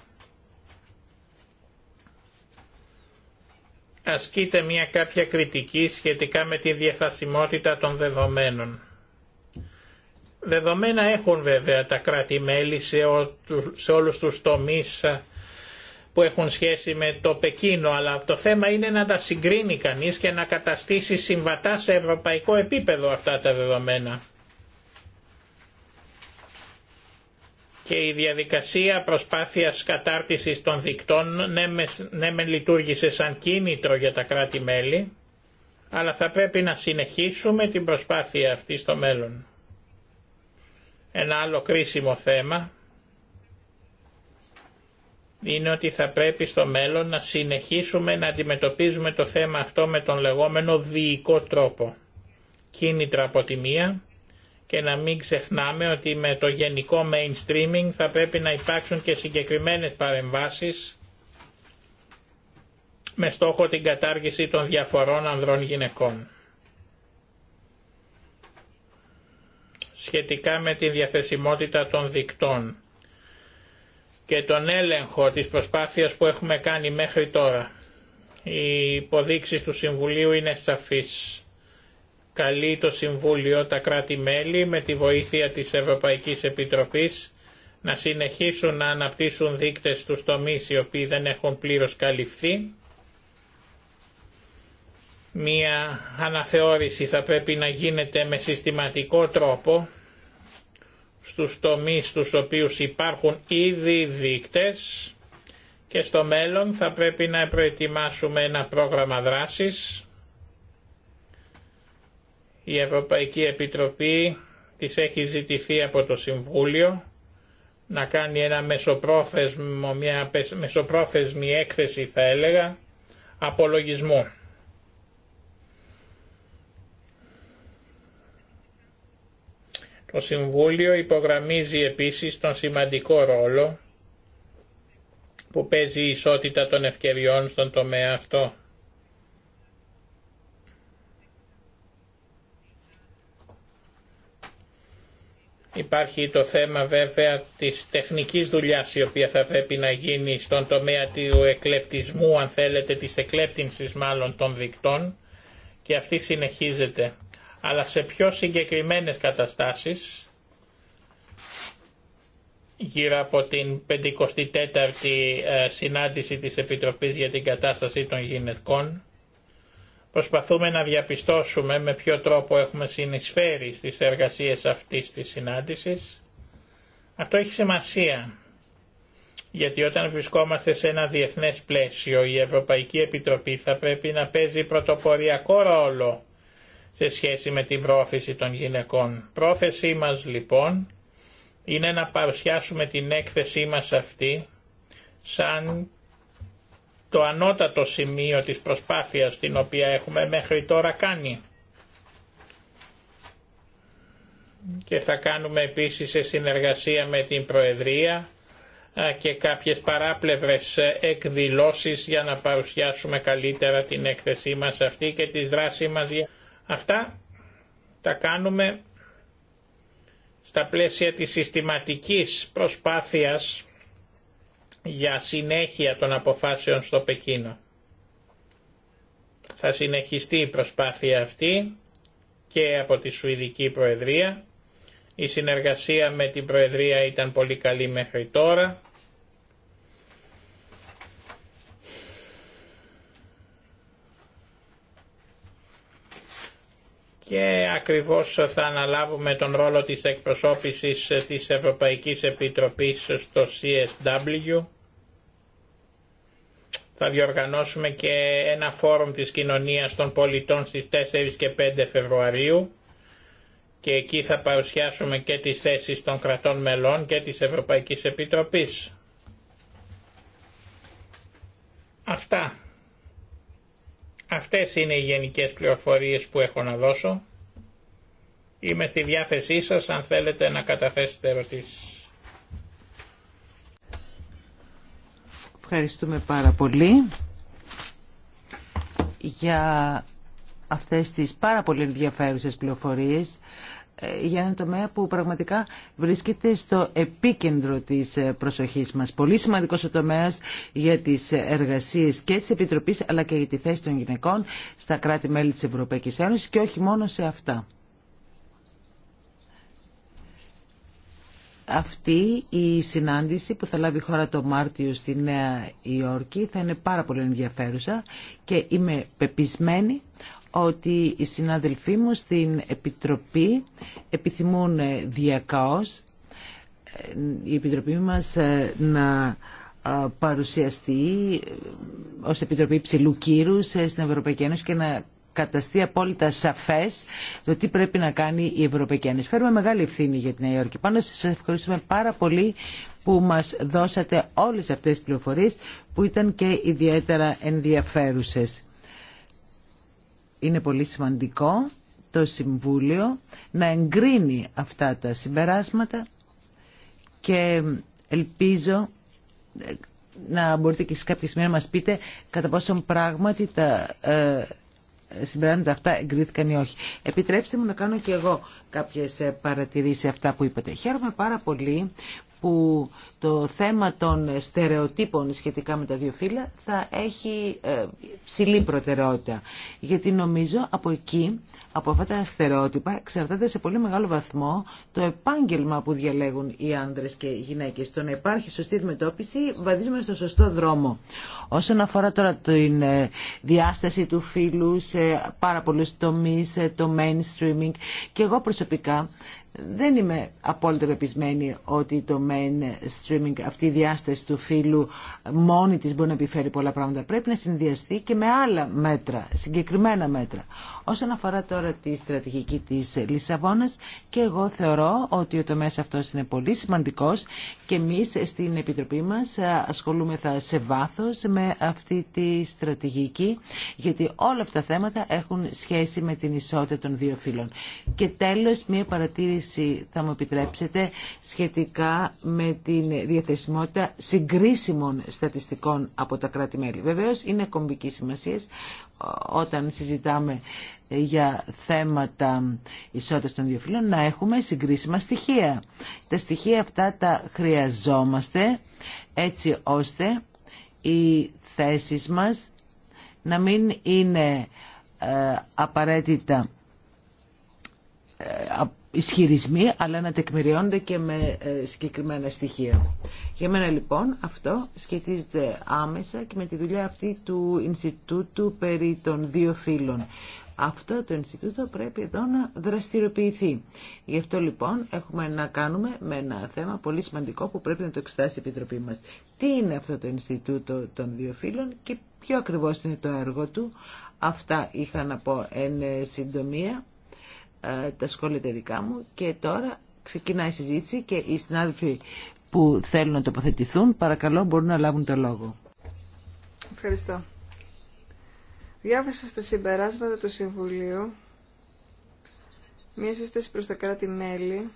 [SPEAKER 3] ασκείται μια κάποια κριτική σχετικά με τη διαθασιμότητα των δεδομένων. Δεδομένα έχουν βέβαια τα κράτη-μέλη σε, σε όλους τους τομείς που έχουν σχέση με το Πεκίνο, αλλά το θέμα είναι να τα συγκρίνει κανείς και να καταστήσει συμβατά σε ευρωπαϊκό επίπεδο αυτά τα δεδομένα. Και η διαδικασία προσπάθειας κατάρτισης των δικτών ναι με, ναι με λειτουργήσε σαν κίνητρο για τα κράτη-μέλη, αλλά θα πρέπει να συνεχίσουμε την προσπάθεια αυτή στο μέλλον. Ένα άλλο κρίσιμο θέμα είναι ότι θα πρέπει στο μέλλον να συνεχίσουμε να αντιμετωπίζουμε το θέμα αυτό με τον λεγόμενο διοικό τρόπο. Κίνητρα από τη μία και να μην ξεχνάμε ότι με το γενικό mainstreaming θα πρέπει να υπάρξουν και συγκεκριμένες παρεμβάσεις με στόχο την κατάργηση των διαφορών ανδρών γυναικών. Σχετικά με τη διαθεσιμότητα των δικτών και τον έλεγχο της προσπάθειας που έχουμε κάνει μέχρι τώρα. Οι υποδείξεις του Συμβουλίου είναι σαφείς. Καλεί το Συμβούλιο τα κράτη-μέλη με τη βοήθεια της Ευρωπαϊκής Επιτροπής να συνεχίσουν να αναπτύσσουν δείκτες στους τομείς οι οποίοι δεν έχουν πλήρως καλυφθεί. Μία αναθεώρηση θα πρέπει να γίνεται με συστηματικό τρόπο στους τομείς στους οποίους υπάρχουν ήδη δείκτες και στο μέλλον θα πρέπει να προετοιμάσουμε ένα πρόγραμμα δράσης. Η Ευρωπαϊκή Επιτροπή της έχει ζητηθεί από το Συμβούλιο να κάνει ένα μεσοπρόθεσμο, μια μεσοπρόθεσμη έκθεση θα έλεγα απολογισμού. Το Συμβούλιο υπογραμμίζει επίσης τον σημαντικό ρόλο που παίζει η ισότητα των ευκαιριών στον τομέα αυτό. Υπάρχει το θέμα βέβαια της τεχνικής δουλειάς η οποία θα πρέπει να γίνει στον τομέα του εκλεπτισμού, αν θέλετε, της εκλέπτυνσης μάλλον των δικτών και αυτή συνεχίζεται αλλά σε πιο συγκεκριμένες καταστάσεις γύρω από την 54η ε, συνάντηση της Επιτροπής για την Κατάσταση των Γυναικών προσπαθούμε να διαπιστώσουμε με ποιο τρόπο έχουμε συνεισφέρει στις εργασίες αυτής της συνάντησης. Αυτό έχει σημασία, γιατί όταν βρισκόμαστε σε ένα διεθνές πλαίσιο η Ευρωπαϊκή Επιτροπή θα πρέπει να παίζει πρωτοποριακό ρόλο σε σχέση με την πρόθεση των γυναικών. Πρόθεσή μας λοιπόν είναι να παρουσιάσουμε την έκθεσή μας αυτή σαν το ανώτατο σημείο της προσπάθειας την οποία έχουμε μέχρι τώρα κάνει. Και θα κάνουμε επίσης σε συνεργασία με την Προεδρία και κάποιες παράπλευρες εκδηλώσεις για να παρουσιάσουμε καλύτερα την έκθεσή μας αυτή και τη δράση μας Αυτά τα κάνουμε στα πλαίσια της συστηματικής προσπάθειας για συνέχεια των αποφάσεων στο Πεκίνο. Θα συνεχιστεί η προσπάθεια αυτή και από τη Σουηδική Προεδρία. Η συνεργασία με την Προεδρία ήταν πολύ καλή μέχρι τώρα. και ακριβώς θα αναλάβουμε τον ρόλο της εκπροσώπησης της Ευρωπαϊκής Επιτροπής στο CSW. Θα διοργανώσουμε και ένα φόρουμ της κοινωνίας των πολιτών στις 4 και 5 Φεβρουαρίου και εκεί θα παρουσιάσουμε και τις θέσεις των κρατών μελών και της Ευρωπαϊκής Επιτροπής. Αυτά. Αυτές είναι οι γενικές πληροφορίες που έχω να δώσω. Είμαι στη διάθεσή σας αν θέλετε να καταθέσετε ερωτήσεις.
[SPEAKER 2] Ευχαριστούμε πάρα πολύ για αυτές τις πάρα πολύ ενδιαφέρουσες πληροφορίες. Ε, για έναν τομέα που πραγματικά βρίσκεται στο επίκεντρο της ε, προσοχής μας. Πολύ σημαντικός ο τομέας για τις εργασίες και της Επιτροπής αλλά και για τη θέση των γυναικών στα κράτη-μέλη της Ευρωπαϊκής Ένωσης και όχι μόνο σε αυτά. Αυτή η συνάντηση που θα λάβει η χώρα το Μάρτιο στη Νέα Υόρκη θα είναι πάρα πολύ ενδιαφέρουσα και είμαι πεπισμένη ότι οι συνάδελφοί μου στην Επιτροπή επιθυμούν ε, διακαώς ε, η Επιτροπή μας ε, να παρουσιαστεί ως Επιτροπή Ψηλού Κύρου στην Ευρωπαϊκή Ένωση και να καταστεί απόλυτα σαφές το τι πρέπει να κάνει η Ευρωπαϊκή Ένωση. Φέρουμε μεγάλη ευθύνη για την Νέα Υόρκη. Πάνω σας ευχαριστούμε πάρα πολύ που μας δώσατε όλες αυτές τις πληροφορίες που ήταν και ιδιαίτερα ενδιαφέρουσες. Είναι πολύ σημαντικό το Συμβούλιο να εγκρίνει αυτά τα συμπεράσματα και ελπίζω ε, να μπορείτε και εσείς κάποια στιγμή να μας πείτε κατά πόσον πράγματι τα ε, συμπεράσματα αυτά εγκρίθηκαν ή όχι. Επιτρέψτε μου να κάνω και εγώ κάποιες ε, παρατηρήσεις αυτά που είπατε. Χαίρομαι πάρα πολύ που το θέμα των στερεοτύπων σχετικά με τα δύο φύλλα θα έχει ε, ψηλή προτεραιότητα. Γιατί νομίζω από εκεί, από αυτά τα στερεότυπα, εξαρτάται σε πολύ μεγάλο βαθμό το επάγγελμα που διαλέγουν οι άνδρες και οι γυναίκες. Το να υπάρχει σωστή αντιμετώπιση βαδίζουμε στο σωστό δρόμο. Όσον αφορά τώρα την ε, διάσταση του φύλου σε πάρα πολλούς τομείς, ε, το mainstreaming και εγώ προσωπικά δεν είμαι απόλυτα πεπισμένη ότι το mainstreaming streaming, αυτή η διάσταση του φύλου μόνη της μπορεί να επιφέρει πολλά πράγματα. Πρέπει να συνδυαστεί και με άλλα μέτρα, συγκεκριμένα μέτρα. Όσον αφορά τώρα τη στρατηγική της Λισαβόνας και εγώ θεωρώ ότι ο τομέας αυτός είναι πολύ σημαντικός και εμείς στην Επιτροπή μας ασχολούμεθα σε βάθος με αυτή τη στρατηγική γιατί όλα αυτά τα θέματα έχουν σχέση με την ισότητα των δύο φύλων. Και τέλος μια παρατήρηση θα μου επιτρέψετε σχετικά με την διαθεσιμότητα συγκρίσιμων στατιστικών από τα κράτη-μέλη. Βεβαίως είναι κομβική σημασία όταν συζητάμε για θέματα ισότητας των δύο να έχουμε συγκρίσιμα στοιχεία. Τα στοιχεία αυτά τα χρειαζόμαστε έτσι ώστε οι θέσεις μας να μην είναι ε, απαραίτητα ε, ισχυρισμοί, αλλά να τεκμηριώνονται και με ε, συγκεκριμένα στοιχεία. Για μένα λοιπόν αυτό σχετίζεται άμεσα και με τη δουλειά αυτή του Ινστιτούτου περί των δύο φύλων. Αυτό το Ινστιτούτο πρέπει εδώ να δραστηριοποιηθεί. Γι' αυτό λοιπόν έχουμε να κάνουμε με ένα θέμα πολύ σημαντικό που πρέπει να το εξετάσει η Επιτροπή μας. Τι είναι αυτό το Ινστιτούτο των δύο φύλων και ποιο ακριβώς είναι το έργο του. Αυτά είχα να πω εν συντομία. Ε, τα σχόλια τα δικά μου και τώρα ξεκινάει η συζήτηση και οι συνάδελφοι που θέλουν να τοποθετηθούν παρακαλώ μπορούν να λάβουν το λόγο.
[SPEAKER 1] Ευχαριστώ. Διάβασα στα συμπεράσματα του Συμβουλίου μία σύσταση προς τα κράτη-μέλη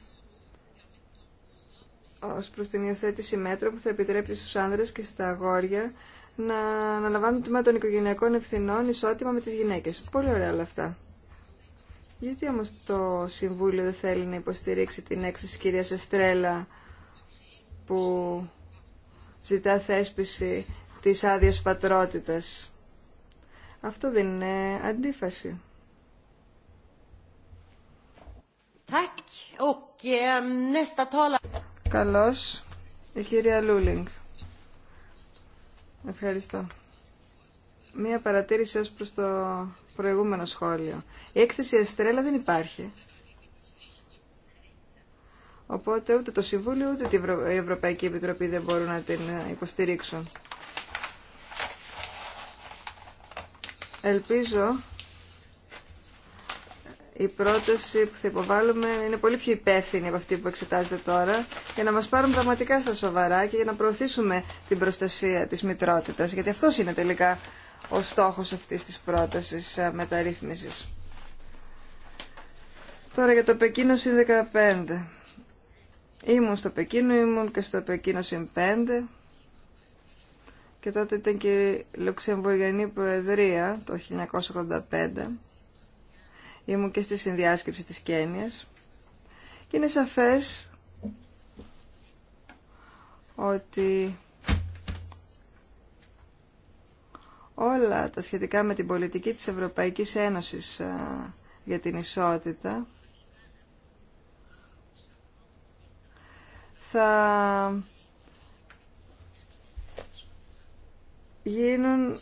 [SPEAKER 1] ως προς την υιοθέτηση μέτρων που θα επιτρέπει στους άνδρες και στα αγόρια να αναλαμβάνουν τμήμα των οικογενειακών ευθυνών ισότιμα με τις γυναίκες. Πολύ ωραία όλα αυτά. Γιατί όμω το Συμβούλιο δεν θέλει να υποστηρίξει την έκθεση κυρίας Εστρέλα που ζητά θέσπιση της άδειας πατρότητας. Αυτό δεν είναι αντίφαση. Ehm, Καλώς, η κυρία Λούλινγκ. Ευχαριστώ. Μία παρατήρηση ως προς το προηγούμενο σχόλιο. Η έκθεση αστρέλα δεν υπάρχει. Οπότε ούτε το Συμβούλιο ούτε η Ευρωπαϊκή Επιτροπή δεν μπορούν να την ε, υποστηρίξουν. Ελπίζω η πρόταση που θα υποβάλουμε είναι πολύ πιο υπεύθυνη από αυτή που εξετάζεται τώρα για να μας πάρουν πραγματικά στα σοβαρά και για να προωθήσουμε την προστασία της μητρότητας γιατί αυτό είναι τελικά ο στόχος αυτής της πρότασης ε, μεταρρύθμισης. Τώρα για το Πεκίνο συν 15. Ήμουν στο Πεκίνο, ήμουν και στο Πεκίνο συν 5. Και τότε ήταν και η Λουξεμβουργιανή Προεδρία το 1985. Ήμουν και στη συνδιάσκεψη της Κένιας. Και είναι σαφές ότι όλα τα σχετικά με την πολιτική της Ευρωπαϊκής Ένωσης ε, για την ισότητα θα γίνουν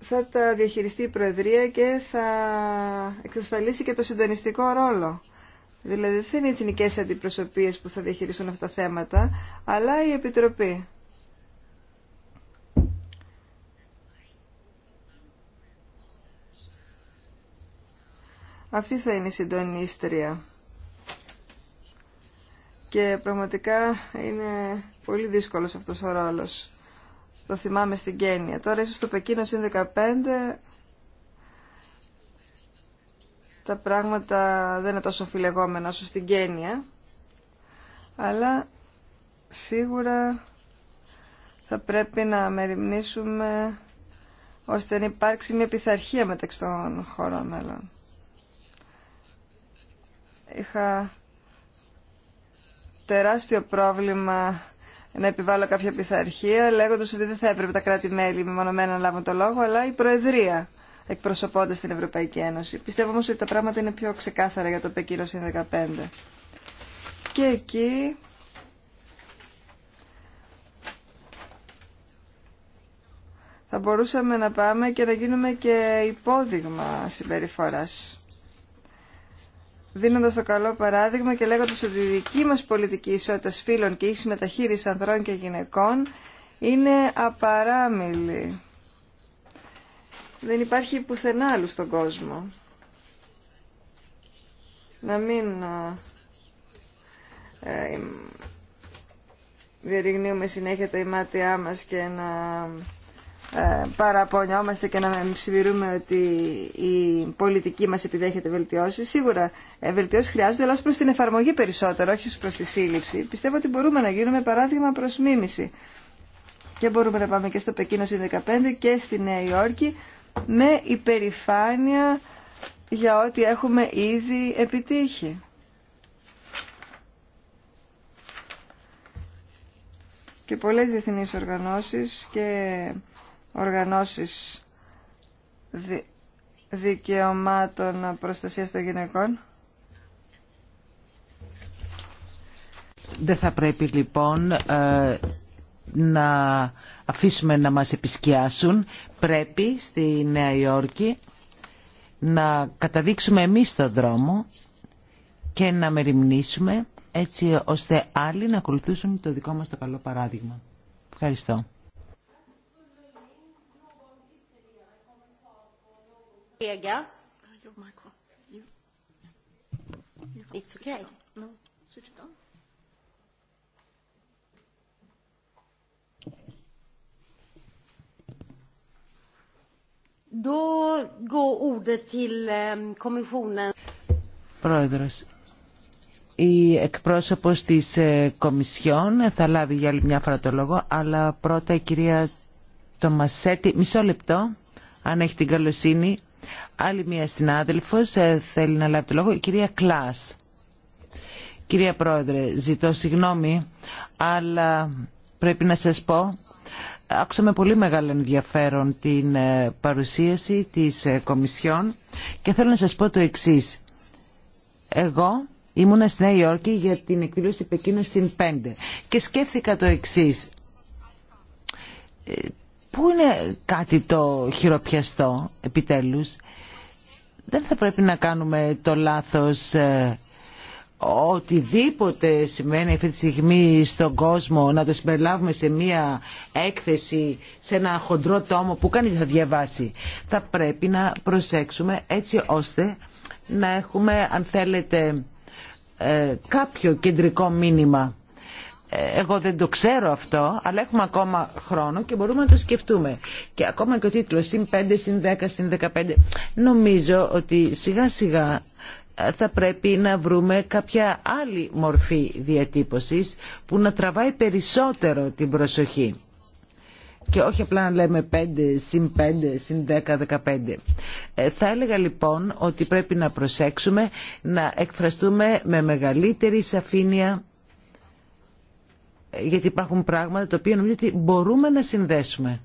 [SPEAKER 1] θα τα διαχειριστεί η Προεδρία και θα εξασφαλίσει και το συντονιστικό ρόλο. Δηλαδή δεν είναι οι εθνικές αντιπροσωπείες που θα διαχειριστούν αυτά τα θέματα, αλλά η Επιτροπή. Αυτή θα είναι η συντονίστρια. Και πραγματικά είναι πολύ δύσκολος αυτός ο ρόλος. Το θυμάμαι στην Κένια. Τώρα ίσως στο Πεκίνο συν 15 τα πράγματα δεν είναι τόσο φιλεγόμενα όσο στην Κένια. Αλλά σίγουρα θα πρέπει να μεριμνήσουμε ώστε να υπάρξει μια πειθαρχία μεταξύ των χωρών μέλλον είχα τεράστιο πρόβλημα να επιβάλλω κάποια πειθαρχία λέγοντας ότι δεν θα έπρεπε τα κράτη-μέλη μεμονωμένα να λάβουν το λόγο, αλλά η Προεδρία εκπροσωπώντας την Ευρωπαϊκή Ένωση. Πιστεύω όμως ότι τα πράγματα είναι πιο ξεκάθαρα για το στην 15. Και εκεί θα μπορούσαμε να πάμε και να γίνουμε και υπόδειγμα συμπεριφοράς δίνοντα το καλό παράδειγμα και λέγοντα ότι η δική μα πολιτική ισότητα φίλων και ίση μεταχείριση ανδρών και γυναικών είναι απαράμιλη. Δεν υπάρχει πουθενά άλλου στον κόσμο. Να μην ε, διαρριγνύουμε συνέχεια τα ημάτια μας και να παραπονιόμαστε και να συμπληρούμε ότι η πολιτική μας επιδέχεται βελτιώσεις. Σίγουρα ε, βελτιώσεις χρειάζονται, αλλά ως προς την εφαρμογή περισσότερο, όχι ως προς τη σύλληψη. Πιστεύω ότι μπορούμε να γίνουμε παράδειγμα προς μίμηση. Και μπορούμε να πάμε και στο Πεκίνο στις 15 και στη Νέα Υόρκη με υπερηφάνεια για ό,τι έχουμε ήδη επιτύχει. Και πολλές διεθνείς οργανώσεις και οργανώσεις δικαιωμάτων προστασίας των γυναικών.
[SPEAKER 2] Δεν θα πρέπει λοιπόν ε, να αφήσουμε να μας επισκιάσουν. Πρέπει στη Νέα Υόρκη να καταδείξουμε εμείς τον δρόμο και να μεριμνήσουμε έτσι ώστε άλλοι να ακολουθήσουν το δικό μας το καλό παράδειγμα. Ευχαριστώ.
[SPEAKER 1] Ortega. Your micro. You. you it's okay. It No, switch it on.
[SPEAKER 2] Då går ordet till ehm, kommissionen. Πρόεδρος, η εκπρόσωπος της ε, Κομισιόν θα λάβει για άλλη μια φορά το λόγο, αλλά πρώτα η κυρία Τομασέτη, μισό λεπτό, αν έχει την καλοσύνη, Άλλη μία συνάδελφος ε, θέλει να λάβει το λόγο, η κυρία Κλάς. Κυρία Πρόεδρε, ζητώ συγγνώμη, αλλά πρέπει να σας πω άκουσα με πολύ μεγάλο ενδιαφέρον την ε, παρουσίαση της ε, Κομισιόν και θέλω να σας πω το εξής. Εγώ ήμουν στη Νέα Υόρκη για την εκδήλωση Πεκίνου στην 5 και σκέφτηκα το εξής. Πού είναι κάτι το χειροπιαστό επιτέλους. Δεν θα πρέπει να κάνουμε το λάθος ε, οτιδήποτε σημαίνει αυτή τη στιγμή στον κόσμο να το συμπεριλάβουμε σε μία έκθεση, σε ένα χοντρό τόμο που κανείς θα διαβάσει. Θα πρέπει να προσέξουμε έτσι ώστε να έχουμε αν θέλετε ε, κάποιο κεντρικό μήνυμα. Εγώ δεν το ξέρω αυτό, αλλά έχουμε ακόμα χρόνο και μπορούμε να το σκεφτούμε. Και ακόμα και ο τίτλο συν 5, συν 10, συν 15. Νομίζω ότι σιγά σιγά ε, θα πρέπει να βρούμε κάποια άλλη μορφή διατύπωσης που να τραβάει περισσότερο την προσοχή. Και όχι απλά να λέμε 5, συν 5, συν 10, 15. Ε, θα έλεγα λοιπόν ότι πρέπει να προσέξουμε να εκφραστούμε με μεγαλύτερη σαφήνεια γιατί υπάρχουν πράγματα τα οποία νομίζω ότι μπορούμε να συνδέσουμε.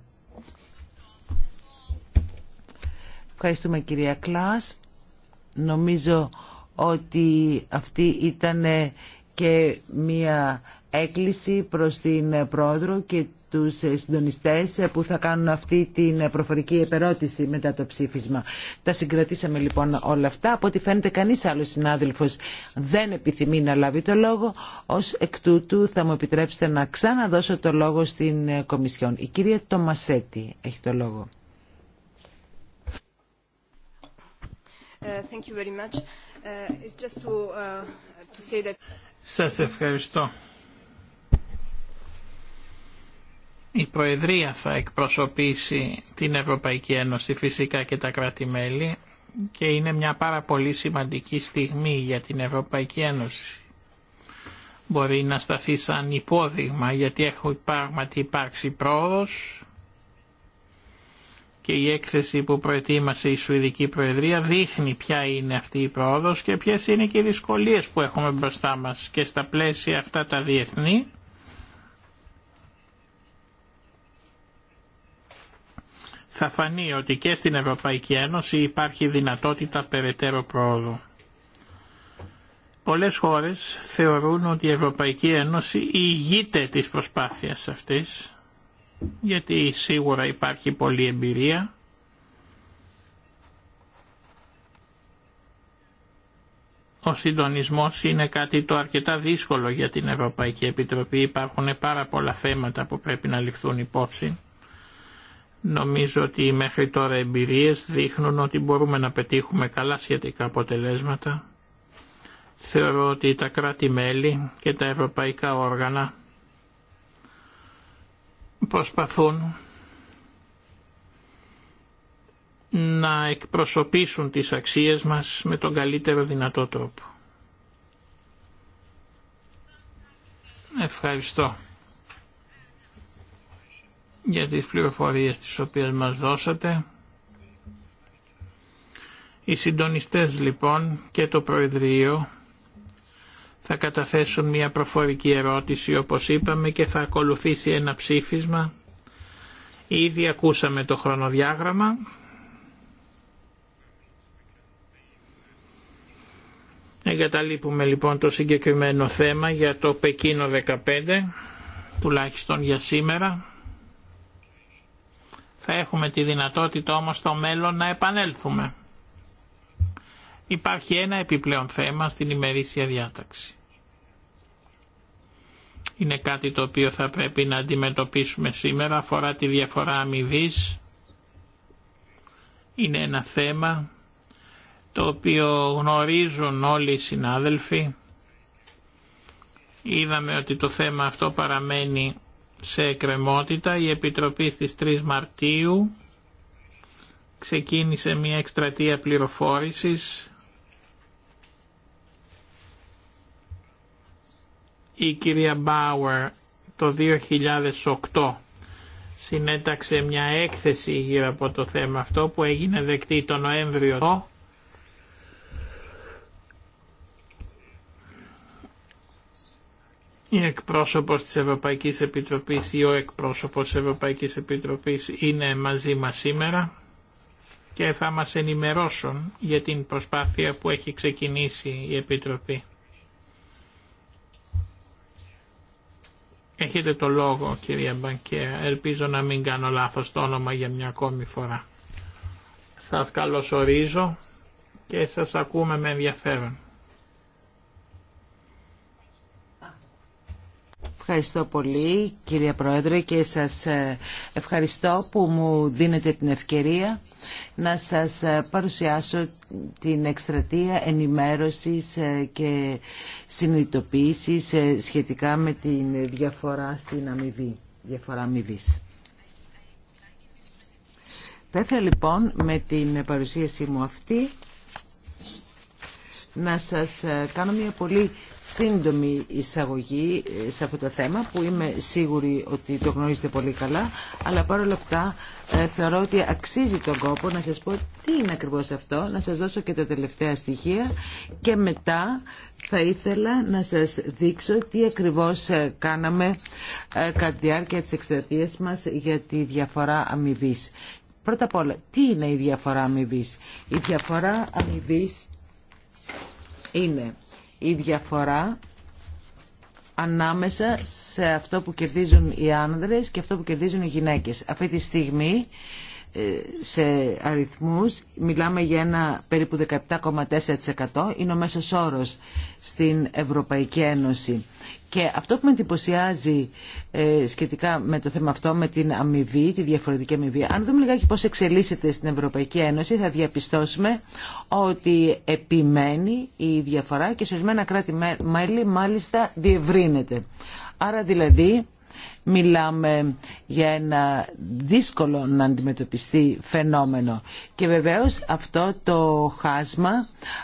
[SPEAKER 2] Ευχαριστούμε κυρία Κλάς. Νομίζω ότι αυτή ήταν και μία έκκληση προς την Πρόεδρο και τους συντονιστές που θα κάνουν αυτή την προφορική επερώτηση μετά το ψήφισμα. Τα συγκρατήσαμε λοιπόν όλα αυτά. Από ό,τι φαίνεται κανείς άλλος συνάδελφος δεν επιθυμεί να λάβει το λόγο. Ως εκ τούτου θα μου επιτρέψετε να ξαναδώσω το λόγο στην Κομισιόν. Η κυρία Τομασέτη έχει το λόγο.
[SPEAKER 1] Ε, thank you very much. Ε, it's just to, uh,
[SPEAKER 3] σας ευχαριστώ. Η Προεδρία θα εκπροσωπήσει την Ευρωπαϊκή Ένωση φυσικά και τα κράτη-μέλη και είναι μια πάρα πολύ σημαντική στιγμή για την Ευρωπαϊκή Ένωση. Μπορεί να σταθεί σαν υπόδειγμα γιατί έχουν πράγματι υπάρξει πρόοδος και η έκθεση που προετοίμασε η Σουηδική Προεδρία δείχνει ποια είναι αυτή η πρόοδος και ποιες είναι και οι δυσκολίες που έχουμε μπροστά μας και στα πλαίσια αυτά τα διεθνή. Θα φανεί ότι και στην Ευρωπαϊκή Ένωση υπάρχει δυνατότητα περαιτέρω πρόοδου. Πολλές χώρες θεωρούν ότι η Ευρωπαϊκή Ένωση ηγείται της προσπάθειας αυτής γιατί σίγουρα υπάρχει πολλή εμπειρία ο συντονισμός είναι κάτι το αρκετά δύσκολο για την Ευρωπαϊκή Επιτροπή. Υπάρχουν πάρα πολλά θέματα που πρέπει να ληφθούν υπόψη. Νομίζω ότι μέχρι τώρα εμπειρίες δείχνουν ότι μπορούμε να πετύχουμε καλά σχετικά αποτελέσματα. Θεωρώ ότι τα κράτη-μέλη και τα ευρωπαϊκά όργανα προσπαθούν να εκπροσωπήσουν τις αξίες μας με τον καλύτερο δυνατό τρόπο. Ευχαριστώ για τις πληροφορίες τις οποίες μας δώσατε. Οι συντονιστές λοιπόν και το Προεδρείο θα καταθέσουν μια προφορική ερώτηση όπως είπαμε και θα ακολουθήσει ένα ψήφισμα. Ήδη ακούσαμε το χρονοδιάγραμμα. Εγκαταλείπουμε λοιπόν το συγκεκριμένο θέμα για το Πεκίνο 15, τουλάχιστον για σήμερα. Θα έχουμε τη δυνατότητα όμως στο μέλλον να επανέλθουμε. Υπάρχει ένα επιπλέον θέμα στην ημερήσια διάταξη είναι κάτι το οποίο θα πρέπει να αντιμετωπίσουμε σήμερα, αφορά τη διαφορά αμοιβή. Είναι ένα θέμα το οποίο γνωρίζουν όλοι οι συνάδελφοι. Είδαμε ότι το θέμα αυτό παραμένει σε εκκρεμότητα. Η Επιτροπή στις 3 Μαρτίου ξεκίνησε μια εκστρατεία πληροφόρησης Η κυρία Μπάουερ το 2008 συνέταξε μια έκθεση γύρω από το θέμα αυτό που έγινε δεκτή το Νοέμβριο η εκπρόσωπος της Ευρωπαϊκής Επιτροπής ή ο εκπρόσωπος της Ευρωπαϊκής Επιτροπής είναι μαζί μας σήμερα και θα μας ενημερώσουν για την προσπάθεια που έχει ξεκινήσει η Επιτροπή. Έχετε το λόγο κυρία Μπανκέα. Ελπίζω να μην κάνω λάθος το όνομα για μια ακόμη φορά. Σας καλωσορίζω και σας ακούμε με ενδιαφέρον.
[SPEAKER 2] Ευχαριστώ πολύ κυρία Πρόεδρε και σας ε, ευχαριστώ που μου δίνετε την ευκαιρία να σας ε, παρουσιάσω την εκστρατεία ενημέρωσης ε, και συνειδητοποίησης ε, σχετικά με την διαφορά στην αμοιβή, διαφορά αμοιβής. Θα ήθελα λοιπόν με την παρουσίασή μου αυτή να σας κάνω μια πολύ σύντομη εισαγωγή ε, σε αυτό το θέμα που είμαι σίγουρη ότι το γνωρίζετε πολύ καλά αλλά παρόλα αυτά ε, θεωρώ ότι αξίζει τον κόπο να σας πω τι είναι ακριβώς αυτό να σας δώσω και τα τελευταία στοιχεία και μετά θα ήθελα να σας δείξω τι ακριβώς ε, κάναμε κατά τη διάρκεια της εξτρατείας μας για τη διαφορά αμοιβή. Πρώτα απ' όλα, τι είναι η διαφορά αμοιβή. Η διαφορά αμοιβή είναι η διαφορά ανάμεσα σε αυτό που κερδίζουν οι άνδρες και αυτό που κερδίζουν οι γυναίκες. Αυτή τη στιγμή ε, σε αριθμούς μιλάμε για ένα περίπου 17,4% είναι ο μέσος όρος στην Ευρωπαϊκή Ένωση και αυτό που με εντυπωσιάζει ε, σχετικά με το θέμα αυτό, με την αμοιβή, τη διαφορετική αμοιβή, αν δούμε λιγάκι πώς εξελίσσεται στην Ευρωπαϊκή Ένωση, θα διαπιστώσουμε ότι επιμένει η διαφορά και σε ορισμένα κράτη-μέλη μάλιστα διευρύνεται. Άρα δηλαδή Μιλάμε για ένα δύσκολο να αντιμετωπιστεί φαινόμενο. Και βεβαίως αυτό το χάσμα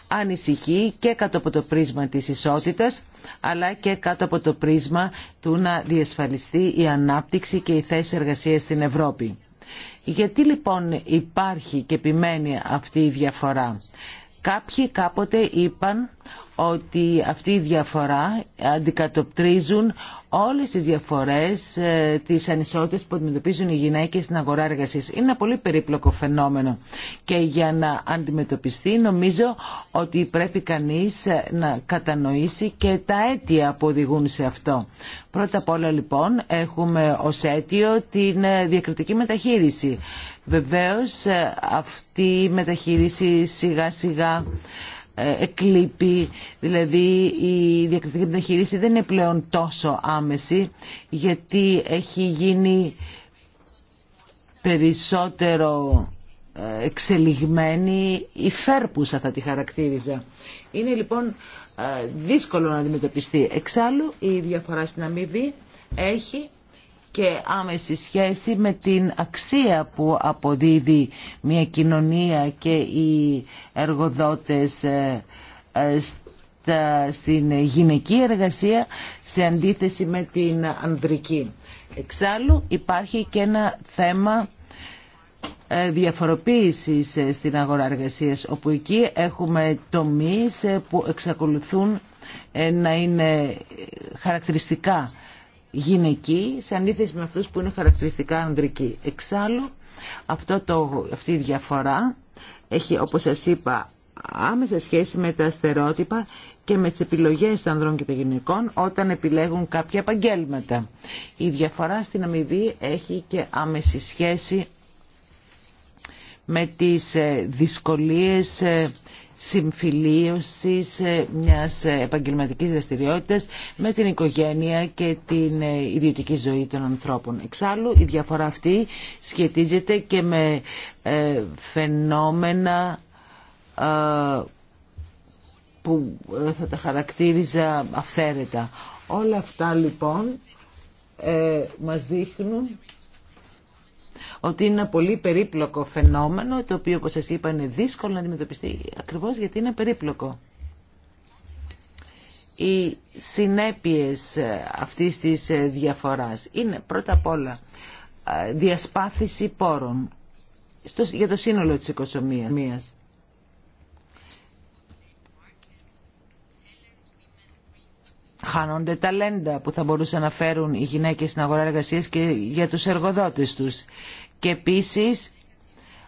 [SPEAKER 2] ανησυχεί και κάτω από το πρίσμα της ισότητας, αλλά και κάτω από το πρίσμα του να διασφαλιστεί η ανάπτυξη και η θέση εργασίας στην Ευρώπη. Γιατί λοιπόν υπάρχει και επιμένει αυτή η διαφορά. Κάποιοι κάποτε είπαν ότι αυτή η διαφορά αντικατοπτρίζουν όλες τις διαφορές ε, τις που αντιμετωπίζουν οι γυναίκες στην αγορά εργασίας. Είναι ένα πολύ περίπλοκο φαινόμενο και για να αντιμετωπιστεί νομίζω ότι πρέπει κανείς ε, να κατανοήσει και τα αίτια που οδηγούν σε αυτό. Πρώτα απ' όλα λοιπόν έχουμε ως αίτιο την ε, διακριτική μεταχείριση. Βεβαίως ε, αυτή η μεταχείριση σιγά σιγά ε, εκλείπει, δηλαδή η διακριτική μεταχείριση δεν είναι πλέον τόσο άμεση γιατί έχει γίνει περισσότερο ε, εξελιγμένη η φέρπουσα θα τη χαρακτήριζα. Είναι λοιπόν δύσκολο να αντιμετωπιστεί. Εξάλλου η διαφορά στην αμοιβή έχει και άμεση σχέση με την αξία που αποδίδει μια κοινωνία και οι εργοδότες ε, ε, στην γυναική εργασία σε αντίθεση με την ανδρική. Εξάλλου υπάρχει και ένα θέμα ε, διαφοροποίησης στην αγορά εργασίας όπου εκεί έχουμε τομείς που εξακολουθούν να είναι χαρακτηριστικά γυναικοί σε αντίθεση με αυτούς που είναι χαρακτηριστικά ανδρικοί. Εξάλλου, αυτό το, αυτή η διαφορά έχει, όπως σας είπα, άμεσα σχέση με τα στερότυπα και με τις επιλογές των ανδρών και των γυναικών όταν επιλέγουν κάποια επαγγέλματα. Η διαφορά στην αμοιβή έχει και άμεση σχέση με τις ε, δυσκολίες ε, συμφιλίωσης ε, μιας ε, επαγγελματικής δραστηριότητας με την οικογένεια και την ε, ιδιωτική ζωή των ανθρώπων. Εξάλλου η διαφορά αυτή σχετίζεται και με φαινόμενα που θα τα χαρακτήριζα αυθαίρετα. Όλα αυτά λοιπόν μας δείχνουν ότι είναι ένα πολύ περίπλοκο φαινόμενο, το οποίο όπως σας είπα είναι δύσκολο να αντιμετωπιστεί, ακριβώς γιατί είναι περίπλοκο. Οι συνέπειες ε, αυτής της ε, διαφοράς είναι πρώτα απ' όλα ε, διασπάθηση πόρων για το σύνολο της οικοσομίας. Χάνονται ταλέντα που θα μπορούσαν να φέρουν οι γυναίκες στην αγορά εργασίας και για τους εργοδότες τους και επίσης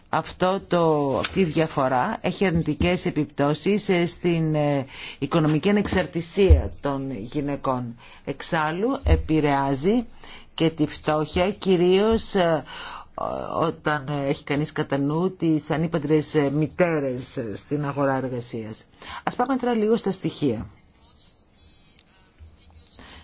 [SPEAKER 2] αυτό το, αυτή η διαφορά έχει αρνητικές επιπτώσεις ε, στην ε, οικονομική ανεξαρτησία των γυναικών. Εξάλλου επηρεάζει και τη φτώχεια κυρίως ε, όταν έχει κανείς κατά νου τις ανήπαντρες μητέρες στην αγορά εργασίας. Ας πάμε τώρα λίγο στα στοιχεία.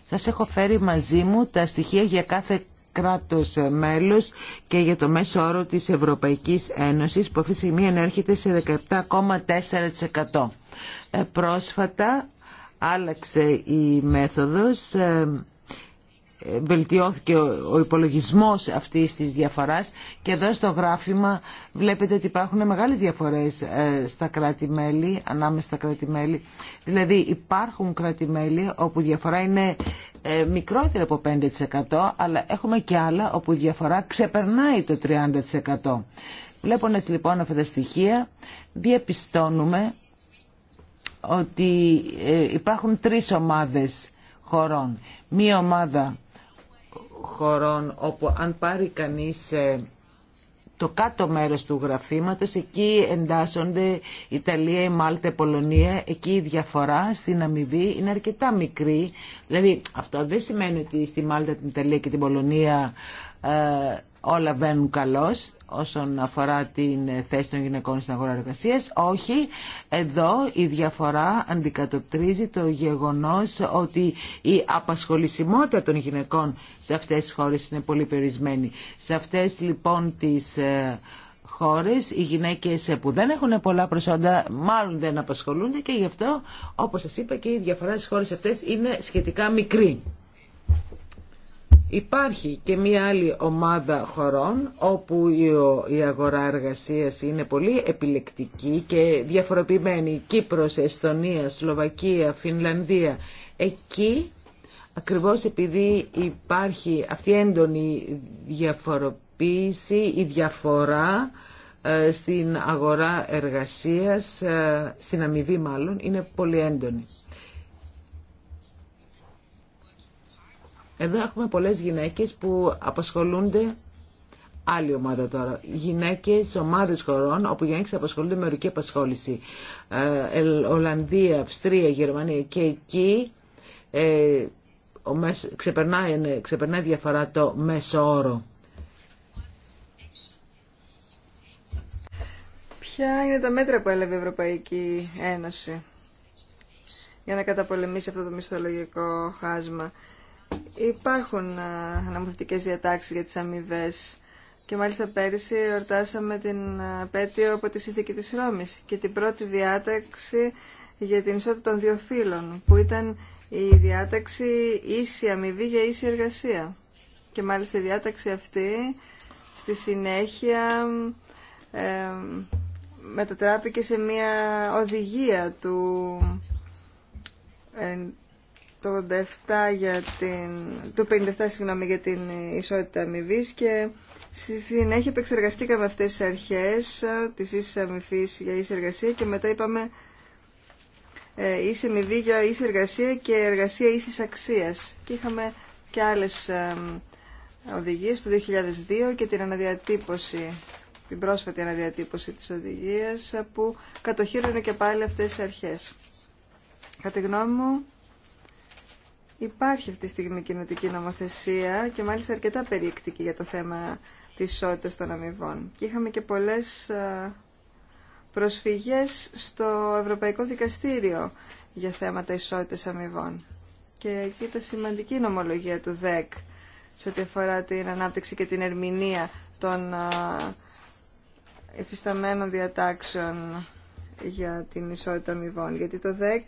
[SPEAKER 2] Σας έχω φέρει μαζί μου τα στοιχεία για κάθε κράτος μέλος και για το μέσο όρο της Ευρωπαϊκής Ένωσης που αυτή τη στιγμή ενέρχεται σε 17,4%. Ε, πρόσφατα άλλαξε η μέθοδος ε, ε, βελτιώθηκε ο υπολογισμός αυτής της διαφοράς και εδώ στο γράφημα βλέπετε ότι υπάρχουν μεγάλες διαφορές στα κράτη-μέλη, ανάμεσα στα κράτη-μέλη. Δηλαδή υπάρχουν κράτη-μέλη όπου η διαφορά είναι ε, μικρότερη από 5% αλλά έχουμε και άλλα όπου η διαφορά ξεπερνάει το 30%. Βλέποντας λοιπόν αυτά τα στοιχεία διαπιστώνουμε ότι ε, υπάρχουν τρεις ομάδες χωρών. Μία ομάδα χωρών όπου αν πάρει κανείς ε, το κάτω μέρος του γραφήματος, εκεί εντάσσονται Ιταλία, η Μάλτα, η Πολωνία, εκεί η διαφορά στην αμοιβή είναι αρκετά μικρή. Δηλαδή αυτό δεν σημαίνει ότι στη Μάλτα, την Ιταλία και την Πολωνία ε, όλα βαίνουν καλώς όσον αφορά την θέση των γυναικών στην αγορά εργασία. Όχι, εδώ η διαφορά αντικατοπτρίζει το γεγονός ότι η απασχολησιμότητα των γυναικών σε αυτές τις χώρες είναι πολύ περιορισμένη. Σε αυτές λοιπόν τις ε, χώρες οι γυναίκες που δεν έχουν πολλά προσόντα μάλλον δεν απασχολούνται και γι' αυτό όπως σας είπα και η διαφορά στις χώρες αυτές είναι σχετικά μικρή. Υπάρχει και μία άλλη ομάδα χωρών όπου η αγορά εργασίας είναι πολύ επιλεκτική και διαφοροποιημένη. Κύπρος, Εστονία, Σλοβακία, Φινλανδία. Εκεί ακριβώς επειδή υπάρχει αυτή η έντονη διαφοροποίηση, η διαφορά ε, στην αγορά εργασίας, ε, στην αμοιβή μάλλον, είναι πολύ έντονη. Εδώ έχουμε πολλές γυναίκες που απασχολούνται άλλη ομάδα τώρα. Γυναίκε, ομάδε χωρών, όπου γυναίκε απασχολούνται με ορική απασχόληση. Ε, Ολλανδία, Αυστρία, Γερμανία και εκεί ε, ο ξεπερνάει, ναι, ξεπερνάει διαφορά το μέσο όρο.
[SPEAKER 1] Ποια είναι τα μέτρα που έλαβε η Ευρωπαϊκή Ένωση για να καταπολεμήσει αυτό το μισθολογικό χάσμα Υπάρχουν αναμορφωτικέ διατάξεις για τις αμοιβέ. Και μάλιστα πέρυσι ορτάσαμε την πέτειο από τη Συνθήκη της Ρώμης και την πρώτη διάταξη για την ισότητα των δύο φύλων, που ήταν η διάταξη ίση αμοιβή για ίση εργασία. Και μάλιστα η διάταξη αυτή στη συνέχεια ε, μετατράπηκε σε μια οδηγία του ε, το 57 για την, το 57 συγγνώμη, για την ισότητα αμοιβή και στη συνέχεια επεξεργαστήκαμε αυτές τις αρχές ε, της ίσης αμοιβή για ίση εργασία και μετά είπαμε ε, ίση αμοιβή για ίση εργασία και εργασία ίσης αξίας και είχαμε και άλλες ε, οδηγίες του 2002 και την αναδιατύπωση την πρόσφατη αναδιατύπωση της οδηγίας ε, που κατοχύρωνε και πάλι αυτές τις αρχές. Κατά τη γνώμη μου, Υπάρχει αυτή τη στιγμή κοινωτική νομοθεσία και μάλιστα αρκετά περιεκτική για το θέμα της ισότητας των αμοιβών. Και είχαμε και πολλές προσφυγές στο Ευρωπαϊκό Δικαστήριο για θέματα ισότητας αμοιβών. Και εκεί ήταν σημαντική νομολογία του ΔΕΚ σε ό,τι αφορά την ανάπτυξη και την ερμηνεία των εφισταμένων διατάξεων για την ισότητα αμοιβών. Γιατί το ΔΕΚ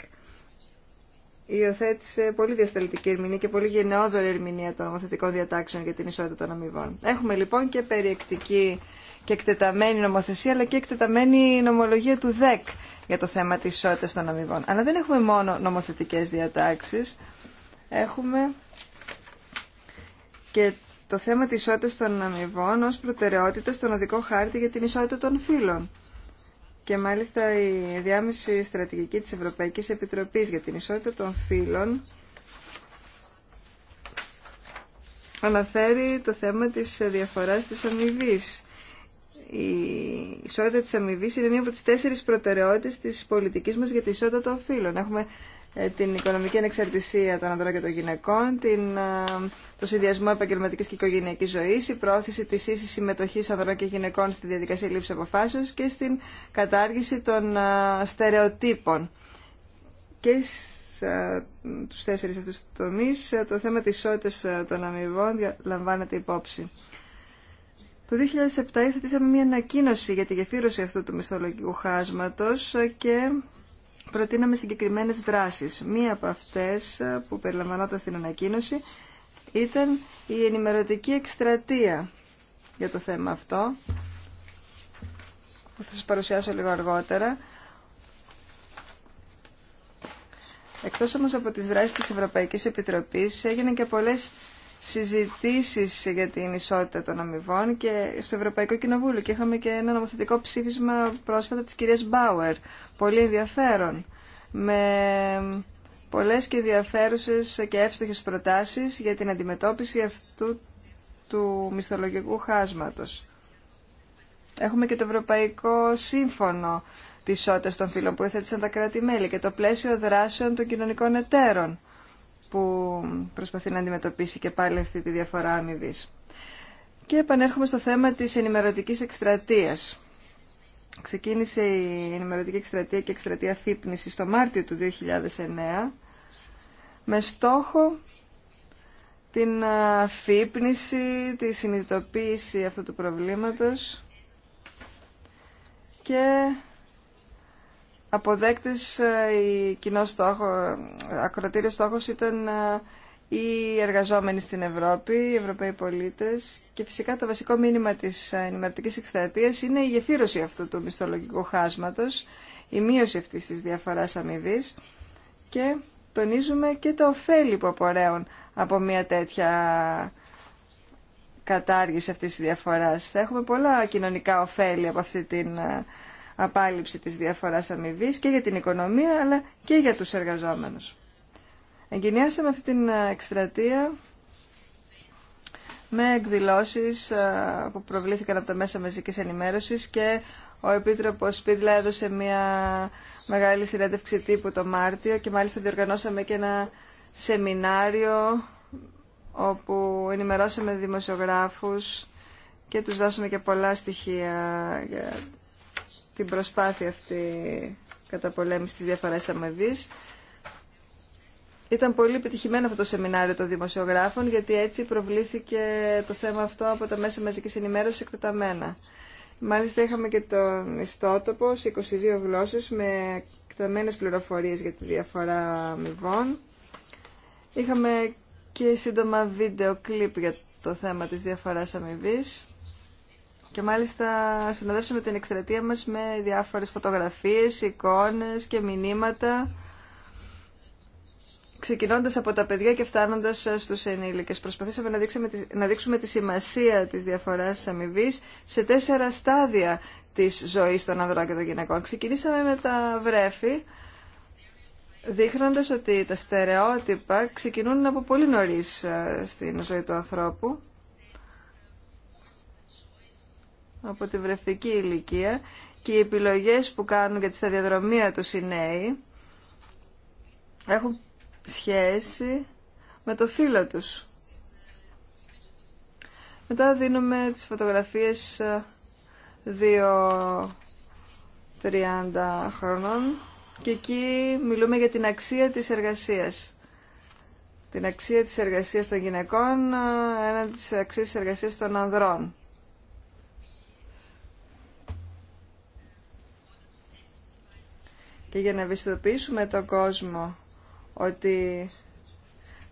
[SPEAKER 1] υιοθέτησε πολύ διασταλτική ερμηνεία και πολύ γενναιόδορη ερμηνεία των νομοθετικών διατάξεων για την ισότητα των αμοιβών. Έχουμε λοιπόν και περιεκτική και εκτεταμένη νομοθεσία, αλλά και εκτεταμένη νομολογία του ΔΕΚ για το θέμα της ισότητας των αμοιβών. Αλλά δεν έχουμε μόνο νομοθετικές διατάξεις, έχουμε και το θέμα της ισότητας των αμοιβών ως προτεραιότητα στον οδικό χάρτη για την ισότητα των φύλων και μάλιστα η διάμεση στρατηγική της Ευρωπαϊκής Επιτροπής για την ισότητα των φύλων αναφέρει το θέμα της διαφοράς της αμοιβή. Η ισότητα της αμοιβή είναι μία από τις τέσσερις προτεραιότητες της πολιτικής μας για τη ισότητα των φύλων. Έχουμε ε, την οικονομική ανεξαρτησία των ανδρών και των γυναικών, την, ε, το συνδυασμό επαγγελματική και οικογενειακή ζωή, η πρόθεση τη ίση συμμετοχή ανδρών και γυναικών στη διαδικασία λήψη αποφάσεω και στην κατάργηση των ε, στερεοτύπων. Και τέσσερι τέσσερις αυτούς τομεί, το θέμα τη ισότητας των αμοιβών λαμβάνεται υπόψη. Το 2007 υιοθετήσαμε μια ανακοίνωση για τη γεφύρωση αυτού του μισθολογικού χάσματος και προτείναμε συγκεκριμένες δράσεις. Μία από αυτές ε, που περιλαμβανόταν στην ανακοίνωση ήταν η ενημερωτική εκστρατεία για το θέμα αυτό, που θα σας παρουσιάσω λίγο αργότερα. Εκτός όμως από τις δράσεις της Ευρωπαϊκής Επιτροπής έγιναν και πολλές συζητήσεις για την ισότητα των αμοιβών και στο Ευρωπαϊκό Κοινοβούλιο και είχαμε και ένα νομοθετικό ψήφισμα πρόσφατα της κυρίας Μπάουερ, πολύ ενδιαφέρον, με πολλές και ενδιαφέρουσες και εύστοχες προτάσεις για την αντιμετώπιση αυτού του μισθολογικού χάσματος. Έχουμε και το Ευρωπαϊκό Σύμφωνο της ισότητα των φύλων που έθεσαν τα κράτη-μέλη και το πλαίσιο δράσεων των κοινωνικών εταίρων που προσπαθεί να αντιμετωπίσει και πάλι αυτή τη διαφορά αμοιβή. Και επανέρχομαι στο θέμα της ενημερωτικής εκστρατείας. Ξεκίνησε η ενημερωτική εκστρατεία και εκστρατεία φύπνιση στο Μάρτιο του 2009 με στόχο την αφύπνιση, τη συνειδητοποίηση αυτού του προβλήματος και Απόδεκτης ε, η κοινός στόχο, ακροτήριος στόχος ήταν ε, οι εργαζόμενοι στην Ευρώπη, οι Ευρωπαίοι πολίτες και φυσικά το βασικό μήνυμα της ε, ενημερωτικής εκστρατείας είναι η γεφύρωση αυτού του μισθολογικού χάσματος, η μείωση αυτής της διαφοράς αμοιβή και τονίζουμε και τα ωφέλη που απορρέουν από μια τέτοια κατάργηση αυτής της διαφοράς. Θα έχουμε πολλά κοινωνικά ωφέλη από αυτή την απάλληψη της διαφοράς αμοιβή και για την οικονομία αλλά και για τους εργαζόμενους. Εγκαινιάσαμε αυτή την ε, εκστρατεία με εκδηλώσεις ε, που προβλήθηκαν από τα μέσα μαζικής ενημέρωσης και ο Επίτροπος Σπίτλα έδωσε μια μεγάλη συνέντευξη τύπου το Μάρτιο και μάλιστα διοργανώσαμε και ένα σεμινάριο όπου ενημερώσαμε δημοσιογράφους και τους δώσαμε και πολλά στοιχεία την προσπάθεια αυτή κατά πολέμηση της διαφοράς αμοιβής. Ήταν πολύ επιτυχημένο αυτό το σεμινάριο των δημοσιογράφων γιατί έτσι προβλήθηκε το θέμα αυτό από τα μέσα μαζικής ενημέρωσης εκτεταμένα. Μάλιστα είχαμε και τον ιστότοπο σε 22 γλώσσες με εκτεταμένες πληροφορίες για τη διαφορά αμοιβών. Είχαμε και σύντομα βίντεο κλιπ για το θέμα της διαφοράς αμοιβής. Και μάλιστα συνοδεύσαμε την εκστρατεία μας με διάφορες φωτογραφίες, εικόνες και μηνύματα ξεκινώντας από τα παιδιά και φτάνοντας στους ενήλικες. Προσπαθήσαμε να δείξουμε, να δείξουμε τη σημασία της διαφοράς της αμοιβή σε τέσσερα στάδια της ζωής των ανδρών και των γυναικών. Ξεκινήσαμε με τα βρέφη, δείχνοντας ότι τα στερεότυπα ξεκινούν από πολύ νωρίς ε, στην ζωή του ανθρώπου από τη βρεφική ηλικία και οι επιλογές που κάνουν για τη σταδιοδρομία του οι νέοι έχουν σχέση με το φίλο τους. Μετά δίνουμε τις φωτογραφίες 2-30 ε, χρονών και εκεί μιλούμε για την αξία της εργασίας. Την αξία της εργασίας των γυναικών ε, έναντι της αξίας της εργασίας των ανδρών. Και για να ευαισθητοποιήσουμε τον κόσμο ότι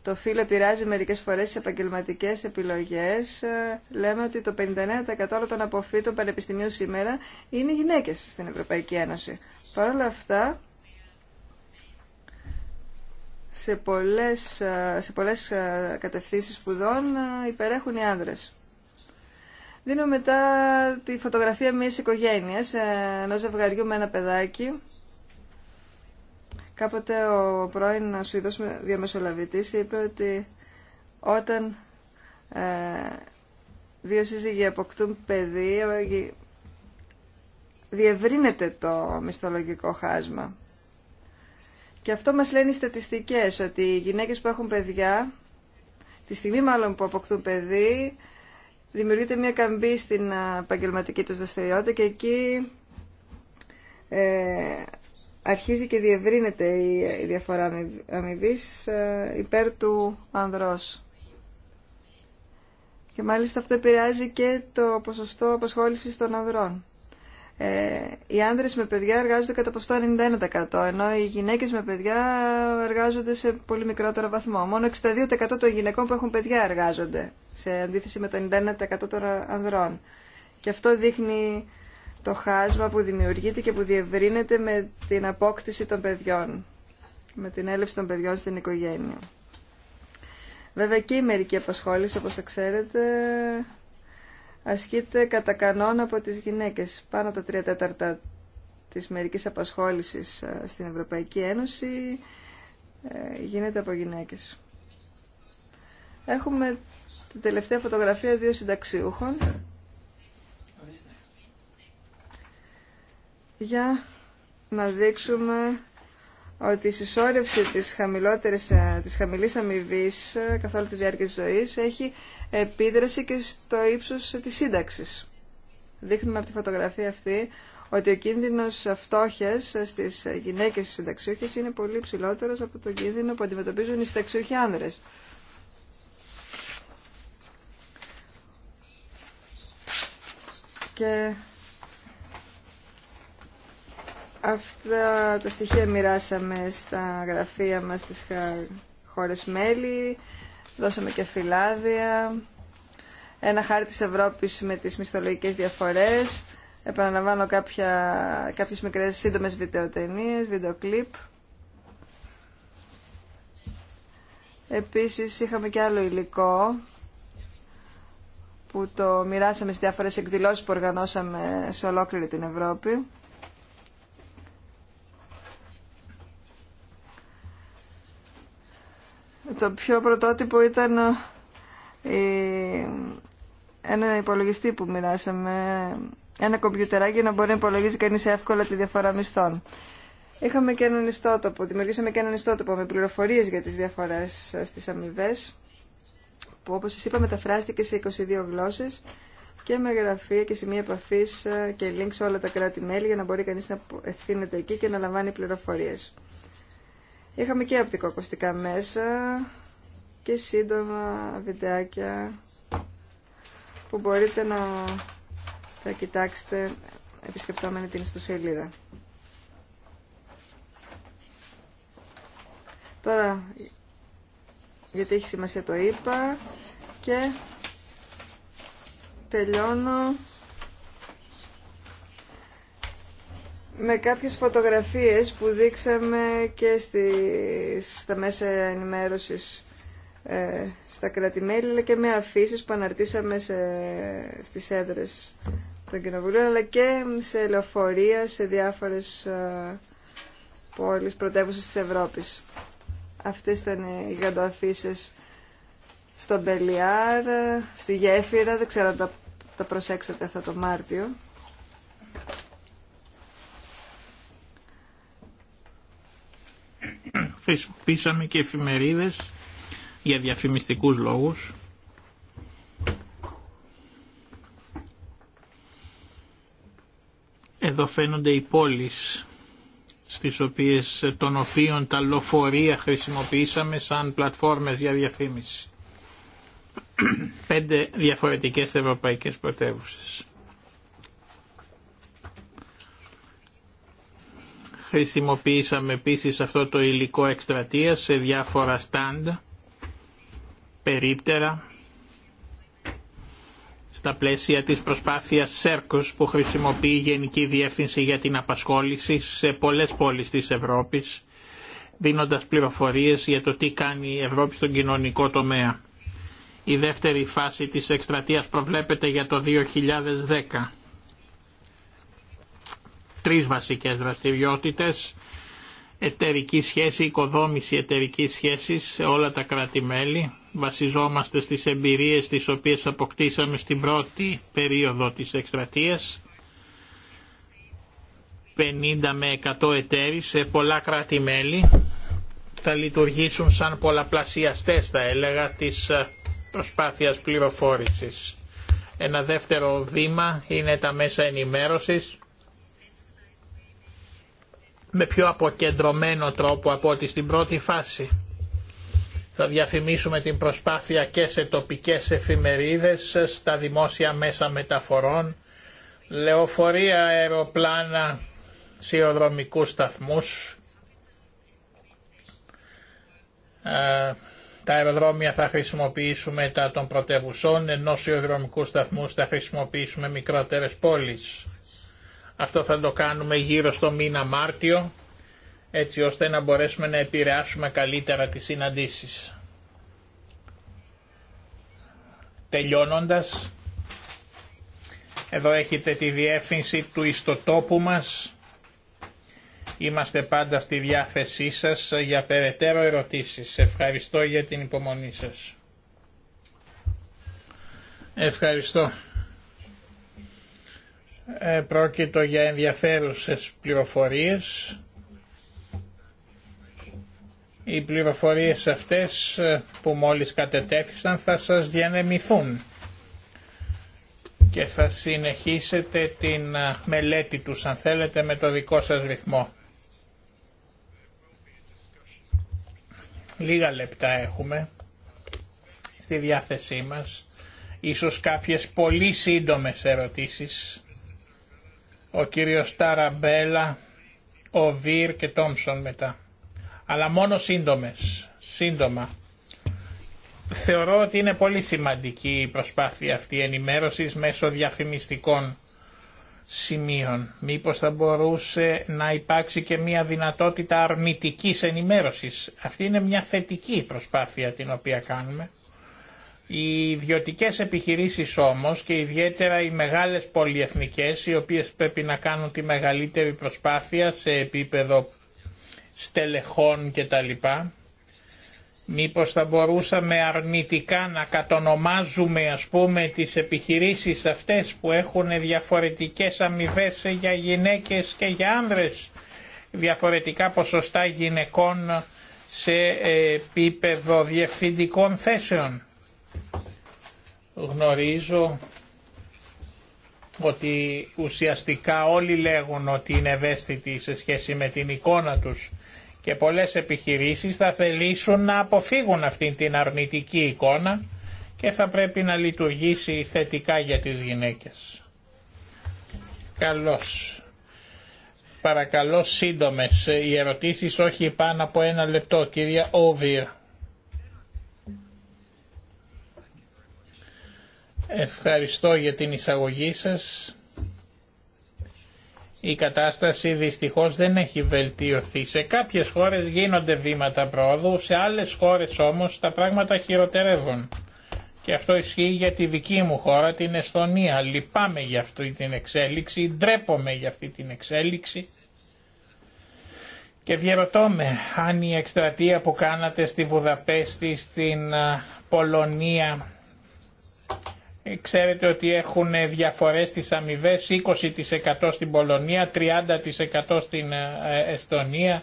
[SPEAKER 1] το φύλλο επηρεάζει μερικές φορές τις επαγγελματικέ επιλογές, ε, λέμε ότι το 59% των αποφύτων πανεπιστημίου σήμερα είναι γυναίκες στην Ευρωπαϊκή Ένωση. Παρ' όλα αυτά, σε πολλές, ε, σε πολλές ε, κατευθύνσεις σπουδών υπερέχουν οι άνδρες. Δίνω μετά τη φωτογραφία μιας οικογένειας, ενός ζευγαριού με ένα παιδάκι, Κάποτε ο πρώην Σουηδός διαμεσολαβητής είπε ότι όταν ε, δύο σύζυγοι αποκτούν παιδί, ε, διευρύνεται το μισθολογικό χάσμα. Και αυτό μας λένε οι στατιστικές, ότι οι γυναίκες που έχουν παιδιά, τη στιγμή μάλλον που αποκτούν παιδί, δημιουργείται μια καμπή στην ε, επαγγελματική τους δραστηριότητα και εκεί αρχίζει και διευρύνεται η διαφορά αμοιβή ε, υπέρ του ανδρός. Και μάλιστα αυτό επηρεάζει και το ποσοστό απασχόληση των ανδρών. Ε, οι άνδρες με παιδιά εργάζονται κατά ποστό 91% ενώ οι γυναίκες με παιδιά εργάζονται σε πολύ μικρότερο βαθμό. Μόνο 62% των γυναικών που έχουν παιδιά εργάζονται σε αντίθεση με το 91% των ανδρών. Και αυτό δείχνει το χάσμα που δημιουργείται και που διευρύνεται με την απόκτηση των παιδιών, με την έλευση των παιδιών στην οικογένεια. Βέβαια και η μερική απασχόληση, όπως ξέρετε, ασκείται κατά κανόνα από τις γυναίκες. Πάνω τα τρία τέταρτα της μερικής απασχόλησης ε, στην Ευρωπαϊκή Ένωση ε, γίνεται από γυναίκες. Έχουμε την τελευταία φωτογραφία δύο συνταξιούχων για να δείξουμε ότι η συσσόρευση της, χαμηλότερης, ε, της χαμηλής αμοιβή ε, καθ' όλη τη διάρκεια της ζωής έχει επίδραση και στο ύψος της σύνταξης. Δείχνουμε από τη φωτογραφία αυτή ότι ο κίνδυνος φτώχειας στις γυναίκες συνταξιούχες είναι πολύ ψηλότερος από τον κίνδυνο που αντιμετωπίζουν οι συνταξιούχοι άνδρες. Και Αυτά τα στοιχεία μοιράσαμε στα γραφεία μας στις χώρες μέλη, δώσαμε και φυλάδια, ένα χάρτη της Ευρώπης με τις μισθολογικές διαφορές, επαναλαμβάνω κάποια, κάποιες μικρές σύντομες βιντεοτενίες, βιντεοκλίπ. Επίσης είχαμε και άλλο υλικό που το μοιράσαμε στις διάφορες εκδηλώσεις που οργανώσαμε σε ολόκληρη την Ευρώπη. Το πιο πρωτότυπο ήταν ε, ένα υπολογιστή που μοιράσαμε, ένα κομπιουτεράκι για να μπορεί να υπολογίζει κανείς εύκολα τη διαφορά μισθών. Είχαμε και έναν ιστότοπο, δημιουργήσαμε και έναν ιστότοπο με πληροφορίες για τις διαφορές ε, στις αμοιβέ, που όπως σας είπα μεταφράστηκε σε 22 γλώσσες και με γραφεία και σημεία επαφή ε, και links σε όλα τα κράτη-μέλη για να μπορεί κανείς να ευθύνεται εκεί και να λαμβάνει πληροφορίες. Είχαμε και οπτικοακουστικά μέσα και σύντομα βιντεάκια που μπορείτε να τα κοιτάξετε επισκεπτόμενοι την ιστοσελίδα. Τώρα, γιατί έχει σημασία το είπα και τελειώνω με κάποιες φωτογραφίες που δείξαμε και στα μέσα ενημέρωσης ε, στα κρατημέλη αλλά και με αφήσει που αναρτήσαμε σε, στις έδρες των κοινοβουλίων αλλά και σε λεωφορεία σε διάφορες ε, πόλεις πρωτεύουσες της Ευρώπης. Αυτές ήταν οι γαντοαφήσεις στον Μπελιάρ, ε, στη Γέφυρα, δεν ξέρω αν τα, τα προσέξατε αυτό το Μάρτιο.
[SPEAKER 3] χρησιμοποίησαμε και εφημερίδες για διαφημιστικούς λόγους. Εδώ φαίνονται οι πόλεις στις οποίες των οποίων τα λοφορεία χρησιμοποιήσαμε σαν πλατφόρμες για διαφήμιση. <clears throat> Πέντε διαφορετικές ευρωπαϊκές πρωτεύουσες. Χρησιμοποιήσαμε επίσης αυτό το υλικό εκστρατεία σε διάφορα στάντ, περίπτερα, στα πλαίσια της προσπάθειας ΣΕΡΚΟΣ που χρησιμοποιεί η Γενική Διεύθυνση για την Απασχόληση σε πολλές πόλεις της Ευρώπης, δίνοντας πληροφορίες για το τι κάνει η Ευρώπη στον κοινωνικό τομέα. Η δεύτερη φάση της εκστρατείας προβλέπεται για το 2010 τρεις βασικές δραστηριότητες, εταιρική σχέση, οικοδόμηση εταιρική σχέση σε όλα τα κράτη-μέλη. Βασιζόμαστε στις εμπειρίες τις οποίες αποκτήσαμε στην πρώτη περίοδο της εκστρατείας. 50 με 100 εταίροι σε πολλά κράτη-μέλη θα λειτουργήσουν σαν πολλαπλασιαστές θα έλεγα της ε, προσπάθειας πληροφόρησης. Ένα δεύτερο βήμα είναι τα μέσα ενημέρωσης με πιο αποκεντρωμένο τρόπο από ότι στην πρώτη φάση. Θα διαφημίσουμε την προσπάθεια και σε τοπικές εφημερίδες, στα δημόσια μέσα μεταφορών, λεωφορεία, αεροπλάνα, σιωδρομικούς σταθμούς. Ε, τα αεροδρόμια θα χρησιμοποιήσουμε τα των πρωτεύουσών, ενώ σιωδρομικούς σταθμούς θα χρησιμοποιήσουμε μικρότερες πόλεις. Αυτό θα το κάνουμε γύρω στο μήνα Μάρτιο, έτσι ώστε να μπορέσουμε να επηρεάσουμε καλύτερα τις συναντήσεις. Τελειώνοντας, εδώ έχετε τη διεύθυνση του ιστοτόπου μας. Είμαστε πάντα στη διάθεσή σας για περαιτέρω ερωτήσεις. Ευχαριστώ για την υπομονή σας. Ευχαριστώ. Ε, πρόκειτο για ενδιαφέρουσες πληροφορίες. Οι πληροφορίες αυτές ε, που μόλις κατετέθησαν θα σας διανεμηθούν και θα συνεχίσετε την ε, μελέτη τους αν θέλετε με το δικό σας ρυθμό. Λίγα λεπτά έχουμε στη διάθεσή μας. Ίσως κάποιες πολύ σύντομες ερωτήσεις ο κύριος Ταραμπέλα, ο Βίρ και Τόμσον μετά. Αλλά μόνο σύντομες, σύντομα. Θεωρώ ότι είναι πολύ σημαντική η προσπάθεια αυτή ενημέρωσης μέσω διαφημιστικών σημείων. Μήπως θα μπορούσε να υπάρξει και μια δυνατότητα αρνητικής ενημέρωσης. Αυτή είναι μια θετική προσπάθεια την οποία κάνουμε. Οι ιδιωτικέ επιχειρήσεις όμως και ιδιαίτερα οι μεγάλες πολυεθνικές οι οποίες πρέπει να κάνουν τη μεγαλύτερη προσπάθεια σε επίπεδο στελεχών κτλ. Μήπως θα μπορούσαμε αρνητικά να κατονομάζουμε ας πούμε τις επιχειρήσεις αυτές που έχουν διαφορετικές αμοιβέ για γυναίκες και για άνδρες, διαφορετικά ποσοστά γυναικών σε επίπεδο διευθυντικών θέσεων. Γνωρίζω ότι ουσιαστικά όλοι λέγουν ότι είναι ευαίσθητοι σε σχέση με την εικόνα τους και πολλές επιχειρήσεις θα θελήσουν να αποφύγουν αυτή την αρνητική εικόνα και θα πρέπει να λειτουργήσει θετικά για τις γυναίκες. Καλώς. Παρακαλώ σύντομες οι ερωτήσεις, όχι πάνω από ένα λεπτό, κυρία Όβιρ. Ευχαριστώ για την εισαγωγή σας. Η κατάσταση δυστυχώς δεν έχει βελτιωθεί. Σε κάποιες χώρες γίνονται βήματα προόδου, σε άλλες χώρες όμως τα πράγματα χειροτερεύουν. Και αυτό ισχύει για τη δική μου χώρα, την Εσθονία. Λυπάμαι για αυτή την εξέλιξη, ντρέπομαι για αυτή την εξέλιξη. Και διαρωτώ με αν η εκστρατεία που κάνατε στη Βουδαπέστη, στην Πολωνία, Ξέρετε ότι έχουν διαφορές στις αμοιβέ 20% στην Πολωνία, 30% στην ε, Εστονία.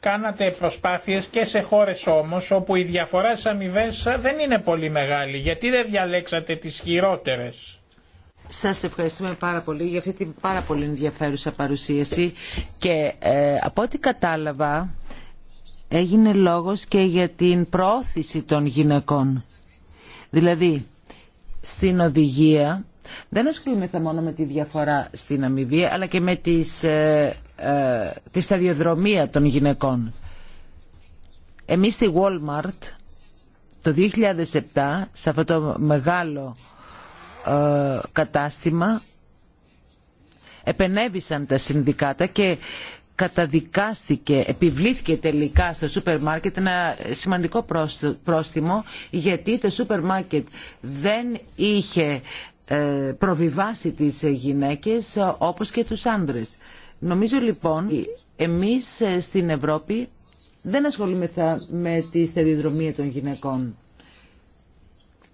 [SPEAKER 3] Κάνατε προσπάθειες και σε χώρες όμως όπου η διαφορά στις αμοιβέ δεν είναι πολύ μεγάλη. Γιατί δεν διαλέξατε τις χειρότερες.
[SPEAKER 2] Σας ευχαριστούμε πάρα πολύ για αυτή την πάρα πολύ ενδιαφέρουσα παρουσίαση και ε, από ό,τι κατάλαβα έγινε λόγος και για την προώθηση των γυναικών. Δηλαδή στην οδηγία δεν ασχολούμεθα μόνο με τη διαφορά στην αμοιβή αλλά και με τις, ε, ε τη σταδιοδρομία των γυναικών. Εμείς στη Walmart το 2007 σε αυτό το μεγάλο ε, κατάστημα επενέβησαν τα συνδικάτα και καταδικάστηκε, επιβλήθηκε τελικά στο σούπερ μάρκετ ένα σημαντικό πρόστιμο γιατί το σούπερ μάρκετ δεν είχε ε, προβιβάσει τις γυναίκες ε, όπως και τους άντρες. Νομίζω λοιπόν εμείς ε, στην Ευρώπη δεν ασχολούμεθα με τη σταδιοδρομία των γυναικών.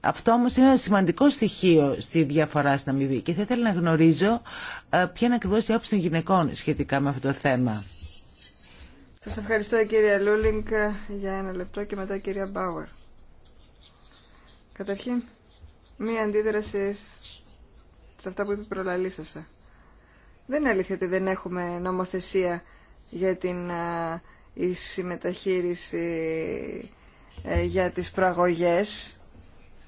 [SPEAKER 2] Αυτό όμως είναι ένα σημαντικό στοιχείο στη διαφορά στην αμοιβή και θα ήθελα να γνωρίζω ε, ποια είναι ακριβώς η άποψη των γυναικών σχετικά με αυτό το θέμα.
[SPEAKER 1] Σας ευχαριστώ κύριε Λούλινγκ για ένα λεπτό και μετά κυρία Μπάουερ. Καταρχήν, μία αντίδραση σε αυτά που είπε προλαλήσασα. Δεν είναι αλήθεια ότι δεν έχουμε νομοθεσία για την ε, η συμμεταχείριση ε, για τις προαγωγές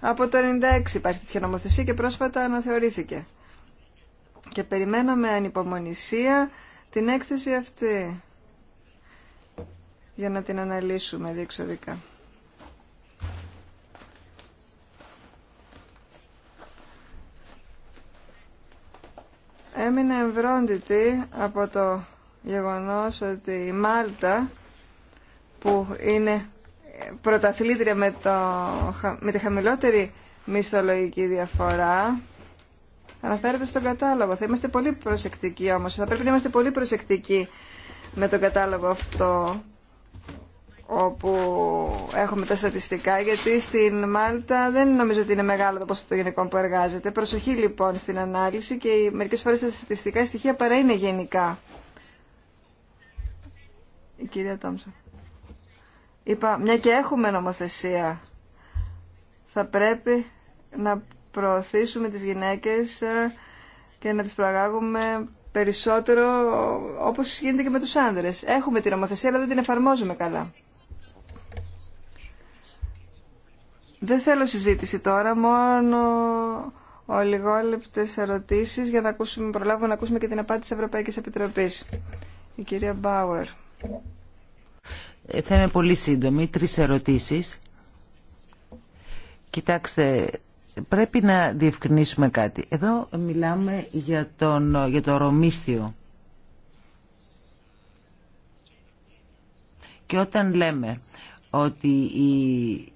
[SPEAKER 1] από το 1996 υπάρχει τέτοια νομοθεσία και πρόσφατα αναθεωρήθηκε. Και περιμένω με ανυπομονησία την έκθεση αυτή για να την αναλύσουμε διεξοδικά. Έμεινε εμβρόντιτη από το γεγονός ότι η Μάλτα που είναι πρωταθλήτρια με, το, με τη χαμηλότερη μισθολογική διαφορά αναφέρεται στον κατάλογο. Θα είμαστε πολύ προσεκτικοί όμως. Θα πρέπει να είμαστε πολύ προσεκτικοί με τον κατάλογο αυτό όπου έχουμε τα στατιστικά γιατί στην Μάλτα δεν νομίζω ότι είναι μεγάλο το ποσοστό γενικών που εργάζεται. Προσοχή λοιπόν στην ανάλυση και μερικές φορές τα στατιστικά στοιχεία παρά είναι γενικά. Η κυρία Τόμσον είπα, μια και έχουμε νομοθεσία, θα πρέπει να προωθήσουμε τις γυναίκες ε, και να τις προαγάγουμε περισσότερο όπως γίνεται και με τους άνδρες. Έχουμε την νομοθεσία, αλλά δεν την εφαρμόζουμε καλά. Δεν θέλω συζήτηση τώρα, μόνο ολιγόλεπτες ερωτήσεις για να ακούσουμε, προλάβουμε να ακούσουμε και την απάντηση της Ευρωπαϊκής Επιτροπής. Η κυρία Μπάουερ.
[SPEAKER 2] Θα είμαι πολύ σύντομη. Τρεις ερωτήσεις. Κοιτάξτε, πρέπει να διευκρινίσουμε κάτι. Εδώ μιλάμε για, τον, για το ρομίστιο. Και όταν λέμε ότι η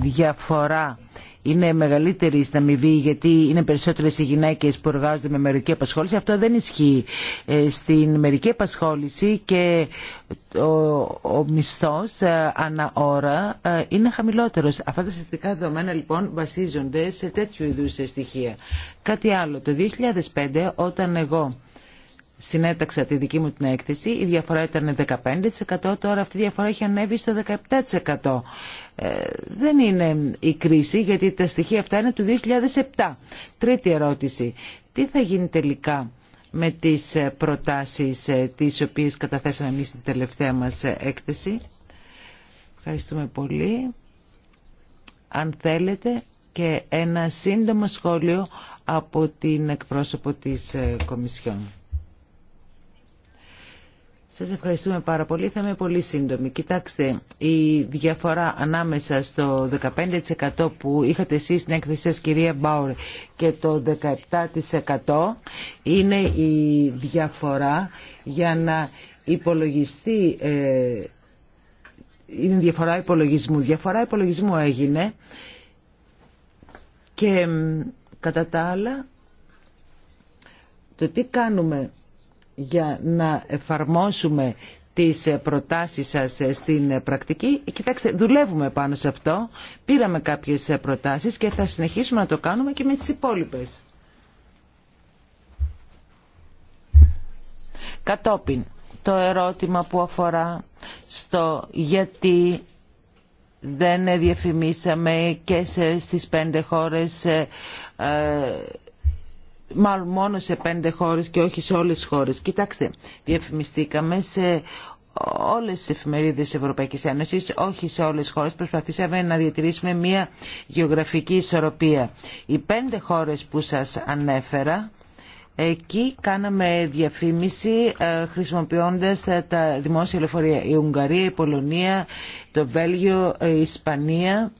[SPEAKER 2] διαφορά είναι μεγαλύτερη στην αμοιβή γιατί είναι περισσότερες οι γυναίκες που εργάζονται με μερική απασχόληση. Αυτό δεν ισχύει. Ε, στην μερική απασχόληση και ο μισθός ε, ανά ώρα ε, είναι χαμηλότερος. Αυτά τα συστατικά δεδομένα λοιπόν βασίζονται σε τέτοιου είδους στοιχεία. Κάτι άλλο. Το 2005 όταν εγώ συνέταξα τη δική μου την έκθεση, η διαφορά ήταν 15%, τώρα αυτή η διαφορά έχει ανέβει στο 17%. Ε, δεν είναι η κρίση γιατί τα στοιχεία αυτά είναι του 2007. Τρίτη ερώτηση. Τι θα γίνει τελικά με τις ε, προτάσεις ε, τις οποίες καταθέσαμε εμείς στην τελευταία μας έκθεση. Ευχαριστούμε πολύ. Αν θέλετε και ένα σύντομο σχόλιο από την εκπρόσωπο της Κομισιόν. Σας ευχαριστούμε πάρα πολύ. Θα είμαι πολύ σύντομη. Κοιτάξτε, η διαφορά ανάμεσα στο 15% που είχατε εσείς στην έκθεση σας, κυρία Μπάουρ, και το 17% είναι η διαφορά για να υπολογιστεί, ε, είναι διαφορά υπολογισμού. Διαφορά υπολογισμού έγινε και κατά τα άλλα, το τι κάνουμε για να εφαρμόσουμε τις προτάσεις σας στην πρακτική. Κοιτάξτε, δουλεύουμε πάνω σε αυτό, πήραμε κάποιες προτάσεις και θα συνεχίσουμε να το κάνουμε και με τις υπόλοιπες. Κατόπιν, το ερώτημα που αφορά στο γιατί δεν διαφημίσαμε και στις πέντε χώρες ε, ε, μάλλον μόνο σε πέντε χώρες και όχι σε όλες τις χώρες. Κοιτάξτε, διαφημιστήκαμε σε όλες τις εφημερίδες της Ευρωπαϊκής Ένωσης, όχι σε όλες τις χώρες, προσπαθήσαμε να διατηρήσουμε μια γεωγραφική ισορροπία. Οι πέντε χώρες που σας ανέφερα, Εκεί κάναμε διαφήμιση ε, χρησιμοποιώντας τα δημόσια λεωφορεία. Η Ουγγαρία, η Πολωνία, το Βέλγιο, η Ισπανία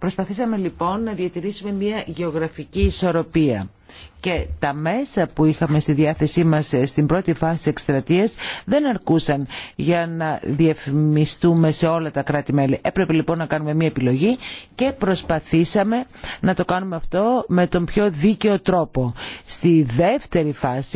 [SPEAKER 2] Προσπαθήσαμε λοιπόν να διατηρήσουμε μια γεωγραφική ισορροπία και τα μέσα που είχαμε στη διάθεσή μας στην πρώτη φάση της εκστρατείας δεν αρκούσαν για να διευμιστούμε σε όλα τα κράτη-μέλη. Έπρεπε λοιπόν να κάνουμε μια επιλογή και προσπαθήσαμε να το κάνουμε αυτό με τον πιο δίκαιο τρόπο. Στη δεύτερη φάση